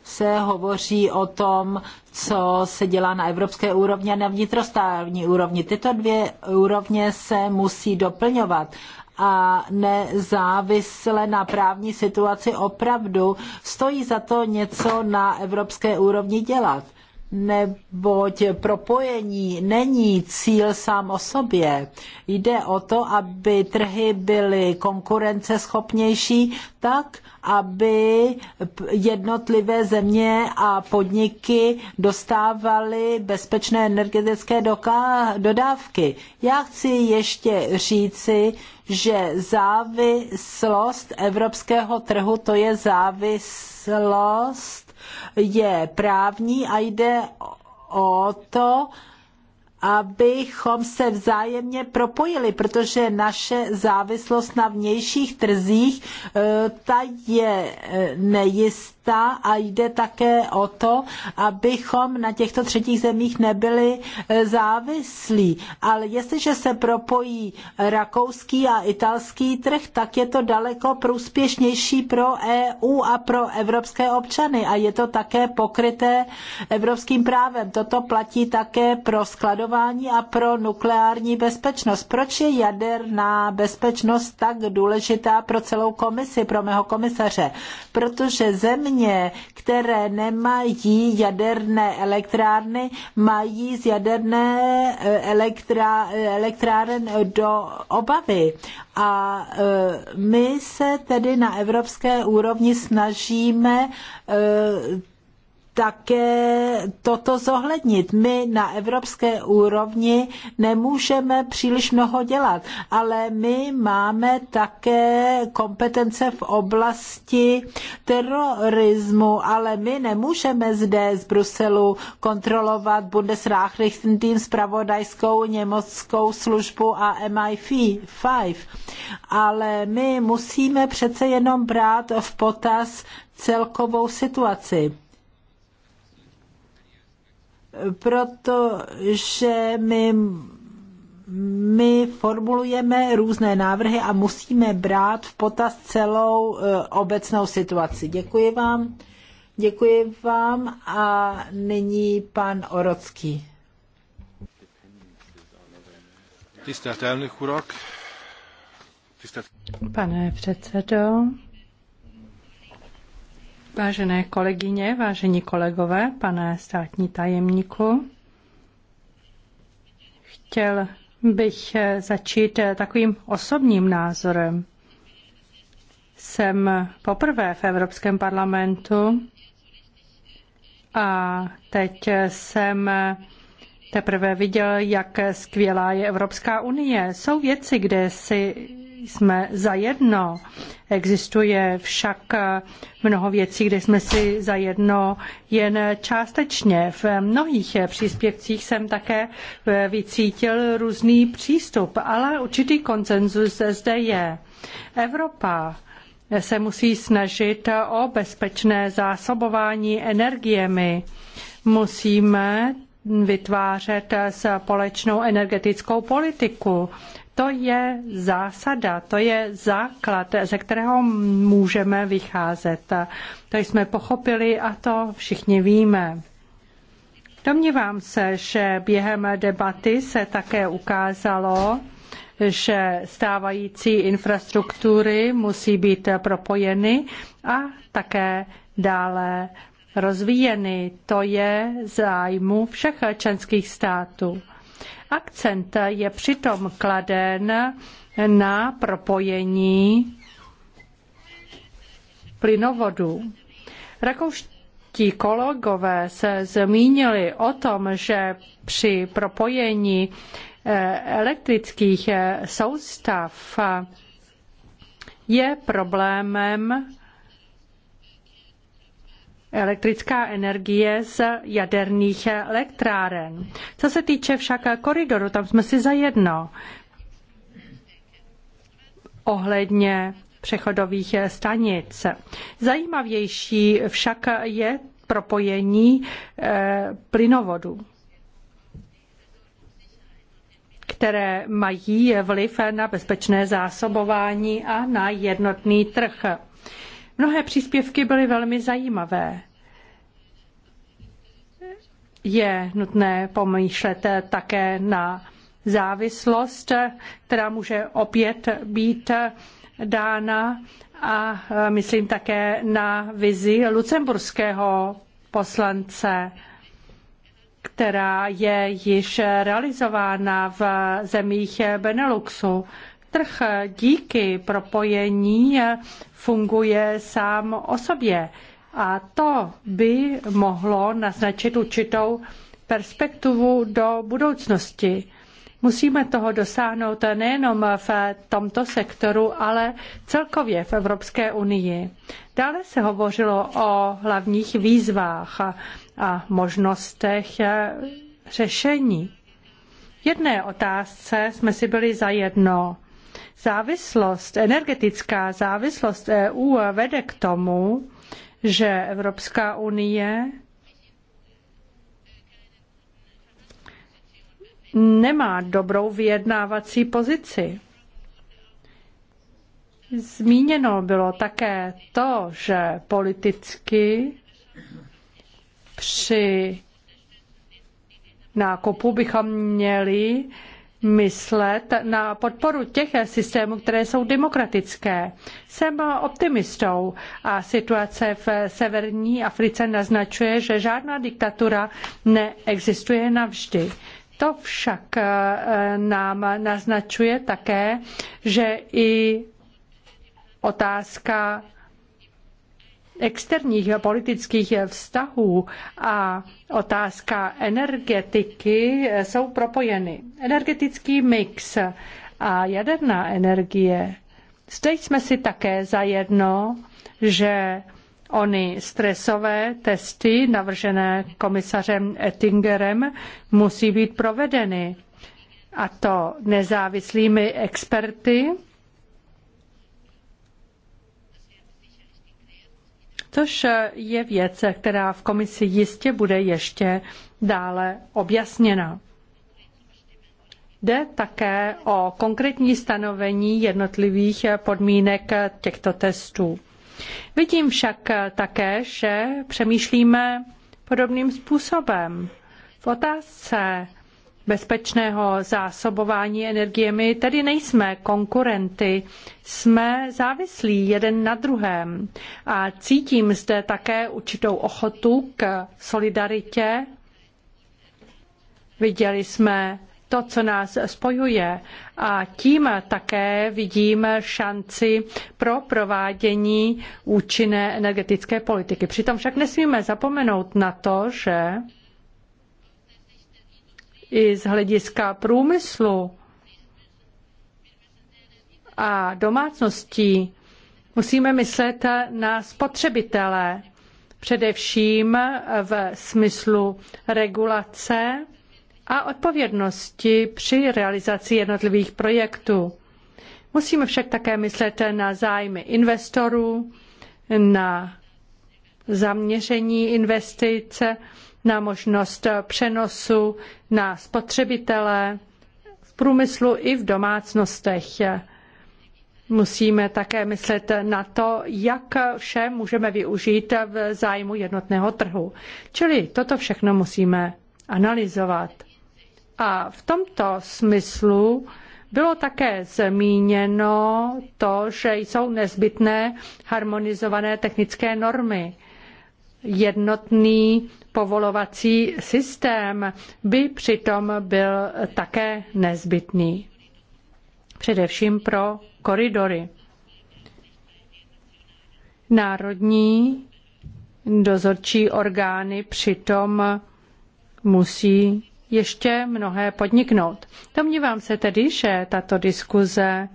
se hovoří o tom, co se dělá na evropské úrovni a na vnitrostátní úrovni. Tyto dvě úrovně se musí doplňovat a nezávisle na právní situaci opravdu stojí za to něco na evropské úrovni dělat neboť propojení není cíl sám o sobě. Jde o to, aby trhy byly konkurenceschopnější tak, aby jednotlivé země a podniky dostávaly bezpečné energetické dodávky. Já chci ještě říci, že závislost evropského trhu to je závislost je právní a jde o to, abychom se vzájemně propojili, protože naše závislost na vnějších trzích eh, ta je eh, nejistá místa a jde také o to, abychom na těchto třetích zemích nebyli e, závislí. Ale jestliže se propojí rakouský a italský trh, tak je to daleko prospěšnější pro EU a pro evropské občany a je to také pokryté evropským právem. Toto platí také pro skladování a pro nukleární bezpečnost. Proč je jaderná bezpečnost tak důležitá pro celou komisi, pro mého komisaře? Protože země země, které nemají jaderné elektrárny, mají z jaderné e, elektra, e, elektráren do obavy. A e, my se tedy na evropské úrovni snažíme také toto zohlednit. My na evropské úrovni nemůžeme příliš mnoho dělat, ale my máme také kompetence v oblasti terorismu, ale my nemůžeme zde z Bruselu kontrolovat Bundesrachrichtentým spravodajskou německou službu a MI5, ale my musíme přece jenom brát v potaz celkovou situaci protože my, my formulujeme různé návrhy a musíme brát v potaz celou e, obecnou situaci. Děkuji vám. Děkuji vám a nyní pan Orocký. Pane předsedo, Vážené kolegyně, vážení kolegové, pane státní tajemníku, chtěl bych začít takovým osobním názorem. Jsem poprvé v Evropském parlamentu a teď jsem teprve viděl, jak skvělá je Evropská unie. Jsou věci, kde si jsme zajedno. Existuje však mnoho věcí, kde jsme si zajedno jen částečně. V mnohých příspěvcích jsem také vycítil různý přístup, ale určitý konsenzus zde je. Evropa se musí snažit o bezpečné zásobování energiemi. Musíme vytvářet společnou energetickou politiku. To je zásada, to je základ, ze kterého můžeme vycházet. To jsme pochopili a to všichni víme. Domnívám se, že během debaty se také ukázalo, že stávající infrastruktury musí být propojeny a také dále rozvíjeny. To je zájmu všech členských států. Akcent je přitom kladen na propojení plynovodu. Rakouští kolegové se zmínili o tom, že při propojení eh, elektrických eh, soustav je problémem elektrická energie z jaderných elektráren. Co se týče však koridoru, tam jsme si zajedno ohledně přechodových stanic. Zajímavější však je propojení eh, plynovodu které mají vliv na bezpečné zásobování a na jednotný trh. Mnohé příspěvky byly velmi zajímavé je nutné pomýšlet také na závislost, která může opět být dána a myslím také na vizi lucemburského poslance, která je již realizována v zemích Beneluxu. Trh díky propojení funguje sám o sobě a to by mohlo naznačit určitou perspektivu do budoucnosti. Musíme toho dosáhnout nejenom v tomto sektoru, ale celkově v Evropské unii. Dále se hovořilo o hlavních výzvách a možnostech řešení. Jedné otázce jsme si byli zajedno. Závislost, energetická závislost EU vede k tomu, že Evropská unie nemá dobrou vyjednávací pozici. Zmíněno bylo také to, že politicky při nákupu bychom měli myslet na podporu těch systémů, které jsou demokratické. Jsem optimistou a situace v severní Africe naznačuje, že žádná diktatura neexistuje navždy. To však eh, nám naznačuje také, že i otázka externích politických vztahů a otázka energetiky jsou propojeny. Energetický mix a jaderná energie. Zde jsme si také zajedno, že Ony stresové testy navržené komisařem Ettingerem musí být provedeny, a to nezávislými experty, což eh, je věc, která v komisi jistě bude ještě dále objasněna. Jde také o konkrétní stanovení jednotlivých eh, podmínek těchto testů. Vidím však eh, také, že přemýšlíme podobným způsobem. V otázce bezpečného zásobování energiemi, tedy nejsme konkurenty, jsme závislí jeden na druhém. A cítím zde také určitou ochotu k solidaritě. Viděli jsme to, co nás spojuje. A tím také vidím šanci pro provádění účinné energetické politiky. Přitom však nesmíme zapomenout na to, že i z hlediska průmyslu a domácností musíme myslet na spotřebitele, především v smyslu regulace a odpovědnosti při realizaci jednotlivých projektů. Musíme však také myslet na zájmy investorů, na zaměření investice na možnost přenosu na spotřebitele v průmyslu i v domácnostech. Musíme také myslet na to, jak vše můžeme využít v zájmu jednotného trhu. Čili toto všechno musíme analyzovat. A v tomto smyslu bylo také zmíněno to, že jsou nezbytné harmonizované technické normy jednotný povolovací systém by přitom byl také nezbytný. Především pro koridory. Národní dozorčí orgány přitom musí ještě mnohé podniknout. Domnívám se tedy, že tato diskuze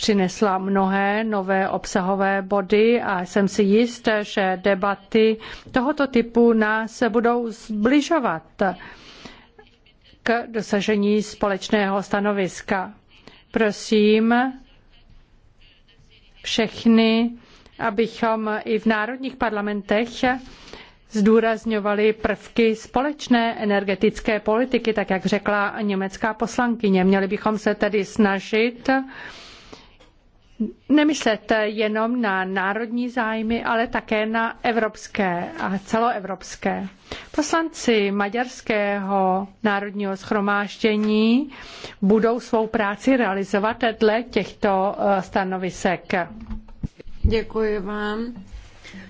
přinesla mnohé nové obsahové body a jsem si jist, že debaty tohoto typu nás budou zbližovat k dosažení společného stanoviska. Prosím všechny, abychom i v národních parlamentech zdůrazňovali prvky společné energetické politiky, tak jak řekla německá poslankyně. Měli bychom se tedy snažit nemyslet jenom na národní zájmy, ale také na evropské a celoevropské. Poslanci Maďarského národního schromáždění budou svou práci realizovat dle těchto eh, stanovisek. Děkuji vám.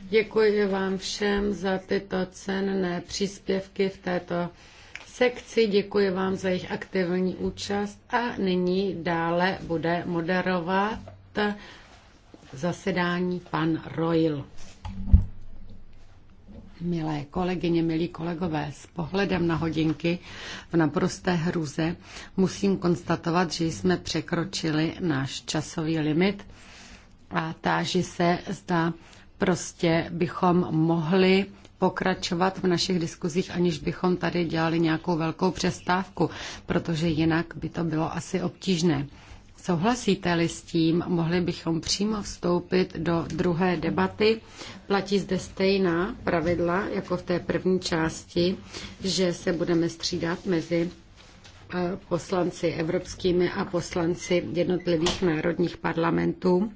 Děkuji vám všem za tyto cenné příspěvky v této sekci, děkuji vám za jejich aktivní účast a nyní dále bude moderovat zasedání pan Royal. Milé kolegyně, milí kolegové, s pohledem na hodinky v naprosté hruze musím konstatovat, že jsme překročili náš časový limit a táži se, zda prostě bychom mohli pokračovat v našich diskuzích, aniž bychom tady dělali nějakou velkou přestávku, protože jinak by to bylo asi obtížné. Souhlasíte-li s tím, mohli bychom přímo vstoupit do druhé debaty. Platí zde stejná pravidla, jako v té první části, že se budeme střídat mezi e, poslanci evropskými a poslanci jednotlivých národních parlamentů.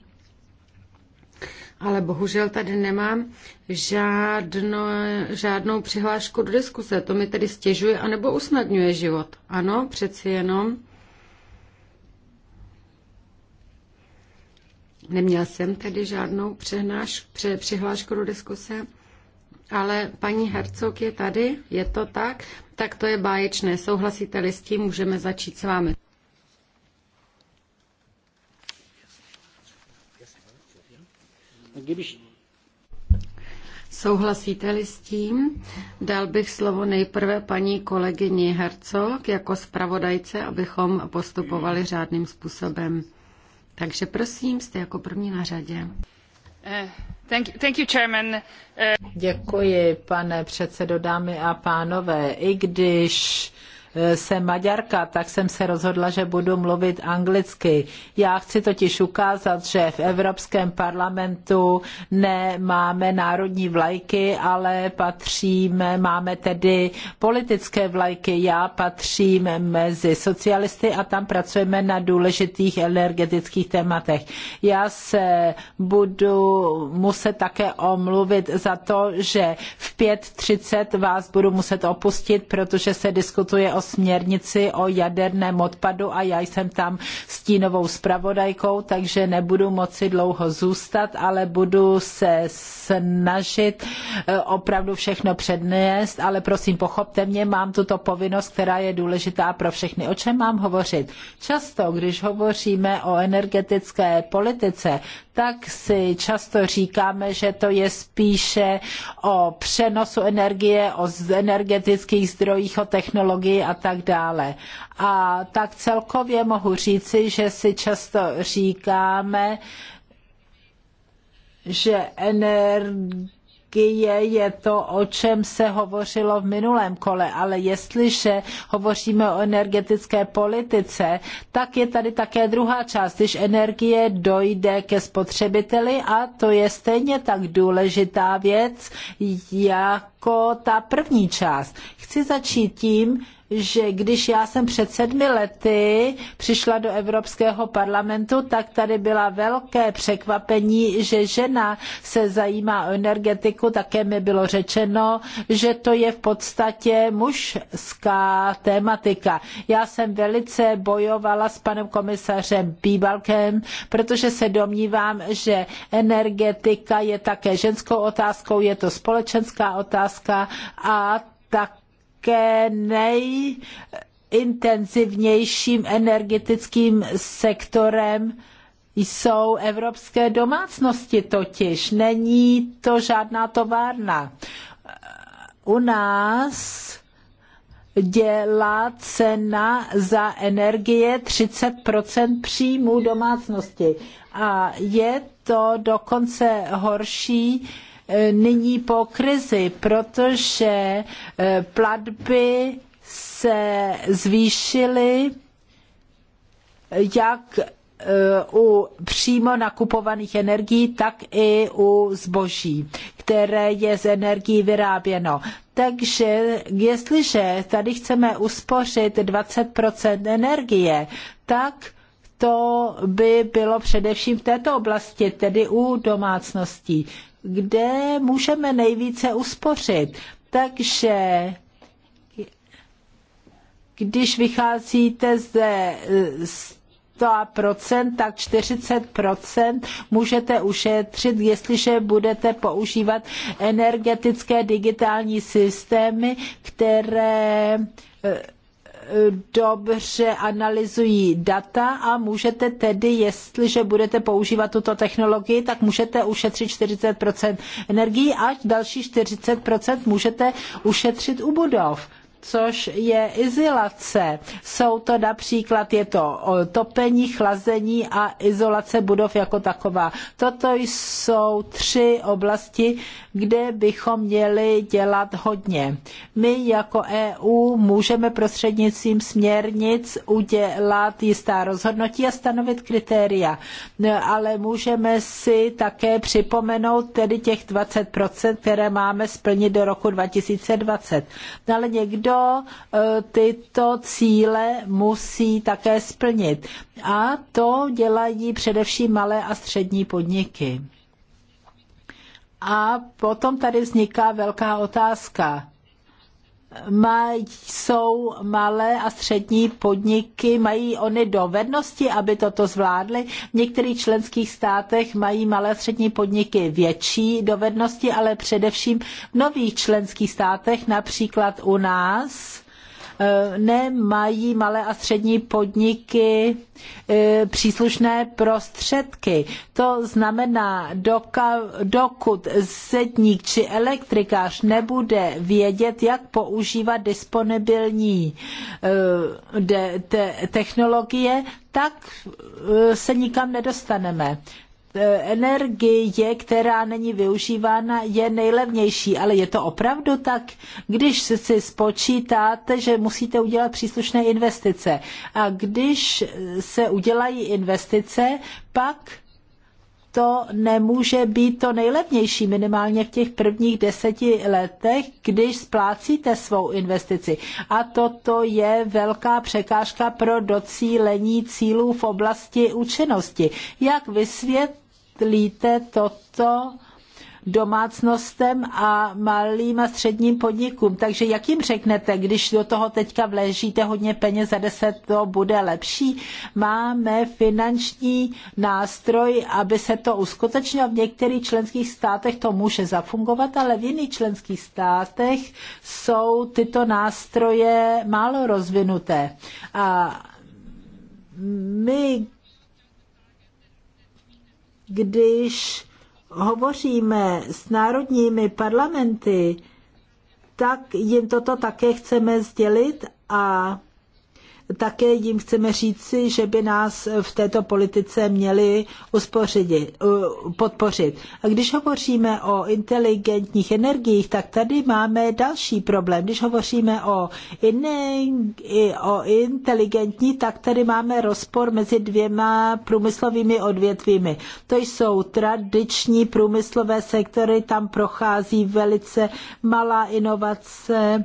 Ale bohužel tady nemám žádno, žádnou přihlášku do diskuse. To mi tedy stěžuje anebo usnadňuje život. Ano, přeci jenom. Neměl jsem tedy žádnou přehnáš, pře, přihlášku do diskuse, ale paní Hercog je tady, je to tak, tak to je báječné. Souhlasíte-li s tím, můžeme začít s vámi. Souhlasíte-li s tím, dal bych slovo nejprve paní kolegyni Hercog jako zpravodajce, abychom postupovali řádným způsobem. Takže prosím, jste jako první na řadě. Eh, thank you, chairman. Eh, Děkuji, pane předsedo, dámy a pánové. I když jsem Maďarka, tak jsem se rozhodla, že budu mluvit anglicky. Já chci totiž ukázat, že v Evropském parlamentu nemáme národní vlajky, ale patříme, máme tedy politické vlajky. Já patřím mezi socialisty a tam pracujeme na důležitých energetických tématech. Já se budu muset také omluvit za to, že v 5.30 vás budu muset opustit, protože se diskutuje o směrnici o jaderném odpadu a já jsem tam stínovou zpravodajkou, takže nebudu moci dlouho zůstat, ale budu se snažit eh, opravdu všechno přednést, ale prosím, pochopte mě, mám tuto povinnost, která je důležitá pro všechny. O čem mám hovořit? Často, když hovoříme o energetické politice, tak si často říkáme, že to je spíše o přenosu energie, o energetických zdrojích, o technologii a tak dále. A tak celkově mohu říci, že si často říkáme, že energie strategie je to, o čem se hovořilo v minulém kole, ale jestliže hovoříme o energetické politice, tak je tady také druhá část, když energie dojde ke spotřebiteli a to je stejně tak důležitá věc jako ta první část. Chci začít tím, že když já jsem před sedmi lety přišla do Evropského parlamentu, tak tady byla velké překvapení, že žena se zajímá o energetiku. Také mi bylo řečeno, že to je v podstatě mužská tématika. Já jsem velice bojovala s panem komisařem Bíbalkem, protože se domnívám, že energetika je také ženskou otázkou, je to společenská otázka a tak také nejintenzivnějším energetickým sektorem jsou evropské domácnosti totiž. Není to žádná továrna. U nás dělá cena za energie 30 příjmů domácnosti. A je to dokonce horší E, nyní po krizi, protože e, platby se zvýšily jak e, u přímo nakupovaných energií, tak i u zboží, které je z energií vyráběno. Takže jestliže tady chceme uspořit 20% energie, tak to by bylo především v této oblasti, tedy u domácností kde můžeme nejvíce uspořit. Takže když vycházíte ze 100%, tak 40% můžete ušetřit, jestliže budete používat energetické digitální systémy, které eh, dobře analyzují data a můžete tedy, jestliže budete používat tuto technologii, tak můžete ušetřit 40 energii a další 40 můžete ušetřit u budov což je izolace. Jsou to například, je to topení, chlazení a izolace budov jako taková. Toto jsou tři oblasti, kde bychom měli dělat hodně. My jako EU můžeme prostřednictvím směrnic udělat jistá rozhodnutí a stanovit kritéria, ale můžeme si také připomenout tedy těch 20%, které máme splnit do roku 2020. No, ale někdo Někdo e, tyto cíle musí také splnit. A to dělají především malé a střední podniky. A potom tady vzniká velká otázka mají, jsou malé a střední podniky, mají ony dovednosti, aby toto zvládly. V některých členských státech mají malé a střední podniky větší dovednosti, ale především v nových členských státech, například u nás, Eh, nemají malé a střední podniky eh, příslušné prostředky. To znamená, dokud zedník či elektrikář nebude vědět, jak používat disponibilní eh, technologie, tak se nikam nedostaneme. E, energie, která není využívána, je nejlevnější, ale je to opravdu tak, když si spočítáte, že musíte udělat příslušné investice. A když se udělají investice, pak to nemůže být to nejlevnější, minimálně v těch prvních deseti letech, když splácíte svou investici. A toto je velká překážka pro docílení cílů v oblasti účinnosti. Jak vysvětlit vysvětlíte toto domácnostem a malým a středním podnikům. Takže jak jim řeknete, když do toho teďka vležíte hodně peněz, za deset to bude lepší? Máme finanční nástroj, aby se to uskutečnilo. V některých členských státech to může zafungovat, ale v jiných členských státech jsou tyto nástroje málo rozvinuté. A my, když hovoříme s národními parlamenty, tak jim toto také chceme sdělit a také jim chceme říci, že by nás v této politice měli uspořidit, podpořit. A když hovoříme o inteligentních energiích, tak tady máme další problém. Když hovoříme o, o inteligentní, tak tady máme rozpor mezi dvěma průmyslovými odvětvími. To jsou tradiční průmyslové sektory, tam prochází velice malá inovace,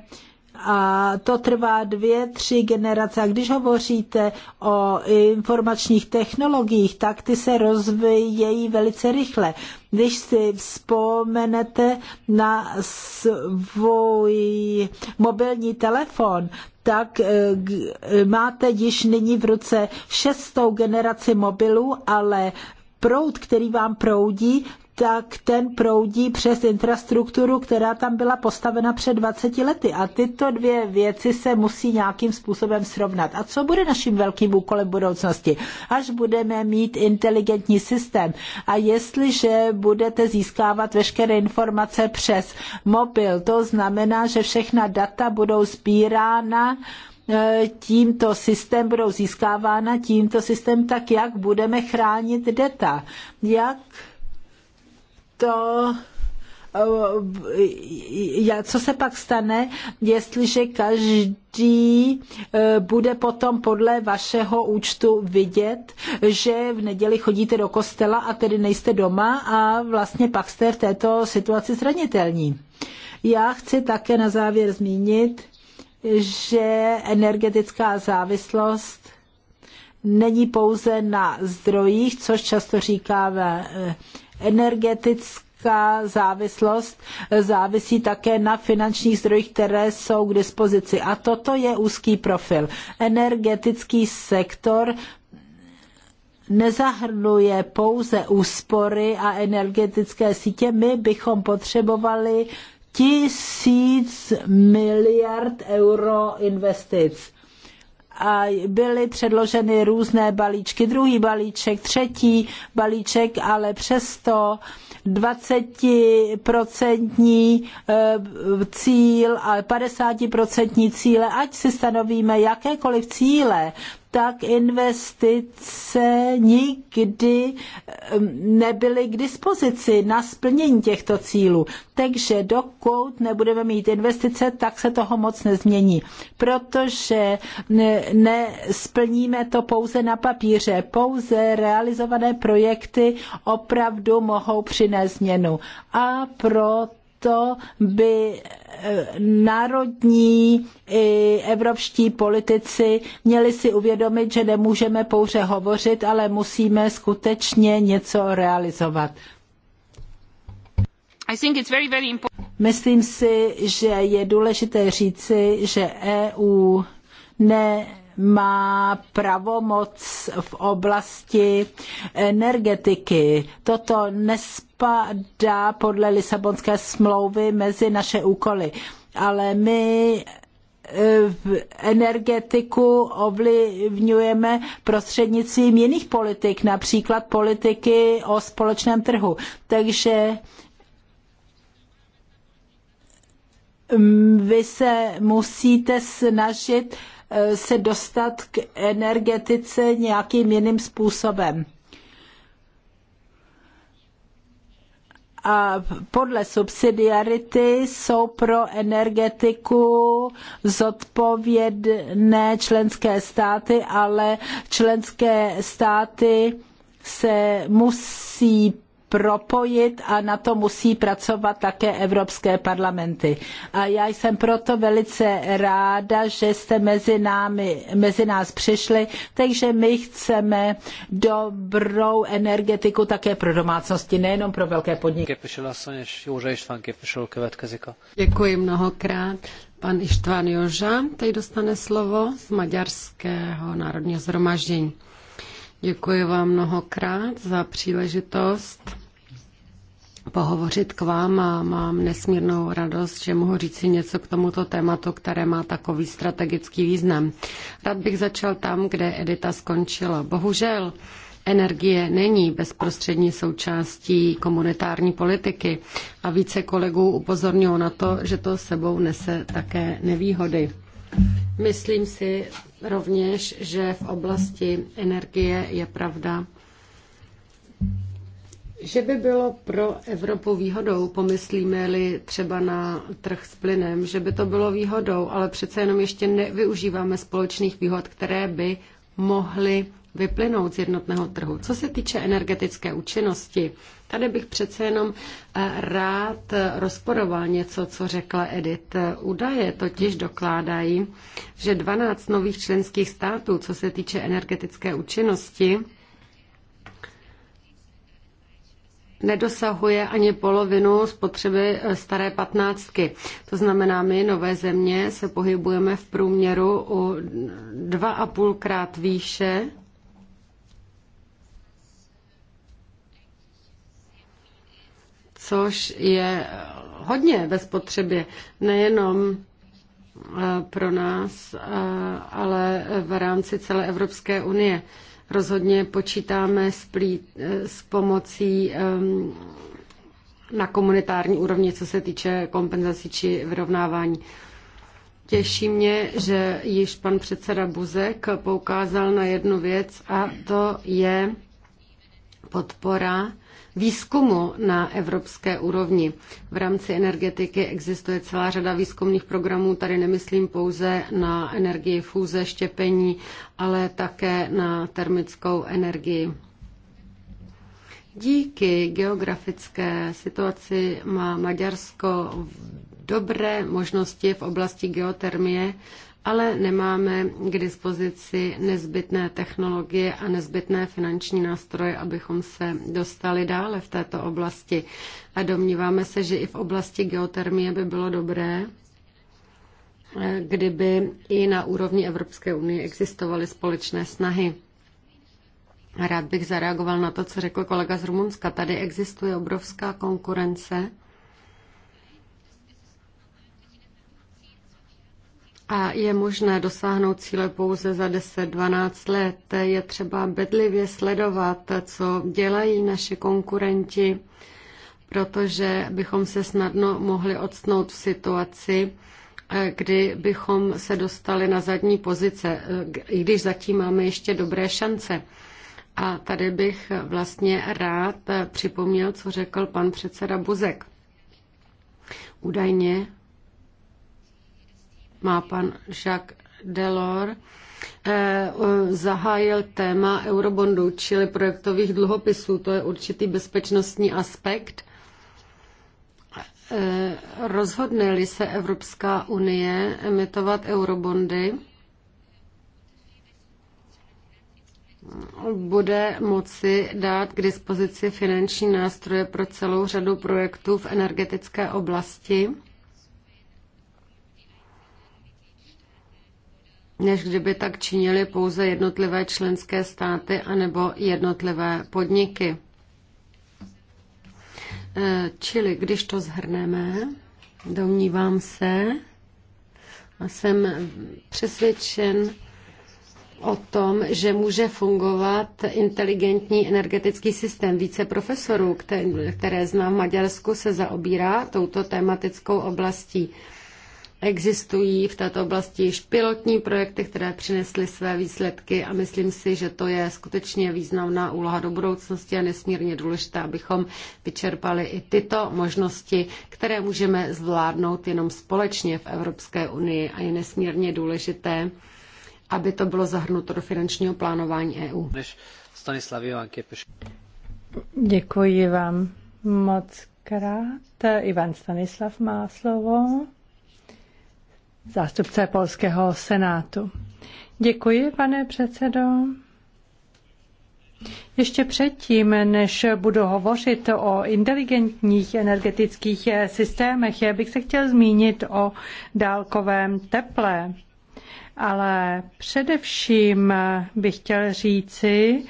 a to trvá dvě, tři generace. A když hovoříte o informačních technologiích, tak ty se rozvíjejí velice rychle. Když si vzpomenete na svůj mobilní telefon, tak eh, eh, máte již nyní v ruce šestou generaci mobilů, ale proud, který vám proudí, tak ten proudí přes infrastrukturu, která tam byla postavena před 20 lety. A tyto dvě věci se musí nějakým způsobem srovnat. A co bude naším velkým úkolem budoucnosti? Až budeme mít inteligentní systém a jestliže budete získávat veškeré informace přes mobil, to znamená, že všechna data budou sbírána e, tímto systém budou získávána tímto systém, tak jak budeme chránit data? Jak to eh, eh, eh, co se pak stane, jestliže každý bude potom podle vašeho účtu vidět, že v neděli chodíte do kostela a tedy nejste doma a vlastně pak jste v této situaci zranitelní. Já chci také na závěr zmínit, že energetická závislost není pouze na zdrojích, což často říkáme energetická závislost závisí také na finančních zdrojích, které jsou k dispozici. A toto je úzký profil. Energetický sektor nezahrnuje pouze úspory a energetické sítě. My bychom potřebovali tisíc miliard euro investic a byly předloženy různé balíčky, druhý balíček, třetí balíček, ale přesto 20% eh, cíl a 50% cíle, ať si stanovíme jakékoliv cíle, tak investice nikdy nebyly k dispozici na splnění těchto cílů. Takže dokud nebudeme mít investice, tak se toho moc nezmění, protože nesplníme to pouze na papíře. Pouze realizované projekty opravdu mohou přinést změnu. A proto by národní i evropští politici měli si uvědomit, že nemůžeme pouze hovořit, ale musíme skutečně něco realizovat. Myslím si, že je důležité říci, že EU ne má pravomoc v oblasti energetiky. Toto nespadá podle Lisabonské smlouvy mezi naše úkoly, ale my eh, v energetiku ovlivňujeme prostřednictvím jiných politik, například politiky o společném trhu. Takže Mm, vy se musíte snažit eh, se dostat k energetice nějakým jiným způsobem. a podle subsidiarity jsou pro energetiku zodpovědné členské státy, ale členské státy se musí propojit a na to musí pracovat také evropské parlamenty. A já jsem proto velice ráda, že jste mezi, námi, mezi nás přišli, takže my chceme dobrou energetiku také pro domácnosti, nejenom pro velké podniky. Děkuji mnohokrát. Pan Ištván Joža teď dostane slovo z Maďarského národního zhromaždění. Děkuji vám mnohokrát za příležitost pohovořit k vám a mám nesmírnou radost, že mohu si něco k tomuto tématu, které má takový strategický význam. Rád bych začal tam, kde Edita skončila. Bohužel, Energie není bezprostřední součástí komunitární politiky a více kolegů upozorňují na to, že to sebou nese také nevýhody. Myslím si rovněž, že v oblasti energie je pravda, že by bylo pro Evropu výhodou, pomyslíme-li třeba na trh s plynem, že by to bylo výhodou, ale přece jenom ještě nevyužíváme společných výhod, které by mohly vyplynout z jednotného trhu. Co se týče energetické účinnosti, tady bych přece jenom eh, rád rozporoval něco, co řekla Edith. Údaje totiž dokládají, že 12 nových členských států, co se týče energetické účinnosti, nedosahuje ani polovinu spotřeby eh, staré patnáctky. To znamená, my, nové země, se pohybujeme v průměru o dva a půlkrát výše což je eh, hodně ve spotřebě, nejenom eh, pro nás, ale v rámci celé Evropské unie. Rozhodně počítáme s, plí, eh, s pomocí na komunitární úrovni, co se týče kompenzací či vyrovnávání. Těší mě, že již pan předseda Buzek poukázal na jednu věc a to je podpora výzkumu na evropské úrovni. V rámci energetiky existuje celá řada výzkumných programů, tady nemyslím pouze na energii fúze, štěpení, ale také na termickou energii. Díky geografické situaci má Maďarsko dobré možnosti v oblasti geotermie, ale nemáme k dispozici nezbytné technologie a nezbytné finanční nástroje, abychom se dostali dále v této oblasti. A domníváme se, že i v oblasti geotermie by bylo dobré, kdyby i na úrovni Evropské unie existovaly společné snahy. Rád bych zareagoval na to, co řekl kolega z Rumunska. Tady existuje obrovská konkurence A je možné dosáhnout cíle pouze za 10-12 let. Je třeba bedlivě sledovat, co dělají naši konkurenti, protože bychom se snadno mohli odstnout v situaci, eh, kdy bychom se dostali na zadní pozice, eh, i když zatím máme ještě dobré šance. A tady bych vlastně rád připomněl, co řekl pan předseda Buzek. Údajně má pan Jacques Delors, eh, zahájil téma eurobondů, čili projektových dluhopisů. To je určitý bezpečnostní aspekt. Eh, rozhodne-li se Evropská unie emitovat eurobondy, bude moci dát k dispozici finanční nástroje pro celou řadu projektů v energetické oblasti než kdyby tak činili pouze jednotlivé členské státy anebo jednotlivé podniky. E, čili, když to zhrneme, domnívám se a jsem přesvědčen o tom, že může fungovat inteligentní energetický systém. Více profesorů, které znám v Maďarsku, se zaobírá touto tematickou oblastí. Existují v této oblasti již pilotní projekty, které přinesly své výsledky a myslím si, že to je skutečně významná úloha do budoucnosti a nesmírně důležité, abychom vyčerpali i tyto možnosti, které můžeme zvládnout jenom společně v Evropské unii a je nesmírně důležité, aby to bylo zahrnuto do finančního plánování EU. Děkuji vám moc krát. Ivan Stanislav má slovo zástupce Polského senátu. Děkuji, pane předsedo. Ještě předtím, než budu hovořit o inteligentních energetických systémech, bych se chtěl zmínit o dálkovém teple ale především bych chtěl říci,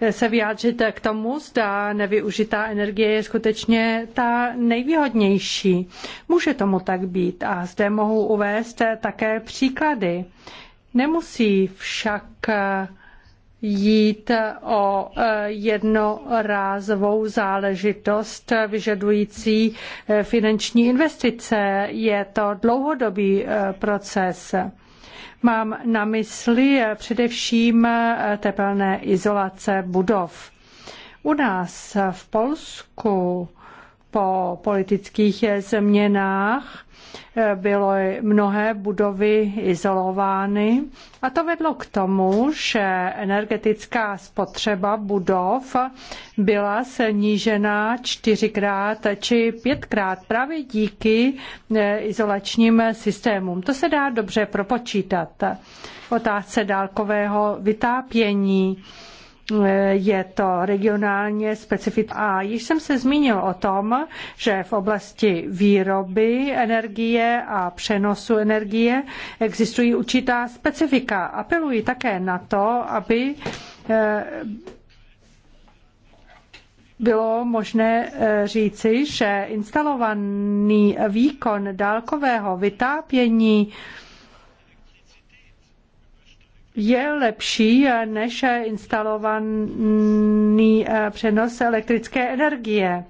eh, se vyjádřit k tomu, zda nevyužitá energie je skutečně ta nejvýhodnější. Může tomu tak být a zde mohu uvést také příklady. Nemusí však eh, jít o eh, jednorázovou záležitost vyžadující finanční investice. Je to dlouhodobý proces. Mám na mysli především eh, tepelné izolace budov. U nás v Polsku po politických změnách byly mnohé budovy izolovány a to vedlo k tomu, že energetická spotřeba budov byla snížena čtyřikrát či pětkrát právě díky eh, izolačním systémům. To se dá dobře propočítat. Otázce dálkového vytápění je to regionálně specifické. A již jsem se zmínil o tom, že v oblasti výroby energie a přenosu energie existují určitá specifika. Apeluji také na to, aby eh, bylo možné eh, říci, že instalovaný výkon dálkového vytápění je lepší než instalovaný eh, přenos elektrické energie.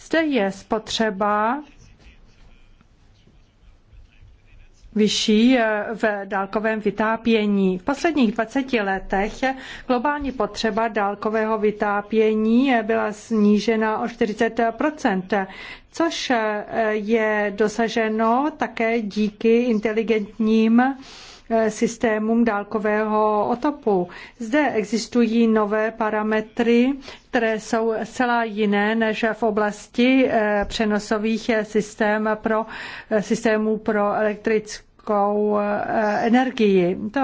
Zde je spotřeba vyšší eh, v dálkovém vytápění. V posledních 20 letech globální potřeba dálkového vytápění byla snížena o 40 což eh, je dosaženo také díky inteligentním Eh, systémům dálkového otopu. Zde existují nové parametry, které jsou celá jiné než v oblasti eh, přenosových systém pro, eh, systémů pro elektrickou elektrickou energii. To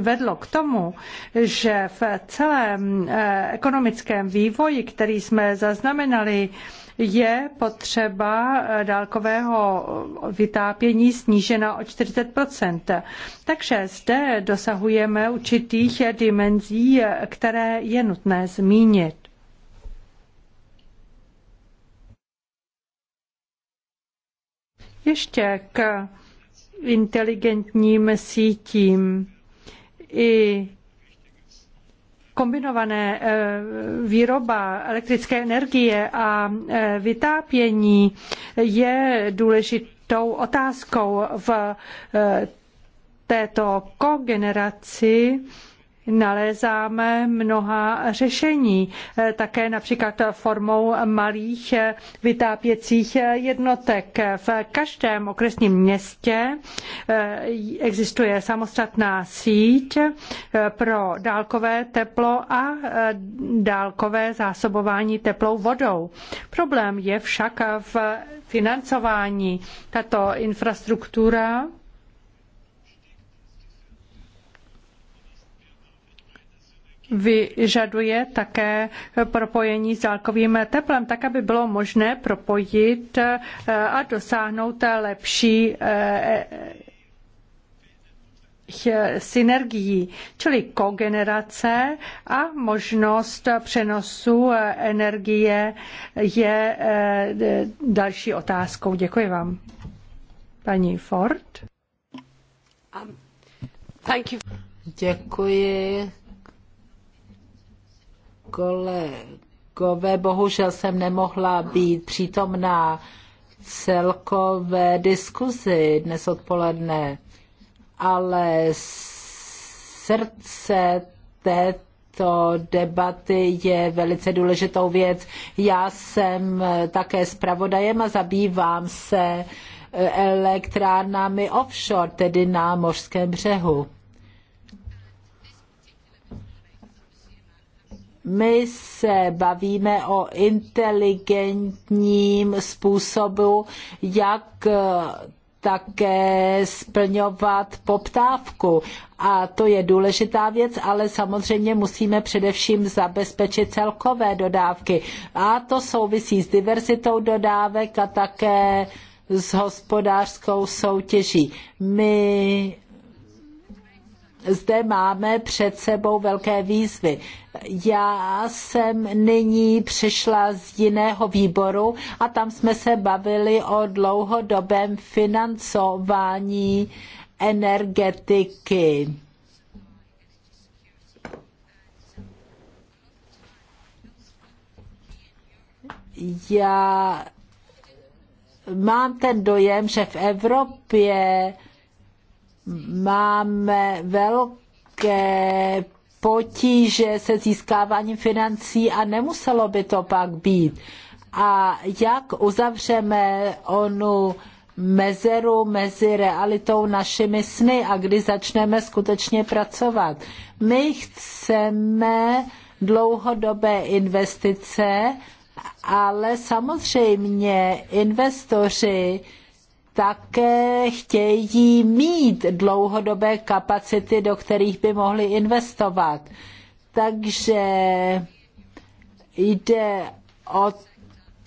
vedlo k tomu, že v celém ekonomickém vývoji, který jsme zaznamenali, je potřeba eh, dálkového vytápění snížena o 40 Takže zde dosahujeme určitých dimenzí, eh, které je nutné zmínit. Ještě k inteligentním sítím. I kombinované eh, výroba elektrické energie a eh, vytápění je důležitou otázkou v eh, této kogeneraci nalézáme mnoha řešení, eh, také například formou malých eh, vytápěcích eh, jednotek. V každém okresním městě existuje samostatná síť pro dálkové teplo a dálkové zásobování teplou vodou. Problém je však v financování. Tato infrastruktura vyžaduje také propojení s dálkovým teplem, tak aby bylo možné propojit eh, a dosáhnout lepší eh, eh, synergií, čili kogenerace a možnost přenosu energie je další otázkou. Děkuji vám. Paní Ford. Um, Děkuji Kolegové, bohužel jsem nemohla být přítomná celkové diskuzi dnes odpoledne, ale srdce této debaty je velice důležitou věc. Já jsem také zpravodajem a zabývám se elektrárnami offshore, tedy na mořském břehu. my se bavíme o inteligentním způsobu, jak eh, také splňovat poptávku. A to je důležitá věc, ale samozřejmě musíme především zabezpečit celkové dodávky. A to souvisí s diverzitou dodávek a také s hospodářskou soutěží. My zde máme před sebou velké výzvy. Já jsem nyní přišla z jiného výboru a tam jsme se bavili o dlouhodobém financování energetiky. Já mám ten dojem, že v Evropě máme velké potíže se získáváním financí a nemuselo by to pak být. A jak uzavřeme onu mezeru mezi realitou našimi sny a kdy začneme skutečně pracovat. My chceme dlouhodobé investice, ale samozřejmě investoři také chtějí mít dlouhodobé kapacity, do kterých by mohli investovat. Takže jde o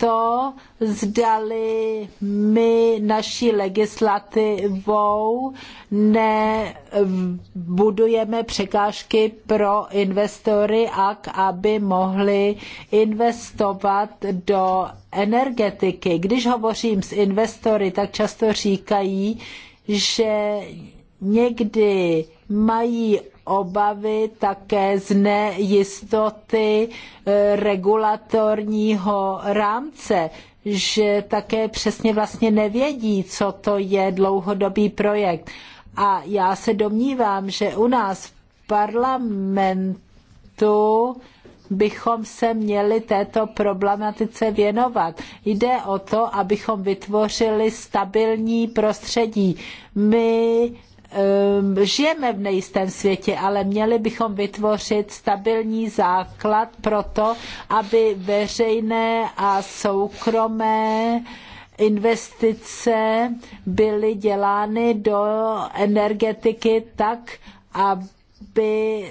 to, zdali my naší legislativou nebudujeme překážky pro investory, ak aby mohli investovat do energetiky. Když hovořím s investory, tak často říkají, že někdy mají obavy také z nejistoty eh, regulatorního rámce, že také přesně vlastně nevědí, co to je dlouhodobý projekt. A já se domnívám, že u nás v parlamentu bychom se měli této problematice věnovat. Jde o to, abychom vytvořili stabilní prostředí. My Ehm, žijeme v nejistém světě, ale měli bychom vytvořit stabilní základ pro to, aby veřejné a soukromé investice byly dělány do energetiky tak, aby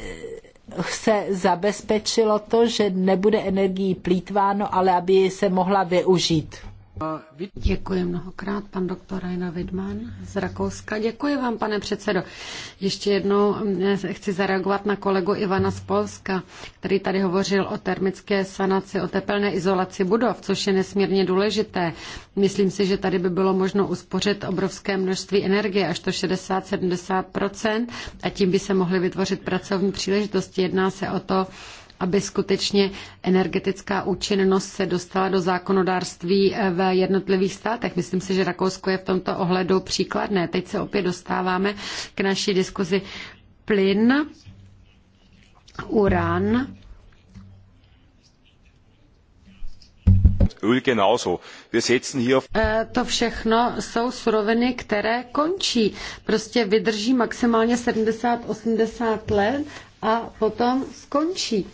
se zabezpečilo to, že nebude energií plítváno, ale aby se mohla využít. Děkuji mnohokrát, pan doktor Reina Widman z Rakouska. Děkuji vám, pane předsedo. Ještě jednou mm, eh, chci zareagovat na kolegu Ivana z Polska, který tady hovořil o termické sanaci, o tepelné izolaci budov, což je nesmírně důležité. Myslím si, že tady by bylo možno uspořit obrovské množství energie, až to 60-70%, a tím by se mohly vytvořit pracovní příležitosti. Jedná se o to, aby skutečně energetická účinnost se dostala do zákonodárství eh, v jednotlivých státech. Myslím si, že Rakousko je v tomto ohledu příkladné. Teď se opět dostáváme k naší diskuzi plyn, uran. Eh, to všechno jsou suroviny, které končí. Prostě vydrží maximálně 70-80 let a potom skončí.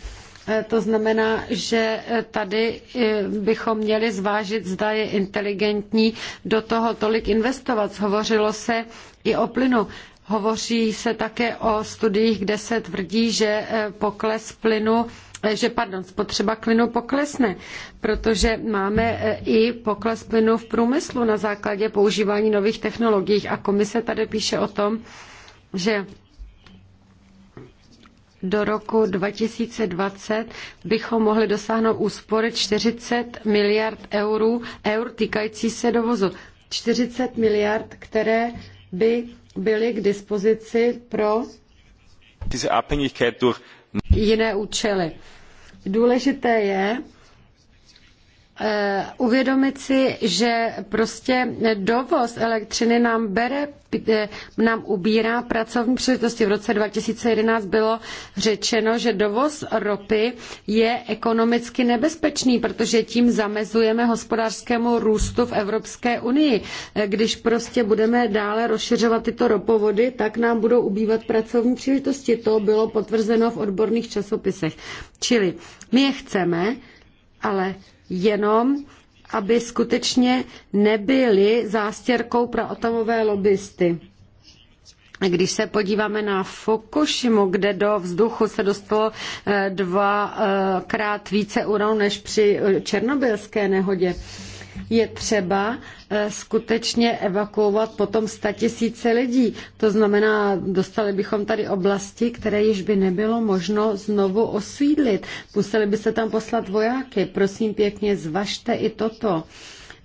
E, to znamená, že e, tady e, bychom měli zvážit, zda je inteligentní do toho tolik investovat. Hovořilo se i o plynu. Hovoří se také o studiích, kde se tvrdí, že pokles plynu že pardon, spotřeba plynu poklesne, protože máme i pokles plynu v průmyslu na základě používání nových technologií a komise tady píše o tom, že do roku 2020 bychom mohli dosáhnout úspory 40 miliard eurů, eur týkající se dovozu. 40 miliard, které by byly k dispozici pro jiné účely. Důležité je, Eh, uvědomit si, že prostě dovoz elektřiny nám bere, eh, nám ubírá pracovní příležitosti. V roce 2011 bylo řečeno, že dovoz ropy je ekonomicky nebezpečný, protože tím zamezujeme hospodářskému růstu v Evropské unii. Eh, když prostě budeme dále rozšiřovat tyto ropovody, tak nám budou ubývat pracovní příležitosti. To bylo potvrzeno v odborných časopisech. Čili my je chceme, ale jenom aby skutečně nebyly zástěrkou pro atomové lobbysty. Když se podíváme na Fukushimu, kde do vzduchu se dostalo eh, dvakrát více uranu než při eh, černobylské nehodě, je třeba eh, skutečně evakuovat potom statisíce lidí. To znamená, dostali bychom tady oblasti, které již by nebylo možno znovu osídlit. Museli by se tam poslat vojáky. Prosím pěkně, zvažte i toto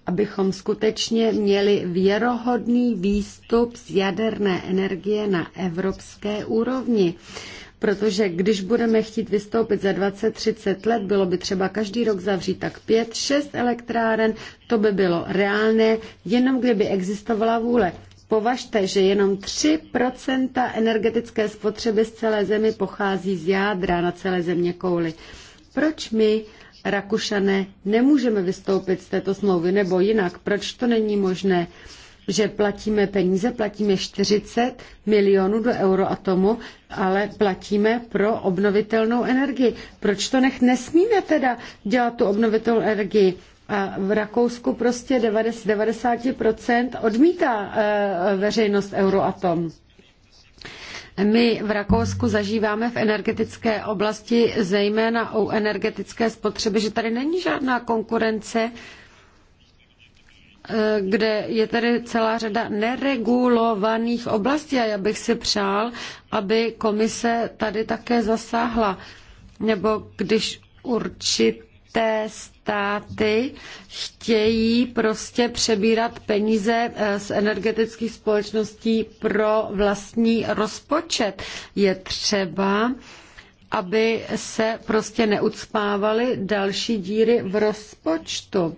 abychom skutečně měli věrohodný výstup z jaderné energie na evropské úrovni protože když budeme chtít vystoupit za 20-30 let, bylo by třeba každý rok zavřít tak 5-6 elektráren, to by bylo reálné, jenom kdyby existovala vůle. Považte, že jenom 3% energetické spotřeby z celé zemi pochází z jádra na celé země kouly. Proč my Rakušané nemůžeme vystoupit z této smlouvy, nebo jinak, proč to není možné? že platíme peníze, platíme 40 milionů do euroatomu, ale platíme pro obnovitelnou energii. Proč to nech nesmíme teda dělat tu obnovitelnou energii? A v Rakousku prostě 90, 90% odmítá eh, veřejnost Euroatom. My v Rakousku zažíváme v energetické oblasti, zejména u energetické spotřeby, že tady není žádná konkurence Eh, kde je tedy celá řada neregulovaných oblastí a já bych si přál, aby komise tady také zasáhla. Nebo když určité státy chtějí prostě přebírat peníze eh, z energetických společností pro vlastní rozpočet. Je třeba aby se prostě neucpávaly další díry v rozpočtu.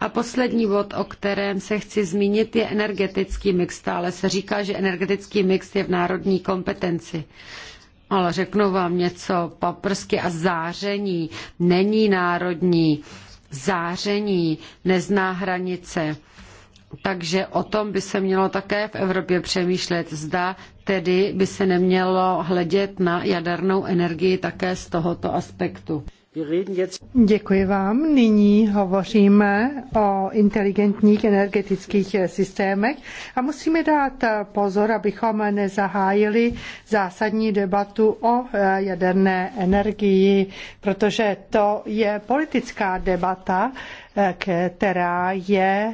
A poslední bod, o kterém se chci zmínit, je energetický mix. Stále se říká, že energetický mix je v národní kompetenci. Ale řeknu vám něco, paprsky a záření není národní. Záření nezná hranice. Takže o tom by se mělo také v Evropě přemýšlet. Zda tedy by se nemělo hledět na jadernou energii také z tohoto aspektu. Děkuji vám. Nyní hovoříme o inteligentních energetických systémech a musíme dát pozor, abychom nezahájili zásadní debatu o jaderné energii, protože to je politická debata, která je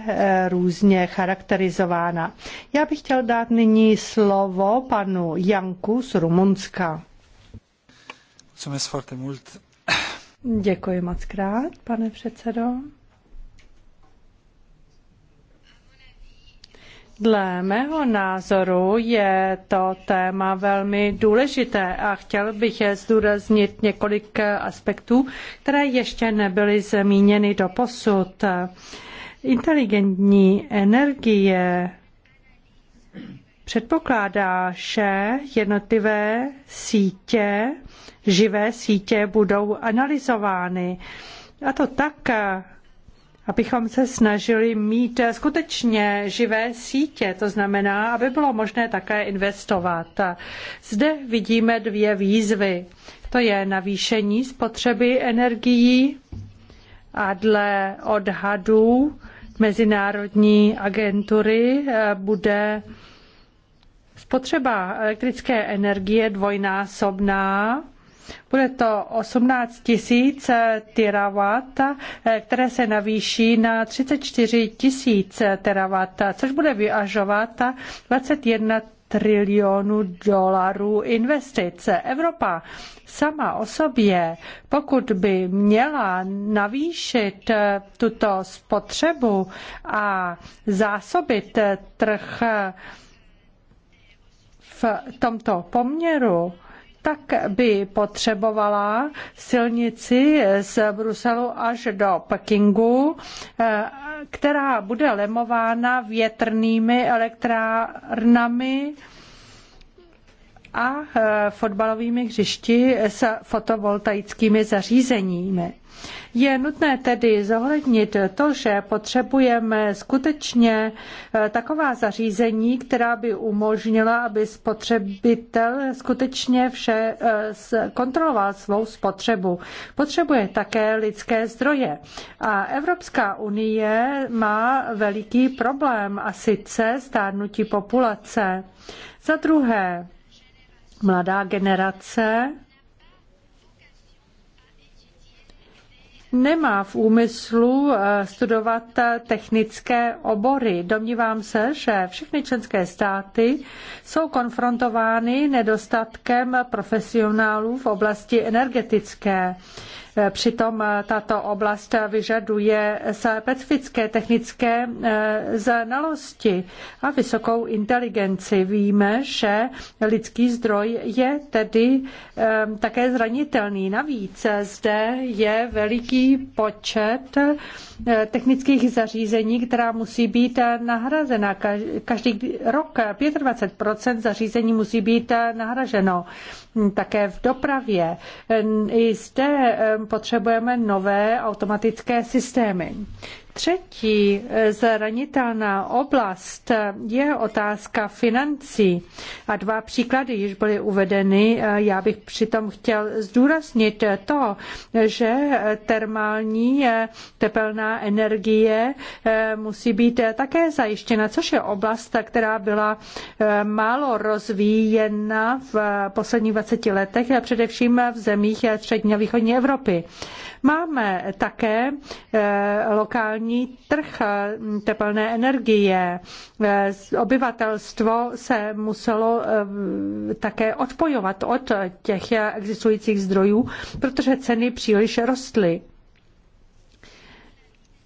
různě charakterizována. Já bych chtěl dát nyní slovo panu Janku z Rumunska. Mulțumesc foarte mult. Děkuji moc krát, pane předsedo. Dle mého názoru je to téma velmi důležité a chtěl bych je zdůraznit několik aspektů, které ještě nebyly zmíněny do posud. Inteligentní energie předpokládá, že jednotlivé sítě, živé sítě budou analyzovány. A to tak, abychom se snažili mít skutečně živé sítě, to znamená, aby bylo možné také investovat. Zde vidíme dvě výzvy. To je navýšení spotřeby energií a dle odhadů Mezinárodní agentury eh, bude Spotřeba elektrické energie je dvojnásobná bude to 18 tisíc terawatt, eh, které se navýší na 34 tisíc terawatt, což bude vyažovat 21 trilionů dolarů investic. Evropa sama o sobě, pokud by měla navýšit eh, tuto spotřebu a zásobit trh v tomto poměru tak by potřebovala silnici z Bruselu až do Pekingu, eh, která bude lemována větrnými elektrárnami a e, fotbalovými hřišti s fotovoltaickými zařízeními. Je nutné tedy zohlednit to, že potřebujeme skutečně e, taková zařízení, která by umožnila, aby spotřebitel skutečně vše e, kontroloval svou spotřebu. Potřebuje také lidské zdroje. A Evropská unie má veliký problém a sice stárnutí populace. Za druhé, mladá generace nemá v úmyslu eh, studovat eh, technické obory. Domnívám se, že všechny členské státy jsou konfrontovány nedostatkem profesionálů v oblasti energetické. Přitom eh, tato oblast vyžaduje specifické technické eh, znalosti a vysokou inteligenci. Víme, že lidský zdroj je tedy eh, také zranitelný. Navíc zde je veliký počet technických zařízení, která musí být nahrazena. Každý rok 25 zařízení musí být nahraženo. Také v dopravě. I zde potřebujeme nové automatické systémy. Třetí eh, zranitelná oblast je otázka financí. A dva příklady již byly uvedeny. Eh, já bych přitom chtěl zdůraznit to, že termální eh, tepelná energie musí být také zajištěna, což je oblast, která byla málo rozvíjena v posledních 20 letech, především v zemích střední a východní Evropy. Máme také eh, lokální trh eh, tepelné energie. Eh, obyvatelstvo se muselo také odpojovat od těch existujících zdrojů, protože ceny příliš rostly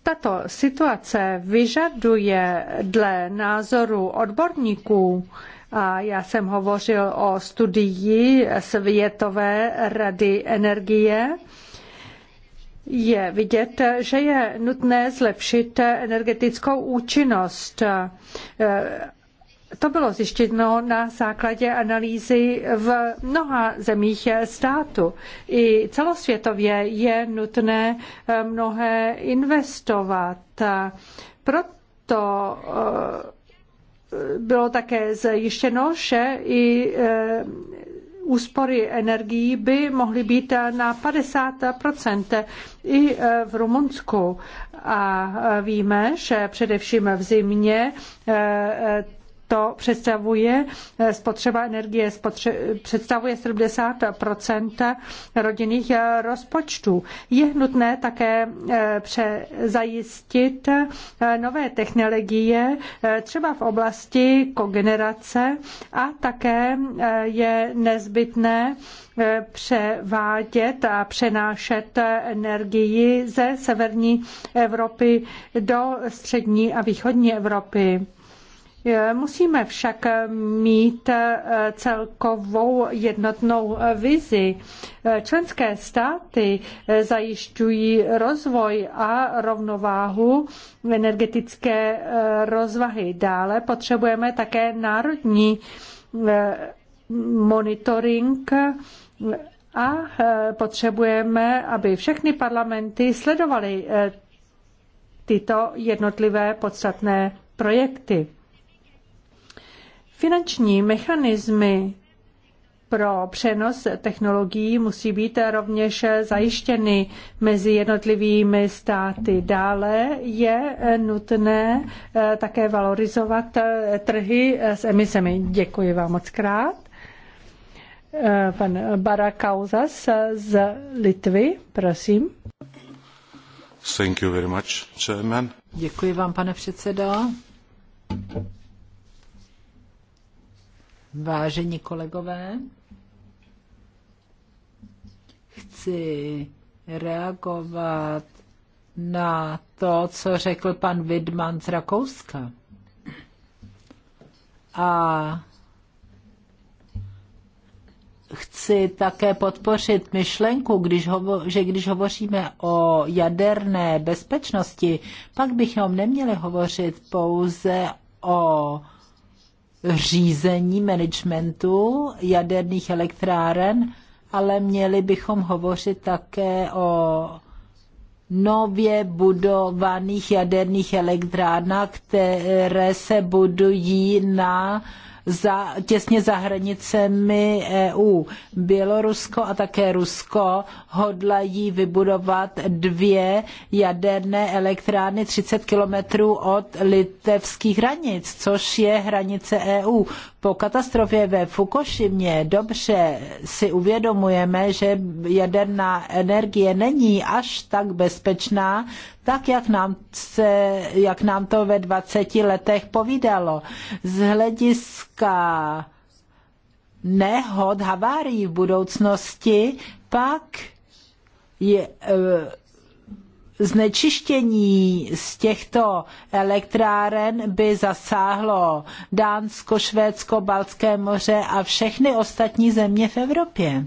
tato situace vyžaduje dle názoru odborníků, a já jsem hovořil o studii Světové rady energie, je vidět, že je nutné zlepšit energetickou účinnost. To bylo zjištěno na základě analýzy v mnoha zemích státu. I celosvětově je nutné mnohé investovat. Proto eh, bylo také zjištěno, že i eh, úspory energií by mohly být na 50 i e, v Rumunsku. A e, víme, že především v zimě e, to představuje eh, spotřeba energie, spotře- představuje 70 rodinných eh, rozpočtů. Je nutné také eh, zajistit nové technologie, třeba v oblasti kogenerace a také je nezbytné převádět a přenášet energii ze severní Evropy do střední a východní Evropy. Eh, musíme však eh, mít eh, celkovou jednotnou vizi. Členské státy zajišťují rozvoj a rovnováhu energetické rozvahy. Dále potřebujeme také národní monitoring a potřebujeme, aby všechny parlamenty sledovaly tyto jednotlivé podstatné projekty. Finanční mechanismy pro přenos technologií musí být rovněž zajištěny mezi jednotlivými státy. Dále je nutné eh, také valorizovat eh, trhy eh, s emisemi. Děkuji vám moc krát. Pan Barakauzas z Litvy, prosím. Thank you very much, chairman. Děkuji vám, pane předsedo. Vážení kolegové, chci reagovat na to, co řekl pan Widman z Rakouska. A chci také podpořit myšlenku, když hovo- že když hovoříme o jaderné bezpečnosti, pak bychom neměli hovořit pouze o řízení managementu jaderných elektráren, ale měli bychom hovořit také o nově budovaných jaderných elektrárnách, které se budují na za, těsně za hranicemi EU. Bělorusko a také Rusko hodlají vybudovat dvě jaderné elektrárny 30 kilometrů od litevských hranic, což je hranice EU po katastrofě ve Fukushimě dobře si uvědomujeme, že jaderná energie není až tak bezpečná, tak jak nám, se, jak nám to ve 20 letech povídalo. Z hlediska nehod, havárií v budoucnosti, pak je, eh, znečištění z těchto elektráren by zasáhlo Dánsko, Švédsko, Baltské moře a všechny ostatní země v Evropě.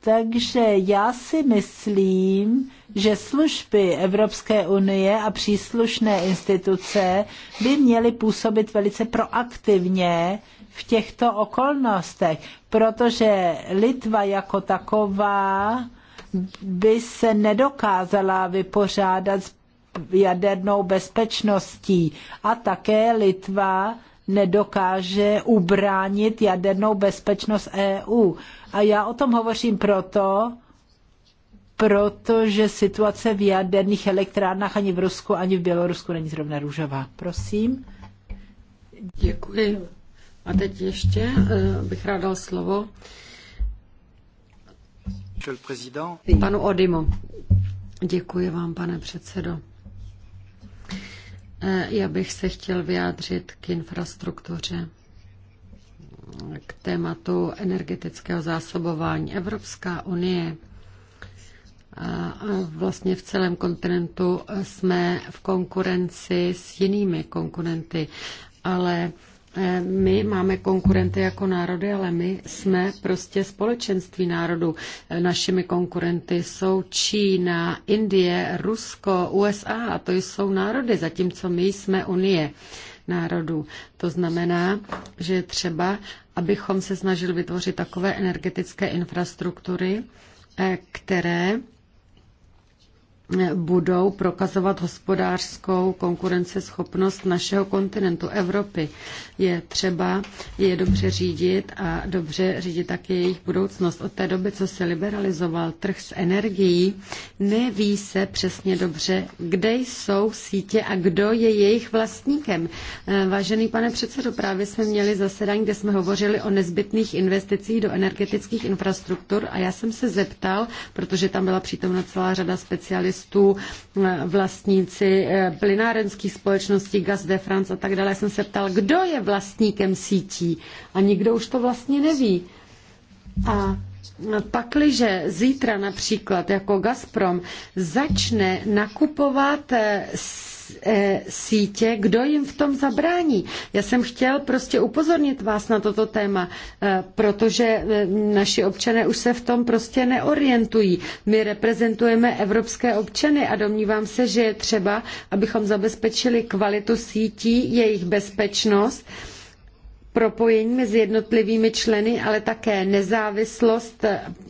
Takže já si myslím, že služby Evropské unie a příslušné instituce by měly působit velice proaktivně v těchto okolnostech, protože Litva jako taková by se nedokázala vypořádat s jadernou bezpečností a také Litva nedokáže ubránit jadernou bezpečnost EU. A já o tom hovořím proto, protože situace v jaderných elektrárnách ani v Rusku, ani v Bělorusku není zrovna růžová. Prosím. Děkuji. A teď ještě eh, bych rád dal slovo Panu Odimo. Děkuji vám, pane předsedo. Eh, já bych se chtěl vyjádřit k infrastruktuře, k tématu energetického zásobování. Evropská unie eh, a vlastně v celém kontinentu eh, jsme v konkurenci s jinými konkurenty, ale Eh, my máme konkurenty jako národy, ale my jsme prostě společenství národů. Eh, našimi konkurenty jsou Čína, Indie, Rusko, USA a to jsou národy, zatímco my jsme Unie národů. To znamená, že je třeba, abychom se snažili vytvořit takové energetické infrastruktury, eh, které budou prokazovat hospodářskou konkurenceschopnost našeho kontinentu Evropy. Je třeba je dobře řídit a dobře řídit také jejich budoucnost. Od té doby, co se liberalizoval trh s energií, neví se přesně dobře, kde jsou sítě a kdo je jejich vlastníkem. Eh, Vážený pane předsedo, právě jsme měli zasedání, kde jsme hovořili o nezbytných investicích do energetických infrastruktur a já jsem se zeptal, protože tam byla přítomna celá řada specialistů, turistů, eh, vlastníci eh, plynárenských společností, Gaz de France a tak dále. Jsem se ptal, kdo je vlastníkem sítí a nikdo už to vlastně neví. A pakliže zítra například jako Gazprom začne nakupovat eh, Eh, sítě, kdo jim v tom zabrání. Já jsem chtěl prostě upozornit vás na toto téma, eh, protože eh, naši občané už se v tom prostě neorientují. My reprezentujeme evropské občany a domnívám se, že je třeba, abychom zabezpečili kvalitu sítí, jejich bezpečnost, propojení mezi jednotlivými členy, ale také nezávislost,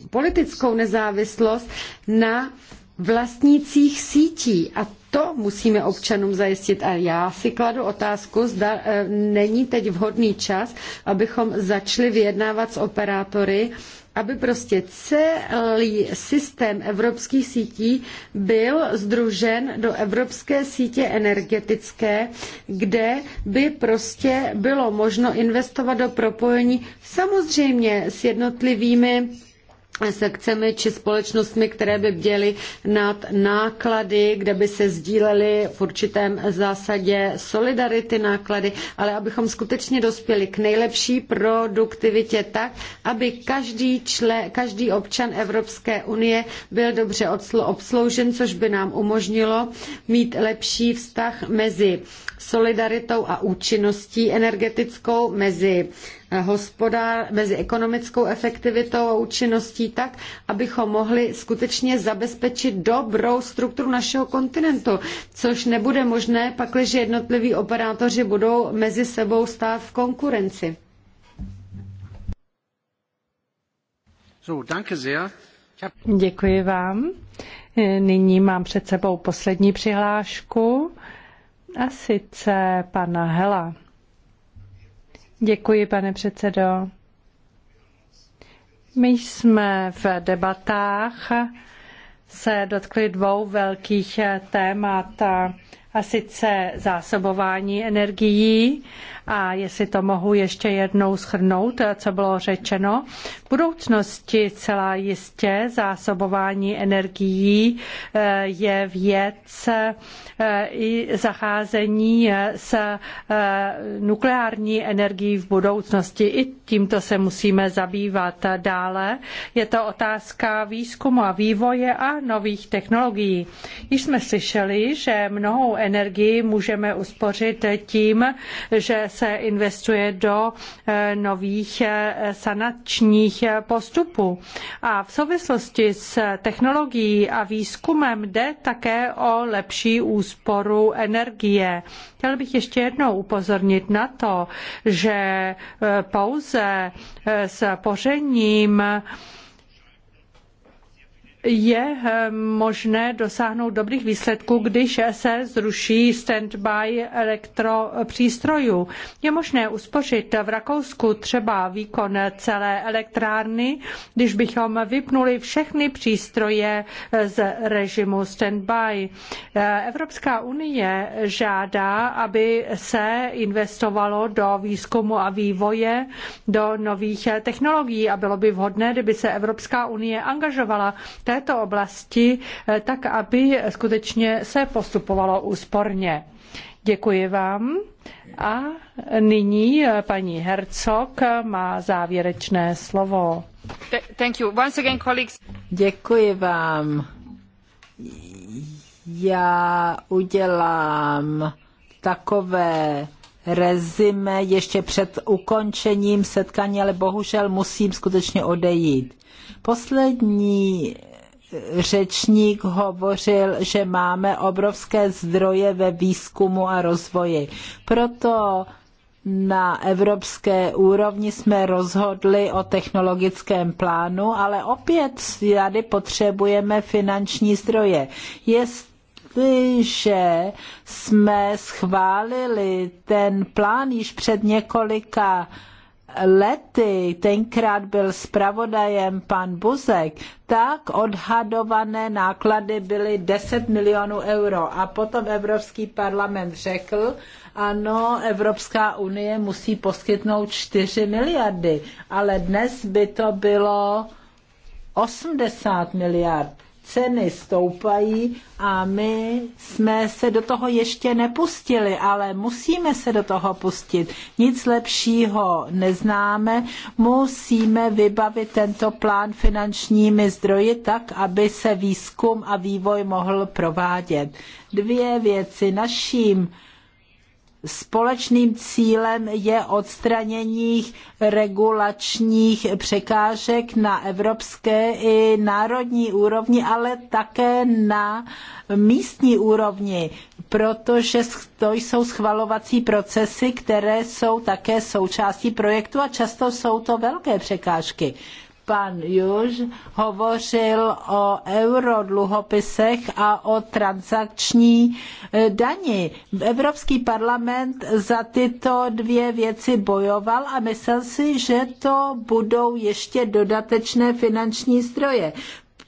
politickou nezávislost na vlastnících sítí. A to musíme občanům zajistit. A já si kladu otázku, zda eh, není teď vhodný čas, abychom začali vyjednávat s operátory, aby prostě celý systém evropských sítí byl združen do evropské sítě energetické, kde by prostě bylo možno investovat do propojení samozřejmě s jednotlivými sekcemi či společnostmi, které by bděly nad náklady, kde by se sdílely v určitém zásadě solidarity náklady, ale abychom skutečně dospěli k nejlepší produktivitě tak, aby každý, člen, každý občan Evropské unie byl dobře obsloužen, což by nám umožnilo mít lepší vztah mezi solidaritou a účinností energetickou, mezi hospodář, mezi ekonomickou efektivitou a účinností tak, abychom mohli skutečně zabezpečit dobrou strukturu našeho kontinentu, což nebude možné, pakliže jednotliví operátoři budou mezi sebou stát v konkurenci. Děkuji vám. Nyní mám před sebou poslední přihlášku a sice pana Hela. Děkuji, pane předsedo. My jsme v debatách se dotkli dvou velkých témat, a sice zásobování energií a jestli to mohu ještě jednou schrnout, co bylo řečeno, v budoucnosti celá jistě zásobování energií eh, je věc eh, i zacházení s eh, nukleární energií v budoucnosti. I tímto se musíme zabývat dále. Je to otázka výzkumu a vývoje a nových technologií. Již jsme slyšeli, že mnohou energii můžeme uspořit tím, že se investuje do eh, nových eh, sanačních eh, postupů. A v souvislosti s technologií a výzkumem jde také o lepší úsporu energie. Chtěl bych ještě jednou upozornit na to, že pouze s pořením je eh, možné dosáhnout dobrých výsledků, když se zruší standby elektropřístrojů. Je možné uspořit v Rakousku třeba výkon celé elektrárny, když bychom vypnuli všechny přístroje eh, z režimu standby. Eh, Evropská unie žádá, aby se investovalo do výzkumu a vývoje, do nových technologií a bylo by vhodné, kdyby se Evropská unie angažovala té této oblasti, eh, tak aby skutečně se postupovalo úsporně. Děkuji vám. A nyní eh, paní Hercog má závěrečné slovo. Thank you. Once again, colleagues. Děkuji vám. Já udělám takové rezime ještě před ukončením setkání, ale bohužel musím skutečně odejít. Poslední řečník hovořil, že máme obrovské zdroje ve výzkumu a rozvoji. Proto na evropské úrovni jsme rozhodli o technologickém plánu, ale opět tady potřebujeme finanční zdroje. Jestliže jsme schválili ten plán již před několika lety, tenkrát byl zpravodajem pan Buzek, tak odhadované náklady byly 10 milionů euro. A potom Evropský parlament řekl, ano, Evropská unie musí poskytnout 4 miliardy, ale dnes by to bylo 80 miliard ceny stoupají a my jsme se do toho ještě nepustili, ale musíme se do toho pustit. Nic lepšího neznáme, musíme vybavit tento plán finančními zdroji tak, aby se výzkum a vývoj mohl provádět. Dvě věci naším společným cílem je odstranění regulačních překážek na evropské i národní úrovni, ale také na místní úrovni, protože to jsou schvalovací procesy, které jsou také součástí projektu a často jsou to velké překážky pan Juž hovořil o eurodluhopisech a o transakční e, dani. Evropský parlament za tyto dvě věci bojoval a myslel si, že to budou ještě dodatečné finanční zdroje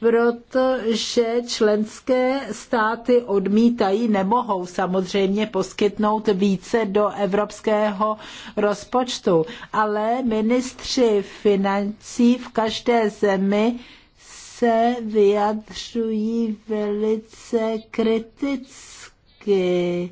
protože členské státy odmítají, nemohou samozřejmě poskytnout více do evropského rozpočtu, ale ministři financí v každé zemi se vyjadřují velice kriticky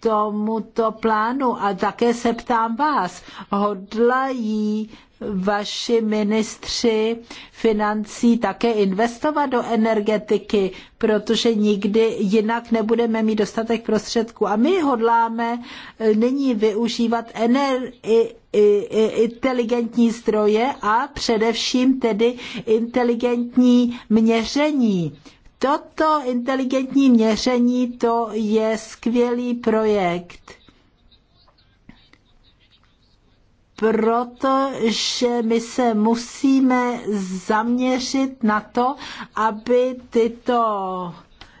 tomuto plánu a také se ptám vás, hodlají vaši ministři financí také investovat do energetiky, protože nikdy jinak nebudeme mít dostatek prostředků. A my hodláme eh, nyní využívat ener- i, i, i inteligentní zdroje a především tedy inteligentní měření Toto inteligentní měření to je skvělý projekt, protože my se musíme zaměřit na to, aby tyto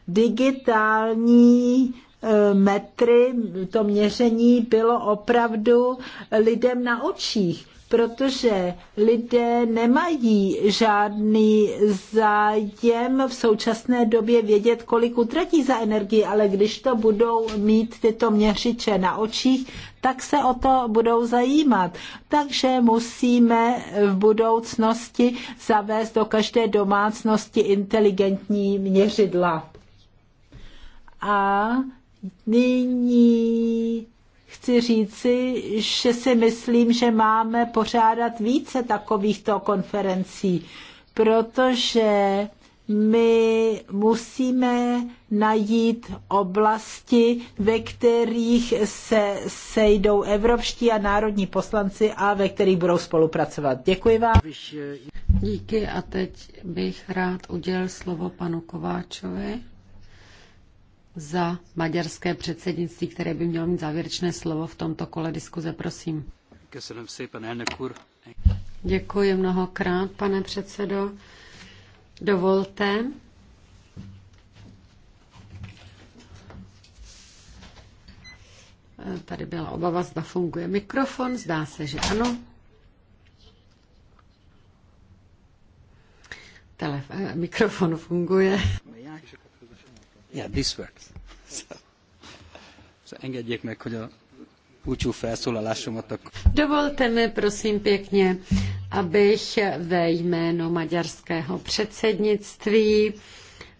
digitální eh, metry, to měření bylo opravdu lidem na očích protože lidé nemají žádný zájem v současné době vědět, kolik utratí za energii, ale když to budou mít tyto měřiče na očích, tak se o to budou zajímat. Takže musíme v budoucnosti zavést do každé domácnosti inteligentní měřidla. A nyní chci říci, že si myslím, že máme pořádat více takovýchto konferencí, protože my musíme najít oblasti, ve kterých se sejdou evropští a národní poslanci a ve kterých budou spolupracovat. Děkuji vám. Díky a teď bych rád udělal slovo panu Kováčovi za maďarské předsednictví, které by mělo mít závěrečné slovo v tomto kole diskuze. Prosím. Děkuji mnohokrát, pane předsedo. Dovolte, Tady byla obava, zda funguje mikrofon. Zdá se, že ano. Telef- eh, mikrofon funguje. Yeah, this works. So, so engedjék meg, hogy a búcsú felszólalásomat Dovolte mi, prosím pěkně, abych ve jménu maďarského předsednictví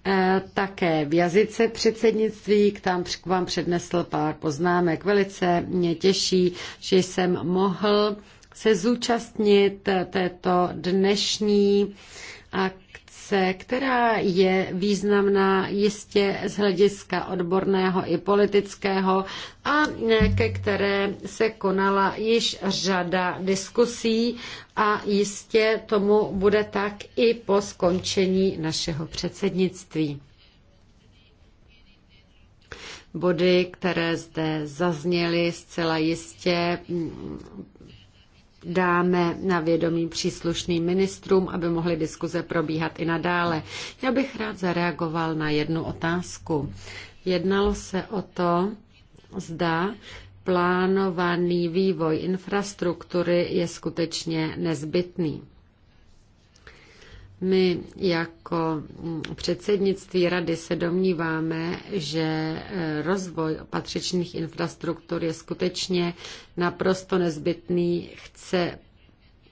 eh, také v jazyce předsednictví k tam vám přednesl pár poznámek. Velice mě těší, že jsem mohl se zúčastnit eh, této dnešní akce akce, která je významná jistě z hlediska odborného i politického a ke které se konala již řada diskusí a jistě tomu bude tak i po skončení našeho předsednictví body, které zde zazněly, zcela jistě dáme na vědomí příslušným ministrům, aby mohly diskuze probíhat i nadále. Já bych rád zareagoval na jednu otázku. Jednalo se o to, zda plánovaný vývoj infrastruktury je skutečně nezbytný. My jako předsednictví rady se domníváme, že eh, rozvoj patřičných infrastruktur je skutečně naprosto nezbytný, chce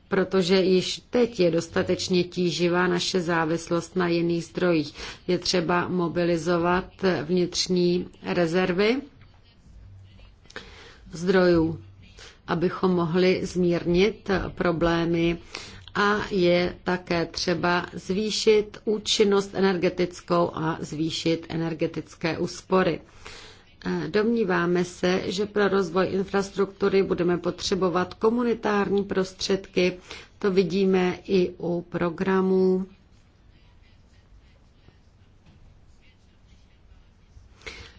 protože již teď je dostatečně tíživá naše závislost na jiných zdrojích. Je třeba mobilizovat vnitřní rezervy zdrojů, abychom mohli zmírnit problémy a je také třeba zvýšit účinnost energetickou a zvýšit energetické úspory. E, domníváme se, že pro rozvoj infrastruktury budeme potřebovat komunitární prostředky. To vidíme i u programů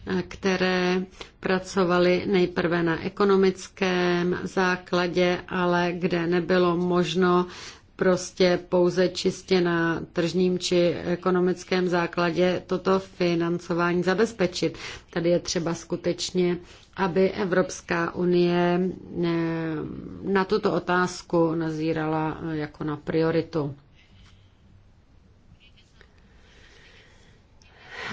e, které pracovaly nejprve na ekonomickém základě, ale kde nebylo možno prostě pouze čistě na tržním či ekonomickém základě toto financování zabezpečit. Tady je třeba skutečně, aby Evropská unie eh, na tuto otázku nazírala eh, jako na prioritu.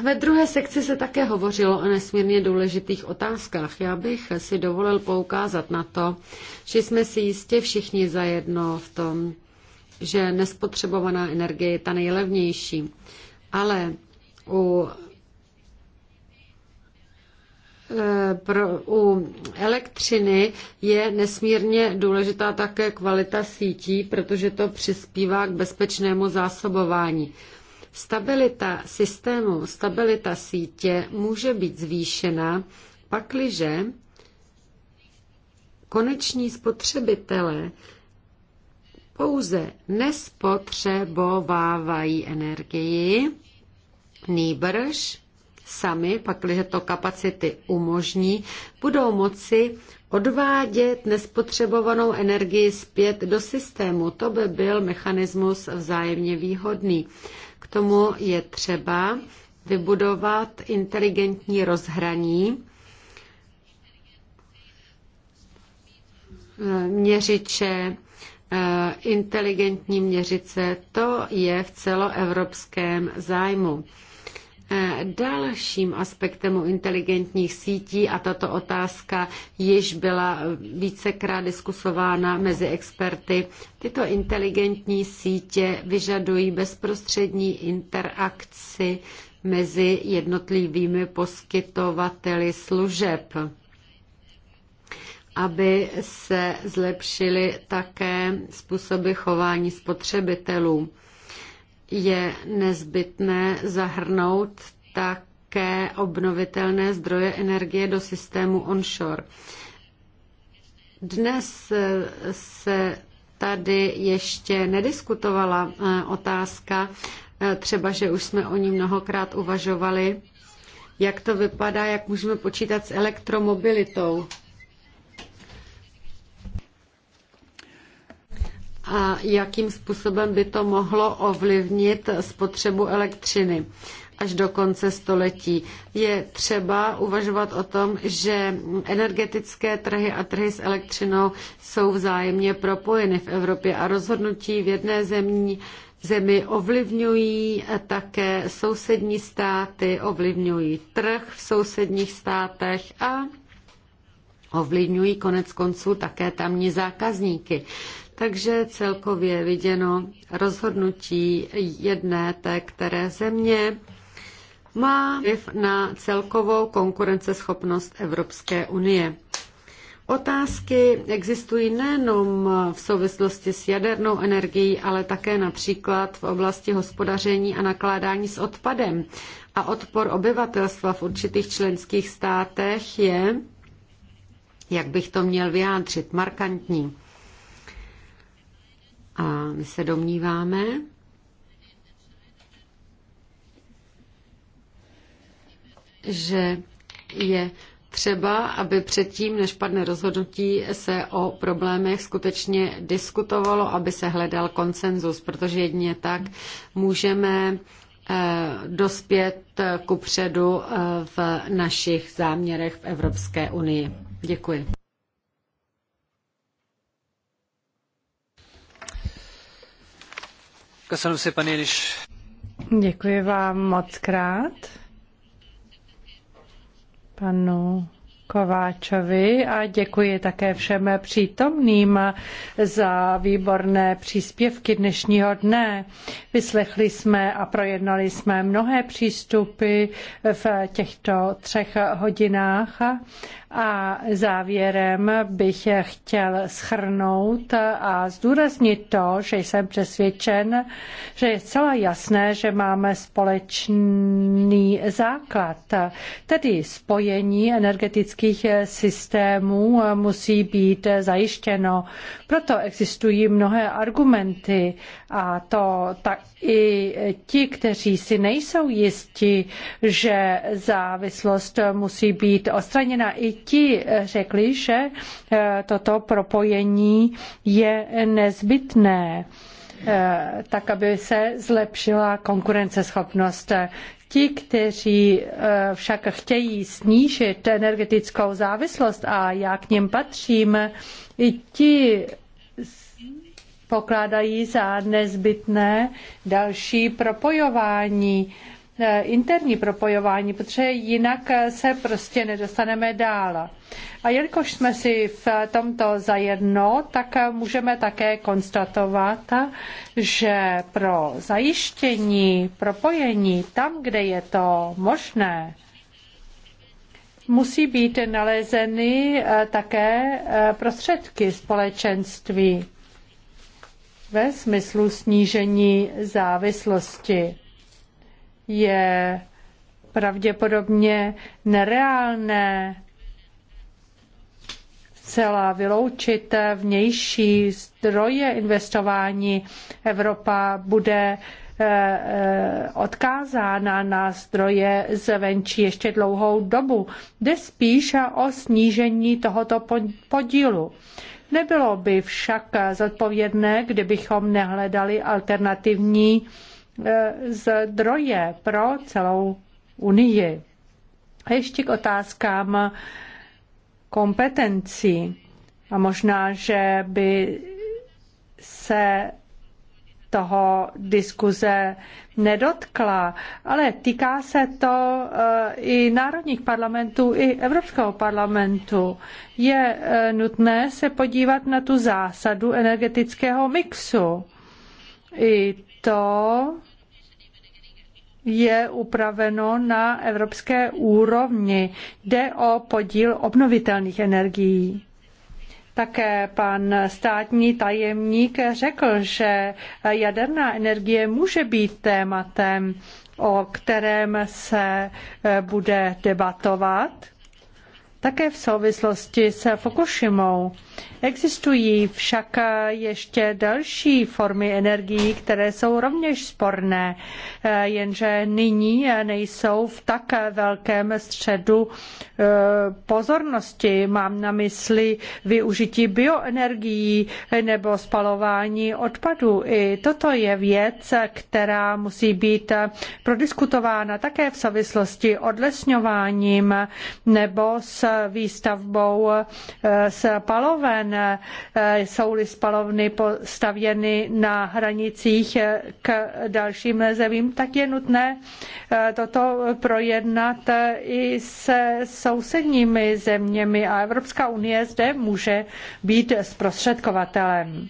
Ve druhé sekci se také hovořilo o nesmírně důležitých otázkách. Já bych si dovolil poukázat na to, že jsme si jistě všichni zajedno v tom, že nespotřebovaná energie je ta nejlevnější. Ale u, eh, pro, u elektřiny je nesmírně důležitá také kvalita sítí, protože to přispívá k bezpečnému zásobování. Stabilita systému, stabilita sítě může být zvýšena, pakliže koneční spotřebitelé pouze nespotřebovávají energii, nýbrž sami, pakliže to kapacity umožní, budou moci odvádět nespotřebovanou energii zpět do systému. To by byl mechanismus vzájemně výhodný. K tomu je třeba vybudovat inteligentní rozhraní, e, měřiče, Eh, inteligentní měřice, to je v celoevropském zájmu. Eh, dalším aspektem u inteligentních sítí, a tato otázka již byla vícekrát diskusována mezi experty, tyto inteligentní sítě vyžadují bezprostřední interakci mezi jednotlivými poskytovateli služeb aby se zlepšily také způsoby chování spotřebitelů. Je nezbytné zahrnout také obnovitelné zdroje energie do systému onshore. Dnes se tady ještě nediskutovala eh, otázka, eh, třeba, že už jsme o ní mnohokrát uvažovali, jak to vypadá, jak můžeme počítat s elektromobilitou a jakým způsobem by to mohlo ovlivnit spotřebu elektřiny až do konce století. Je třeba uvažovat o tom, že energetické trhy a trhy s elektřinou jsou vzájemně propojeny v Evropě a rozhodnutí v jedné zemí zemi ovlivňují také sousední státy, ovlivňují trh v sousedních státech a ovlivňují konec konců také tamní zákazníky. Takže celkově viděno rozhodnutí jedné té které země má vliv na celkovou konkurenceschopnost Evropské unie. Otázky existují nejenom v souvislosti s jadernou energií, ale také například v oblasti hospodaření a nakládání s odpadem. A odpor obyvatelstva v určitých členských státech je, jak bych to měl vyjádřit, markantní. A my se domníváme, že je třeba, aby předtím, než padne rozhodnutí, se o problémech skutečně diskutovalo, aby se hledal konsenzus, protože jedině tak můžeme eh, dospět ku předu eh, v našich záměrech v Evropské unii. Děkuji. Köszönöm szépen én is. Děkuji vám moc krát. Panu Kováčovi a děkuji také všem přítomným za výborné příspěvky dnešního dne. Vyslechli jsme a projednali jsme mnohé přístupy v těchto třech hodinách a závěrem bych chtěl schrnout a zdůraznit to, že jsem přesvědčen, že je zcela jasné, že máme společný základ, tedy spojení energetických evropských eh, systémů eh, musí být eh, zajištěno. Proto existují mnohé argumenty a to tak i ti, kteří si nejsou jisti, že závislost musí být odstraněna, i ti řekli, že toto propojení je nezbytné tak, aby se zlepšila konkurenceschopnost. Ti, kteří eh, však chtějí snížit energetickou závislost a já k nim patřím, i ti pokládají za nezbytné další propojování Eh, interní propojování, protože jinak eh, se prostě nedostaneme dál. A jelikož jsme si v tomto zajedno, tak eh, můžeme také konstatovat, že pro zajištění propojení tam, kde je to možné, musí být nalezeny také prostředky společenství ve smyslu snížení závislosti je pravděpodobně nereálné celá vyloučit vnější zdroje investování. Evropa bude eh, eh, odkázána na zdroje zvenčí ještě dlouhou dobu. Jde spíš o snížení tohoto podílu. Nebylo by však zodpovědné, kdybychom nehledali alternativní E, zdroje pro celou Unii. A ještě k otázkám kompetencí. A možná, že by se toho diskuze nedotkla, ale týká se to e, i národních parlamentů, i Evropského parlamentu. Je e, nutné se podívat na tu zásadu energetického mixu. I to je upraveno na evropské úrovni. Jde o podíl obnovitelných energií. Také pan státní tajemník řekl, že jaderná energie může být tématem, o kterém se eh, bude debatovat, také v souvislosti se Fukushimou. Existují však ještě další formy energií, které jsou rovněž sporné, jenže nyní nejsou v tak velkém středu eh, pozornosti. Mám na mysli využití bioenergií nebo spalování odpadů. I toto je věc, která musí být prodiskutována také v souvislosti odlesňováním nebo s výstavbou eh, spaloven Eh, jsou-li spalovny postavěny na hranicích k dalším zemím, tak je nutné eh, toto projednat i se sousedními zeměmi a Evropská unie zde může být zprostředkovatelem.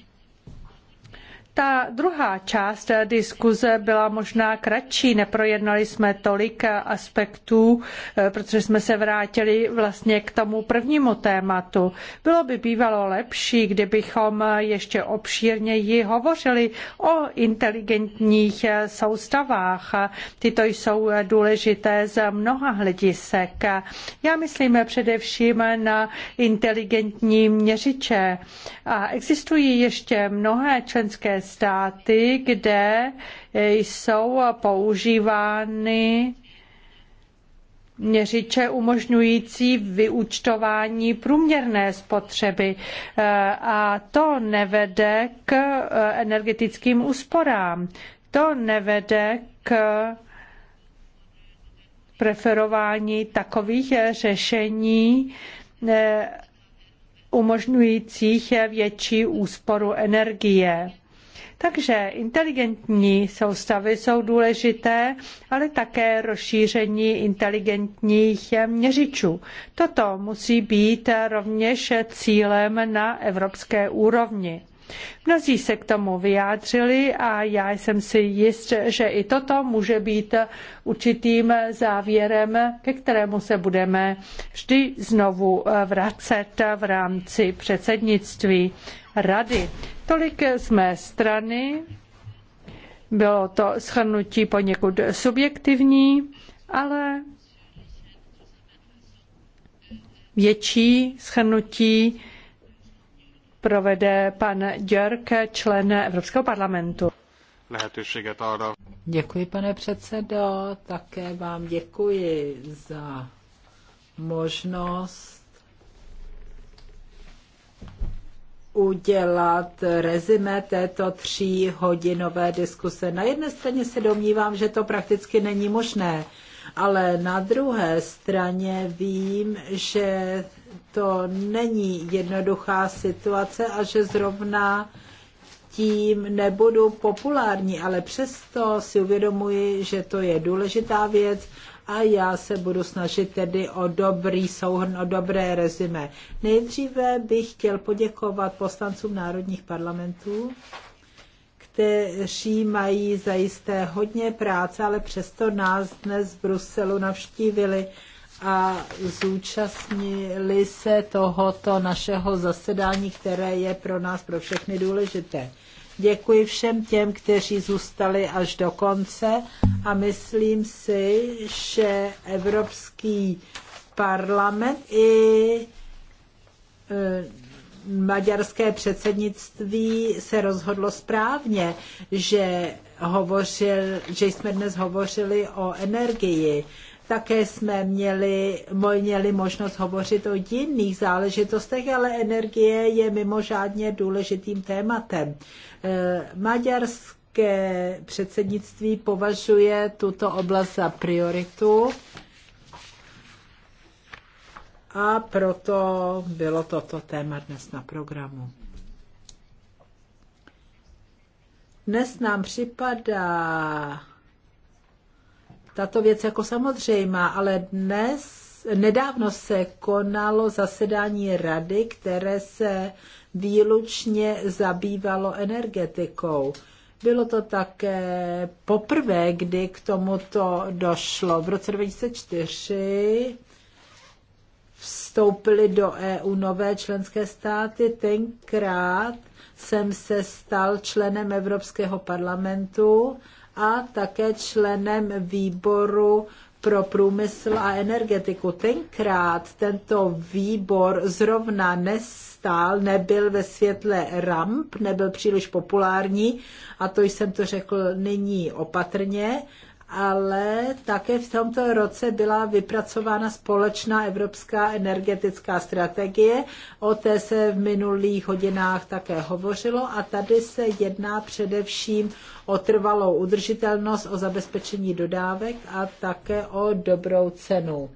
Ta druhá část diskuze byla možná kratší, neprojednali jsme tolik aspektů, eh, protože jsme se vrátili vlastně k tomu prvnímu tématu. Bylo by bývalo lepší, kdybychom ještě obšírněji hovořili o inteligentních eh, soustavách. Tyto jsou důležité z mnoha hledisek. Já myslím především na inteligentní měřiče. A existují ještě mnohé členské státy, kde jsou používány měřiče umožňující vyúčtování průměrné spotřeby eh, a to nevede k eh, energetickým úsporám. To nevede k preferování takových řešení eh, umožňujících větší úsporu energie. Takže inteligentní soustavy jsou důležité, ale také rozšíření inteligentních měřičů. Toto musí být rovněž cílem na evropské úrovni. Mnozí se k tomu vyjádřili a já jsem si jist, že i toto může být určitým závěrem, ke kterému se budeme vždy znovu vracet v rámci předsednictví rady. Tolik z mé strany. Bylo to shrnutí poněkud subjektivní, ale větší shrnutí provede pan Dörk, člen Evropského parlamentu. Děkuji, pane předsedo. Také vám děkuji za možnost udělat rezime této tří hodinové diskuse. Na jedné straně se domnívám, že to prakticky není možné, ale na druhé straně vím, že to není jednoduchá situace a že zrovna tím nebudu populární, ale přesto si uvědomuji, že to je důležitá věc a já se budu snažit tedy o dobrý souhrn, o dobré rezime. Nejdříve bych chtěl poděkovat poslancům národních parlamentů, kteří mají zajisté hodně práce, ale přesto nás dnes z Bruselu navštívili a zúčastnili se tohoto našeho zasedání, které je pro nás pro všechny důležité. Děkuji všem těm, kteří zůstali až do konce a myslím si, že Evropský parlament i eh, maďarské předsednictví se rozhodlo správně, že, hovořil, že jsme dnes hovořili o energii také jsme měli, měli možnost hovořit o jiných záležitostech, ale energie je mimořádně důležitým tématem. E, maďarské předsednictví považuje tuto oblast za prioritu a proto bylo toto téma dnes na programu. Dnes nám připadá tato věc jako samozřejmá, ale dnes Nedávno se konalo zasedání rady, které se výlučně zabývalo energetikou. Bylo to také poprvé, kdy k tomuto došlo. V roce 2004 vstoupily do EU nové členské státy. Tenkrát jsem se stal členem Evropského parlamentu a také členem výboru pro průmysl a energetiku. Tenkrát tento výbor zrovna nestál, nebyl ve světle ramp, nebyl příliš populární a to jsem to řekl nyní opatrně, ale také v tomto roce byla vypracována společná evropská energetická strategie. O té se v minulých hodinách také hovořilo a tady se jedná především o trvalou udržitelnost, o zabezpečení dodávek a také o dobrou cenu.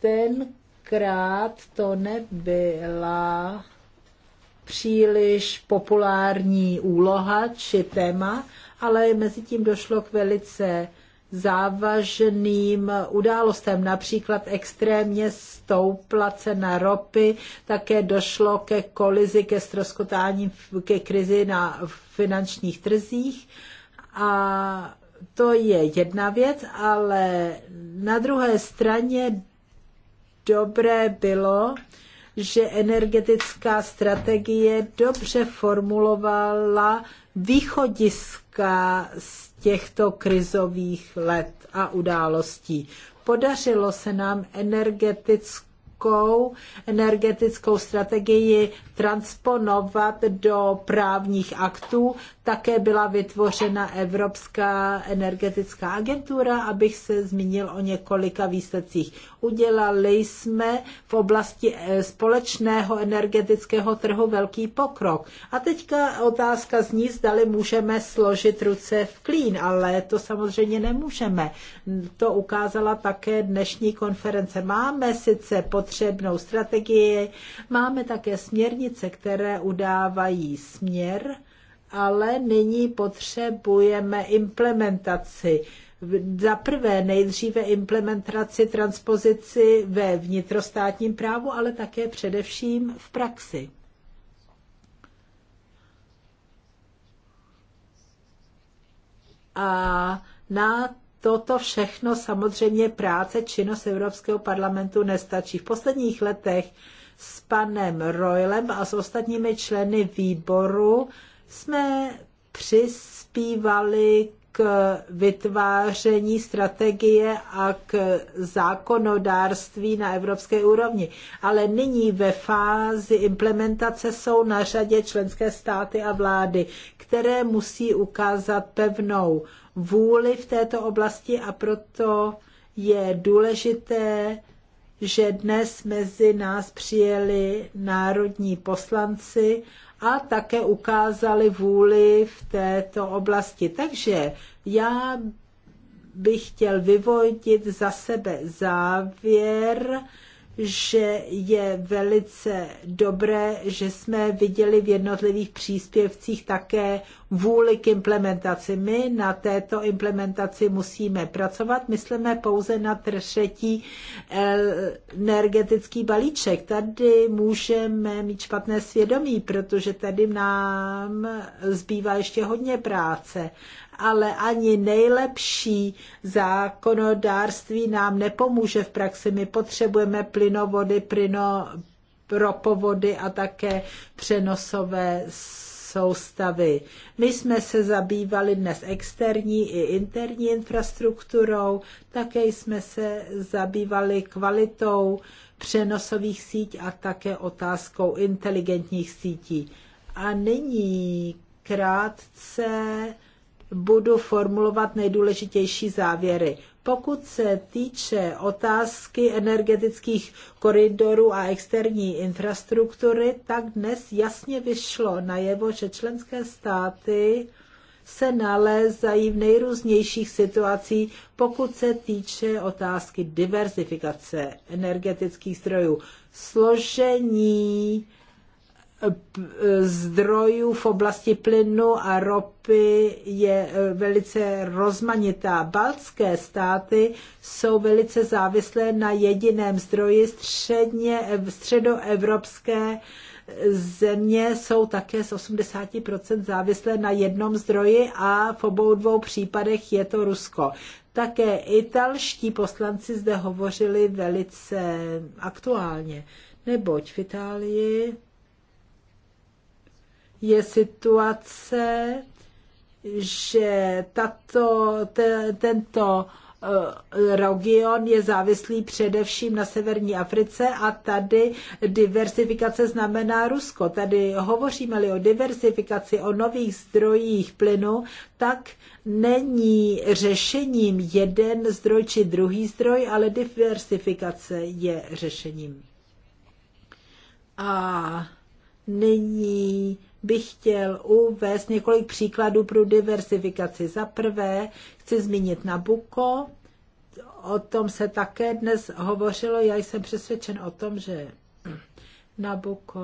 Tenkrát to nebyla příliš populární úloha či téma, ale mezi tím došlo k velice závažným událostem, například extrémně stoupla cena ropy, také došlo ke kolizi, ke stroskotání, ke krizi na finančních trzích a to je jedna věc, ale na druhé straně dobré bylo, že energetická strategie dobře formulovala východiska z těchto krizových let a událostí. Podařilo se nám energetickou energetickou, strategii transponovat do právních aktů také byla vytvořena Evropská energetická agentura, abych se zmínil o několika výsledcích. Udělali jsme v oblasti eh, společného energetického trhu velký pokrok. A teďka otázka zní, zdali můžeme složit ruce v klín, ale to samozřejmě nemůžeme. To ukázala také dnešní konference. Máme sice potřebnou strategii, máme také směrnice, které udávají směr, ale nyní potřebujeme implementaci. Za prvé nejdříve implementaci transpozici ve vnitrostátním právu, ale také především v praxi. A na toto všechno samozřejmě práce, činnost Evropského parlamentu nestačí. V posledních letech s panem Roylem a s ostatními členy výboru jsme přispívali k vytváření strategie a k zákonodárství na evropské úrovni. Ale nyní ve fázi implementace jsou na řadě členské státy a vlády, které musí ukázat pevnou vůli v této oblasti a proto je důležité, že dnes mezi nás přijeli národní poslanci a také ukázali vůli v této oblasti. Takže já bych chtěl vyvodit za sebe závěr, že je velice dobré, že jsme viděli v jednotlivých příspěvcích také vůli k implementaci. My na této implementaci musíme pracovat, myslíme pouze na třetí eh, energetický balíček. Tady můžeme mít špatné svědomí, protože tady nám zbývá ještě hodně práce ale ani nejlepší zákonodárství nám nepomůže v praxi. My potřebujeme plynovody, plyno, ropovody a také přenosové soustavy. My jsme se zabývali dnes externí i interní infrastrukturou, také jsme se zabývali kvalitou přenosových sítí a také otázkou inteligentních sítí. A nyní krátce budu formulovat nejdůležitější závěry. Pokud se týče otázky energetických koridorů a externí infrastruktury, tak dnes jasně vyšlo najevo, že členské státy se nalézají v nejrůznějších situacích, pokud se týče otázky diverzifikace energetických zdrojů. Složení zdrojů v oblasti plynu a ropy je eh, velice rozmanitá. Baltské státy jsou velice závislé na jediném zdroji. Středně, středoevropské eh, země jsou také z 80% závislé na jednom zdroji a v obou dvou případech je to Rusko. Také italští poslanci zde hovořili velice aktuálně, neboť v Itálii je situace, že tato, te, tento eh, region je závislý především na severní Africe a tady diversifikace znamená Rusko. Tady hovoříme-li o diversifikaci, o nových zdrojích plynu, tak není řešením jeden zdroj či druhý zdroj, ale diversifikace je řešením. A nyní bych chtěl uvést několik příkladů pro diversifikaci. Za prvé chci zmínit Nabuko, o tom se také dnes hovořilo. Já jsem přesvědčen o tom, že Nabuko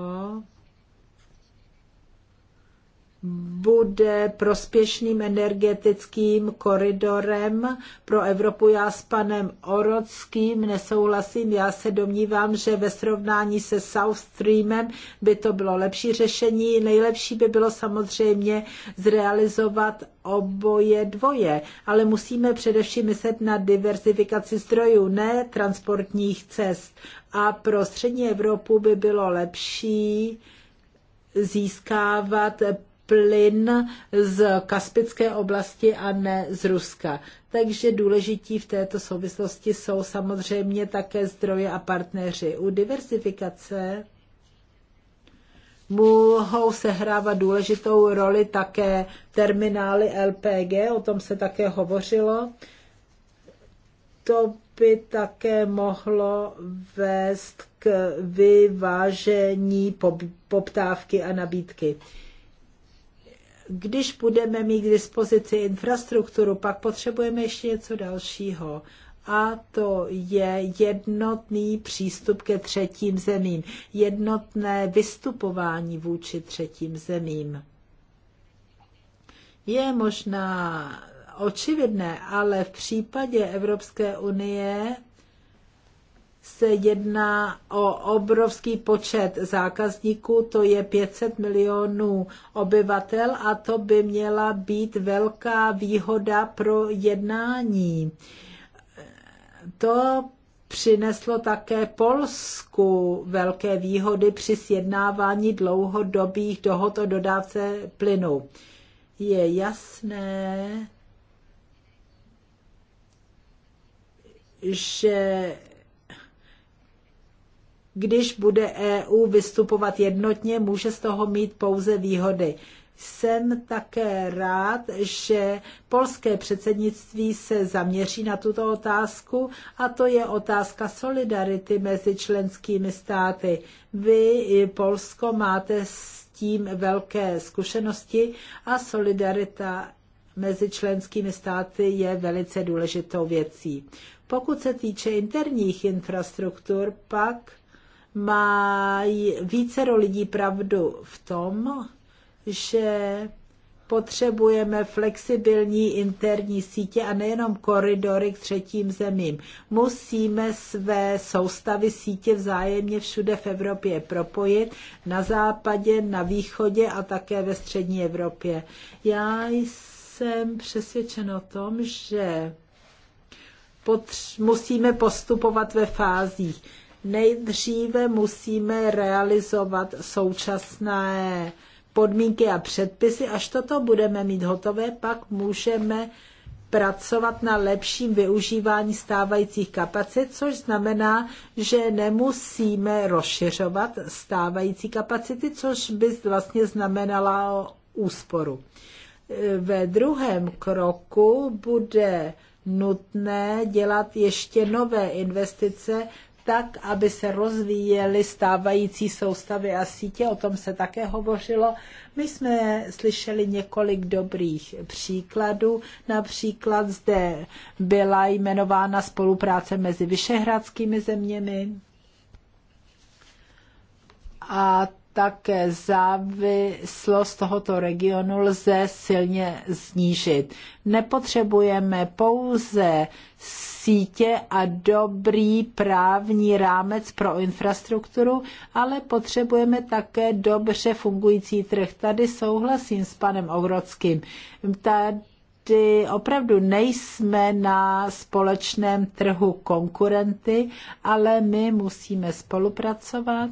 bude prospěšným energetickým koridorem pro Evropu. Já s panem Orockým nesouhlasím. Já se domnívám, že ve srovnání se South Streamem by to bylo lepší řešení. Nejlepší by bylo samozřejmě zrealizovat oboje dvoje, ale musíme především myslet na diversifikaci zdrojů, ne transportních cest. A pro střední Evropu by bylo lepší získávat plyn z Kaspické oblasti a ne z Ruska. Takže důležití v této souvislosti jsou samozřejmě také zdroje a partneři. U diversifikace mohou sehrávat důležitou roli také terminály LPG, o tom se také hovořilo. To by také mohlo vést k vyvážení poptávky a nabídky. Když budeme mít k dispozici infrastrukturu, pak potřebujeme ještě něco dalšího a to je jednotný přístup ke třetím zemím, jednotné vystupování vůči třetím zemím. Je možná očividné, ale v případě Evropské unie se jedná o obrovský počet zákazníků, to je 500 milionů obyvatel a to by měla být velká výhoda pro jednání. To přineslo také Polsku velké výhody při sjednávání dlouhodobých dohod o dodávce plynu. Je jasné, že když bude EU vystupovat jednotně, může z toho mít pouze výhody. Jsem také rád, že polské předsednictví se zaměří na tuto otázku a to je otázka solidarity mezi členskými státy. Vy, i Polsko, máte s tím velké zkušenosti a solidarita mezi členskými státy je velice důležitou věcí. Pokud se týče interních infrastruktur, pak mají vícero lidí pravdu v tom, že potřebujeme flexibilní interní sítě a nejenom koridory k třetím zemím. Musíme své soustavy sítě vzájemně všude v Evropě propojit, na západě, na východě a také ve střední Evropě. Já jsem přesvědčen o tom, že musíme postupovat ve fázích Nejdříve musíme realizovat současné podmínky a předpisy. Až toto budeme mít hotové, pak můžeme pracovat na lepším využívání stávajících kapacit, což znamená, že nemusíme rozšiřovat stávající kapacity, což by vlastně znamenala úsporu. Ve druhém kroku bude nutné dělat ještě nové investice tak, aby se rozvíjely stávající soustavy a sítě, o tom se také hovořilo. My jsme slyšeli několik dobrých příkladů, například zde byla jmenována spolupráce mezi vyšehradskými zeměmi a také závislost tohoto regionu lze silně snížit. Nepotřebujeme pouze sítě a dobrý právní rámec pro infrastrukturu, ale potřebujeme také dobře fungující trh. Tady souhlasím s panem Ovrockým. Tady opravdu nejsme na společném trhu konkurenty, ale my musíme spolupracovat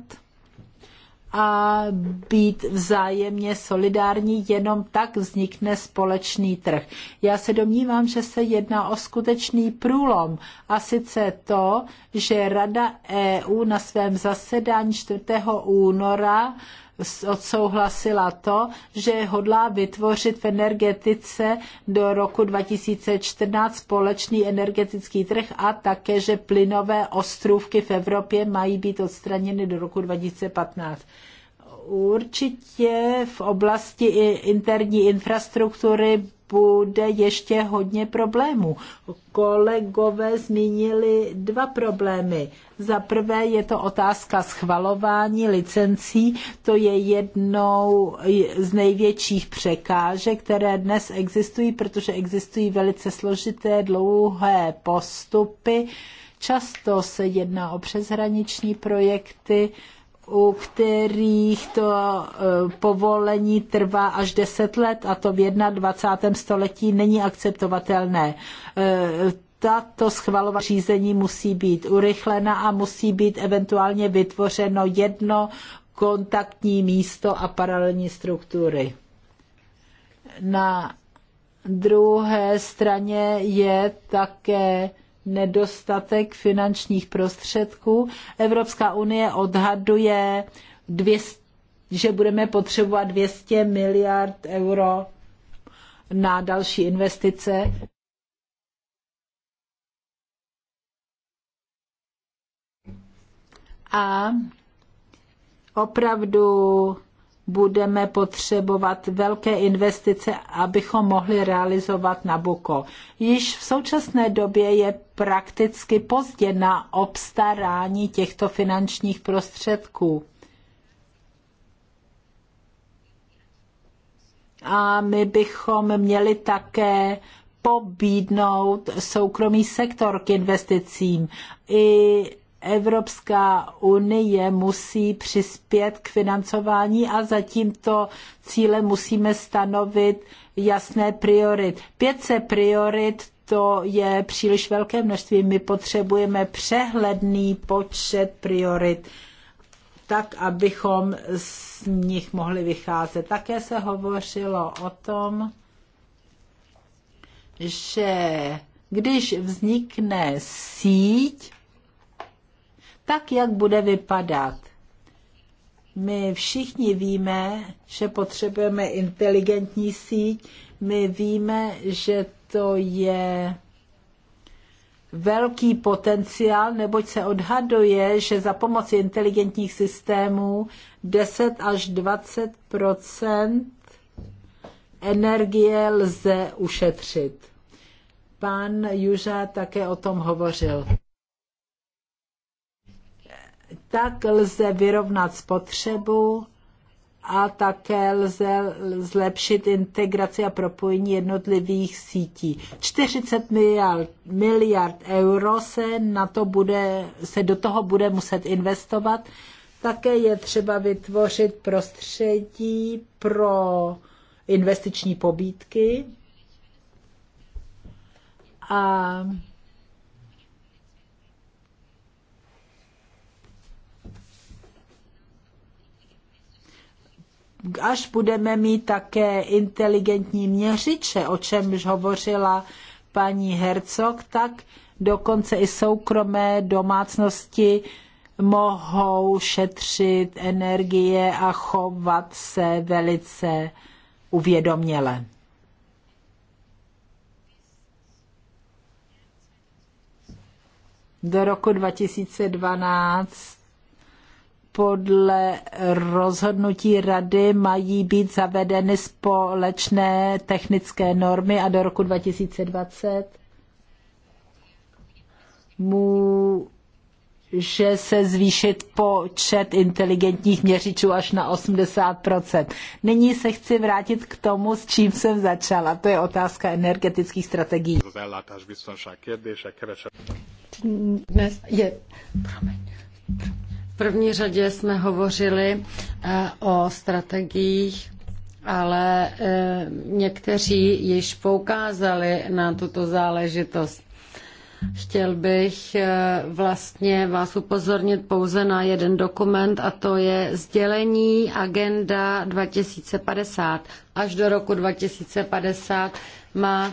a být vzájemně solidární, jenom tak vznikne společný trh. Já se domnívám, že se jedná o skutečný průlom a sice to, že Rada EU na svém zasedání 4. února odsouhlasila to, že hodlá vytvořit v energetice do roku 2014 společný energetický trh a také, že plynové ostrůvky v Evropě mají být odstraněny do roku 2015 určitě v oblasti interní infrastruktury bude ještě hodně problémů. Kolegové zmínili dva problémy. Za prvé je to otázka schvalování licencí. To je jednou z největších překážek, které dnes existují, protože existují velice složité, dlouhé postupy. Často se jedná o přeshraniční projekty, u kterých to e, povolení trvá až 10 let a to v 21. století není akceptovatelné e, tato schvalovací řízení musí být urychlena a musí být eventuálně vytvořeno jedno kontaktní místo a paralelní struktury. Na druhé straně je také nedostatek finančních prostředků. Evropská unie odhaduje, 200, že budeme potřebovat 200 miliard euro na další investice. A opravdu budeme potřebovat velké investice, abychom mohli realizovat Nabuko. Již v současné době je prakticky pozdě na obstarání těchto finančních prostředků. A my bychom měli také pobídnout soukromý sektor k investicím. I Evropská unie musí přispět k financování a za tímto cílem musíme stanovit jasné priority. 500 priorit to je příliš velké množství. My potřebujeme přehledný počet priorit, tak abychom z nich mohli vycházet. Také se hovořilo o tom, že když vznikne síť, tak, jak bude vypadat. My všichni víme, že potřebujeme inteligentní síť, my víme, že to je velký potenciál, neboť se odhaduje, že za pomoci inteligentních systémů 10 až 20 energie lze ušetřit. Pan Juža také o tom hovořil tak lze vyrovnat spotřebu a také lze zlepšit integraci a propojení jednotlivých sítí. 40 miliard, miliard euro se, na to bude, se do toho bude muset investovat. Také je třeba vytvořit prostředí pro investiční pobídky. A až budeme mít také inteligentní měřiče, o čemž hovořila paní Hercog, tak dokonce i soukromé domácnosti mohou šetřit energie a chovat se velice uvědoměle. Do roku 2012 podle rozhodnutí rady mají být zavedeny společné technické normy a do roku 2020 může se zvýšit počet inteligentních měřičů až na 80%. Nyní se chci vrátit k tomu, s čím jsem začala. To je otázka energetických strategií. Dnes je, promiň, promiň první řadě jsme hovořili eh, o strategiích, ale eh, někteří již poukázali na tuto záležitost. Chtěl bych eh, vlastně vás upozornit pouze na jeden dokument a to je sdělení Agenda 2050. Až do roku 2050 má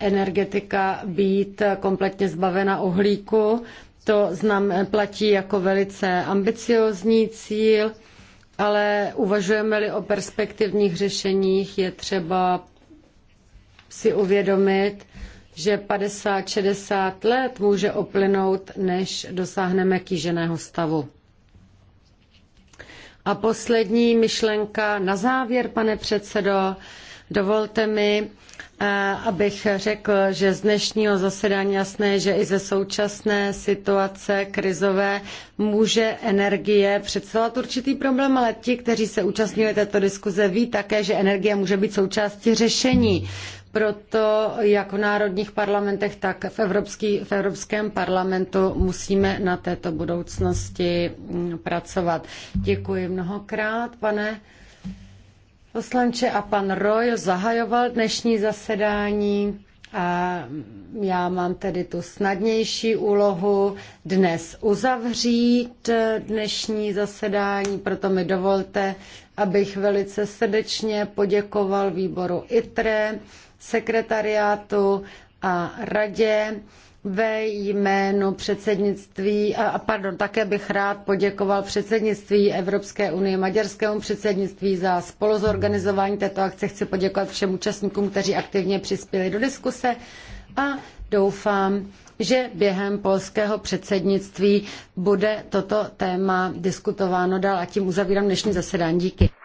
energetika být kompletně zbavena uhlíku to znam, platí jako velice ambiciozní cíl, ale uvažujeme-li o perspektivních řešeních, je třeba si uvědomit, že 50-60 let může oplynout, než dosáhneme kýženého stavu. A poslední myšlenka na závěr, pane předsedo. Dovolte mi, Eh, abych řekl, že z dnešního zasedání jasné, že i ze současné situace krizové může energie představovat určitý problém, ale ti, kteří se účastnili této diskuze, ví také, že energie může být součástí řešení. Proto jak v národních parlamentech, tak v, Evropský, v Evropském parlamentu musíme na této budoucnosti mm, pracovat. Děkuji mnohokrát, pane poslanče a pan Roy zahajoval dnešní zasedání a já mám tedy tu snadnější úlohu dnes uzavřít dnešní zasedání, proto mi dovolte, abych velice srdečně poděkoval výboru ITRE, sekretariátu a radě ve jménu předsednictví, pardon, také bych rád poděkoval předsednictví Evropské unie, maďarskému předsednictví za spoluzorganizování této akce. Chci poděkovat všem účastníkům, kteří aktivně přispěli do diskuse a doufám, že během polského předsednictví bude toto téma diskutováno dál a tím uzavírám dnešní zasedání. Díky.